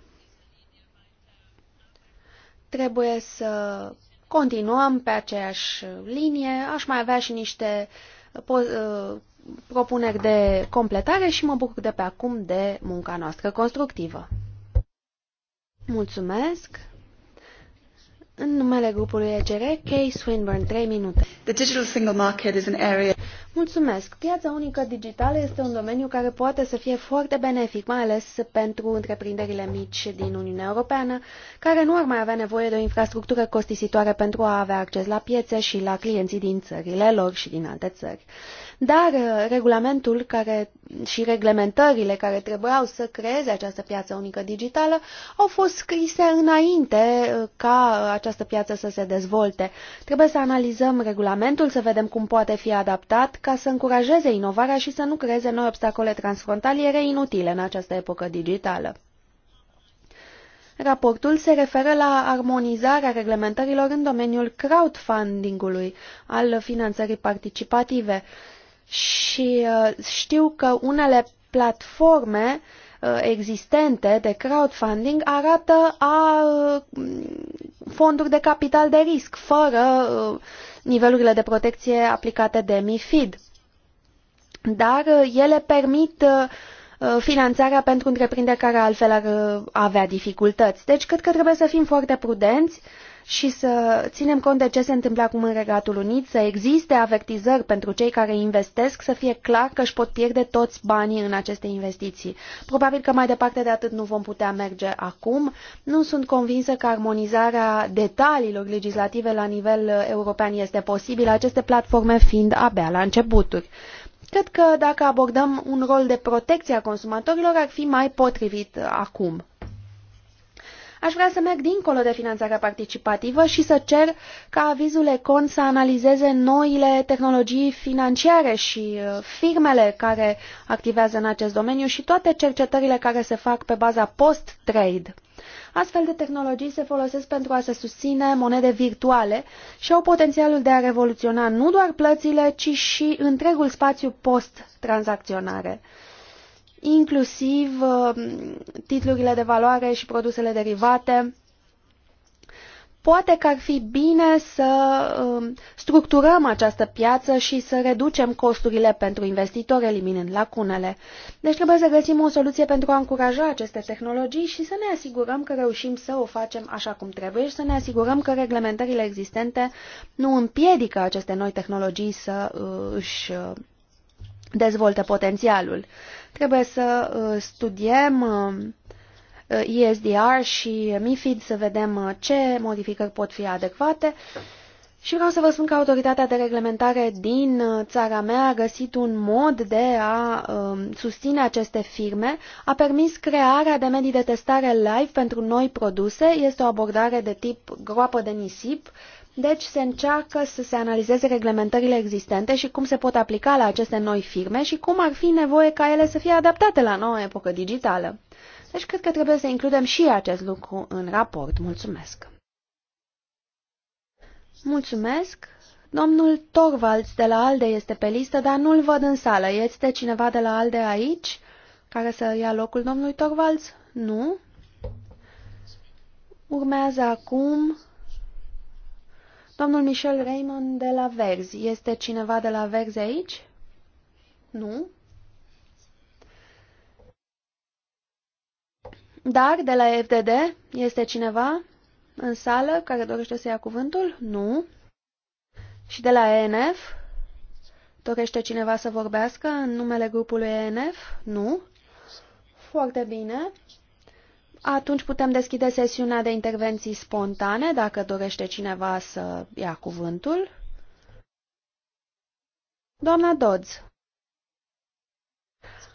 trebuie să continuăm pe aceeași linie. Aș mai avea și niște uh, propuneri de completare și mă bucur de pe acum de munca noastră constructivă. Mulțumesc! În numele grupului ECR, Kay Swinburne, 3 minute. The digital single market is an area... Mulțumesc. Piața unică digitală este un domeniu care poate să fie foarte benefic, mai ales pentru întreprinderile mici din Uniunea Europeană, care nu ar mai avea nevoie de o infrastructură costisitoare pentru a avea acces la piețe și la clienții din țările lor și din alte țări. Dar uh, regulamentul care, și reglementările care trebuiau să creeze această piață unică digitală au fost scrise înainte uh, ca această piață să se dezvolte. Trebuie să analizăm regulamentul, să vedem cum poate fi adaptat ca să încurajeze inovarea și să nu creeze noi obstacole transfrontaliere inutile în această epocă digitală. Raportul se referă la armonizarea reglementărilor în domeniul crowdfunding-ului, al finanțării participative și uh, știu că unele platforme uh, existente de crowdfunding arată a uh, fonduri de capital de risc, fără nivelurile de protecție aplicate de MIFID. Dar ele permit finanțarea pentru întreprinderi care altfel ar avea dificultăți. Deci cred că trebuie să fim foarte prudenți uh, și să ținem cont de ce se întâmplă acum în Regatul Unit, să existe avertizări pentru cei care investesc, să fie clar că își pot pierde toți banii în aceste investiții. Probabil că mai departe de atât nu vom putea merge acum. Nu sunt convinsă că armonizarea detaliilor legislative la nivel european este posibilă, aceste platforme fiind abia la începuturi. Cred că dacă abordăm un rol de protecție a consumatorilor ar fi mai potrivit acum. Aș vrea să merg dincolo de finanțarea participativă și să cer ca avizul Econ să analizeze noile tehnologii financiare și uh, firmele care activează în acest domeniu și toate cercetările care se fac pe baza post-trade. Astfel de tehnologii se folosesc pentru a se susține monede virtuale și au potențialul de a revoluționa nu doar plățile, ci și întregul spațiu post-tranzacționare inclusiv uh, titlurile de valoare și produsele derivate. Poate că ar fi bine să um, structurăm această piață și să reducem costurile pentru investitori, eliminând lacunele. Deci trebuie să găsim o soluție pentru a încuraja aceste tehnologii și să ne asigurăm că reușim să o facem așa cum trebuie și să ne asigurăm că reglementările existente nu împiedică aceste noi tehnologii să uh, își uh, dezvolte potențialul. Trebuie să uh, studiem uh, uh, ESDR și MIFID să vedem ce modificări pot fi adecvate. Și vreau să vă spun că autoritatea de reglementare din țara mea a găsit un mod de a uh, susține aceste firme, a permis crearea de medii de testare live pentru noi produse, este o abordare de tip groapă de nisip, deci se încearcă să se analizeze reglementările existente și cum se pot aplica la aceste noi firme și cum ar fi nevoie ca ele să fie adaptate la noua epocă digitală. Deci cred că trebuie să includem și acest lucru în raport. Mulțumesc! Mulțumesc! Domnul Torvalds de la ALDE este pe listă, dar nu-l văd în sală. Este cineva de la ALDE aici care să ia locul domnului Torvalds? Nu? Urmează acum Domnul Michel Raymond de la Verzi. Este cineva de la Verzi aici? Nu? Dar de la FDD este cineva în sală care dorește să ia cuvântul? Nu. Și de la ENF? Dorește cineva să vorbească în numele grupului ENF? Nu. Foarte bine. Atunci putem deschide sesiunea de intervenții spontane, dacă dorește cineva să ia cuvântul. Doamna Dodds.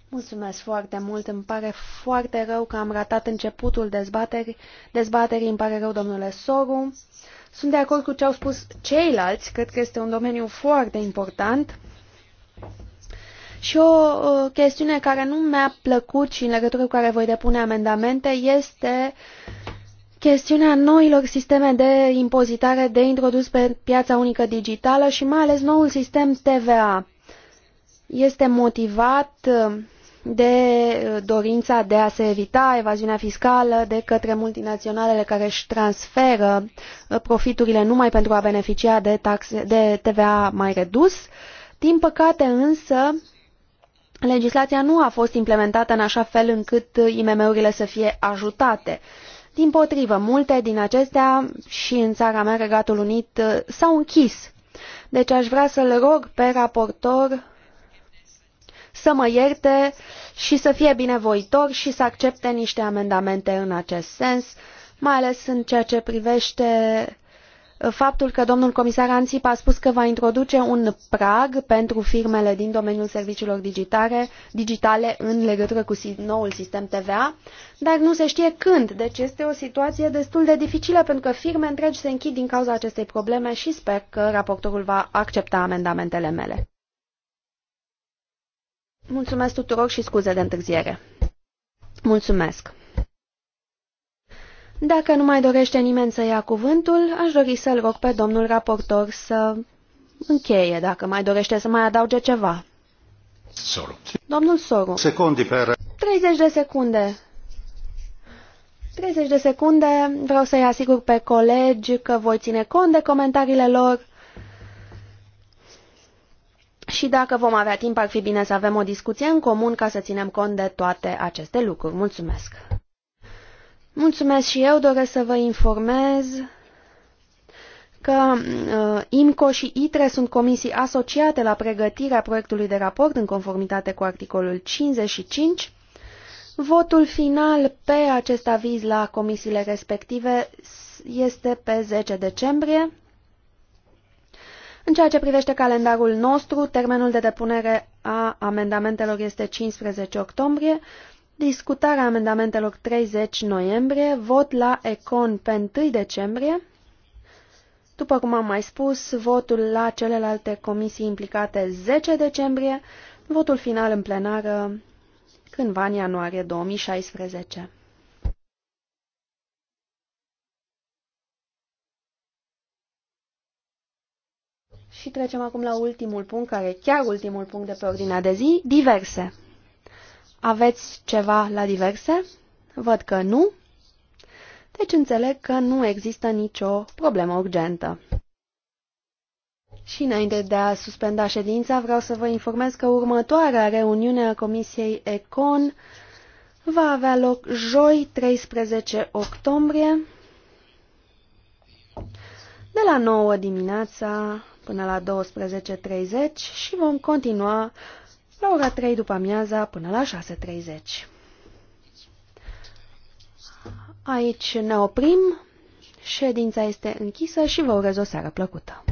Mulțumesc foarte mult, îmi pare foarte rău că am ratat începutul dezbaterii, dezbaterii îmi pare rău, domnule Soru. Sunt de acord cu ce au spus ceilalți, cred că este un domeniu foarte important și o chestiune care nu mi-a plăcut și în legătură cu care voi depune amendamente este chestiunea noilor sisteme de impozitare de introdus pe piața unică digitală și mai ales noul sistem TVA. Este motivat uh, de uh, dorința de a se evita evaziunea fiscală de către multinaționalele care își transferă uh, profiturile numai pentru a beneficia de, taxe, de TVA mai redus. Din păcate însă, legislația nu a fost implementată în așa fel încât IMM-urile să fie ajutate. Din potrivă, multe din acestea și în țara mea, Regatul Unit, s-au închis. Deci aș vrea să-l rog pe raportor să mă ierte și să fie binevoitor și să accepte niște amendamente în acest sens, mai ales în ceea ce privește faptul că domnul comisar Ansip a spus că va introduce un prag pentru firmele din domeniul serviciilor digitale, în legătură cu noul sistem TVA, dar nu se știe când, deci este o situație destul de dificilă pentru că firme întregi se închid din cauza acestei probleme și sper că raportorul va accepta amendamentele mele. Mulțumesc tuturor și scuze de întârziere. Mulțumesc. Dacă nu mai dorește nimeni să ia cuvântul, aș dori să-l rog pe domnul raportor să încheie, dacă mai dorește să mai adauge ceva. Soru. Domnul Soru. Secundi pe. 30 de secunde. 30 de secunde. Vreau să-i asigur pe colegi că voi ține cont de comentariile lor și dacă vom avea timp ar fi bine să avem o discuție în comun ca să ținem cont de toate aceste lucruri. Mulțumesc! Mulțumesc și eu, doresc să vă informez că uh, IMCO și ITRE sunt comisii asociate la pregătirea proiectului de raport în conformitate cu articolul 55. Votul final pe acest aviz la comisiile respective este pe 10 decembrie. În ceea ce privește calendarul nostru, termenul de depunere a amendamentelor este 15 octombrie discutarea amendamentelor 30 noiembrie, vot la ECON pe 1 decembrie, după cum am mai spus, votul la celelalte comisii implicate 10 decembrie, votul final în plenară cândva în ianuarie 2016. Și trecem acum la ultimul punct, care e chiar ultimul punct de pe ordinea de zi, diverse. Aveți ceva la diverse? Văd că nu. Deci înțeleg că nu există nicio problemă urgentă. Și înainte de a suspenda ședința, vreau să vă informez că următoarea reuniune a Comisiei ECON va avea loc joi 13 octombrie de la 9 dimineața până la 12.30 și vom continua la ora 3 după amiaza până la 6.30. Aici ne oprim, ședința este închisă și vă urez o seară plăcută.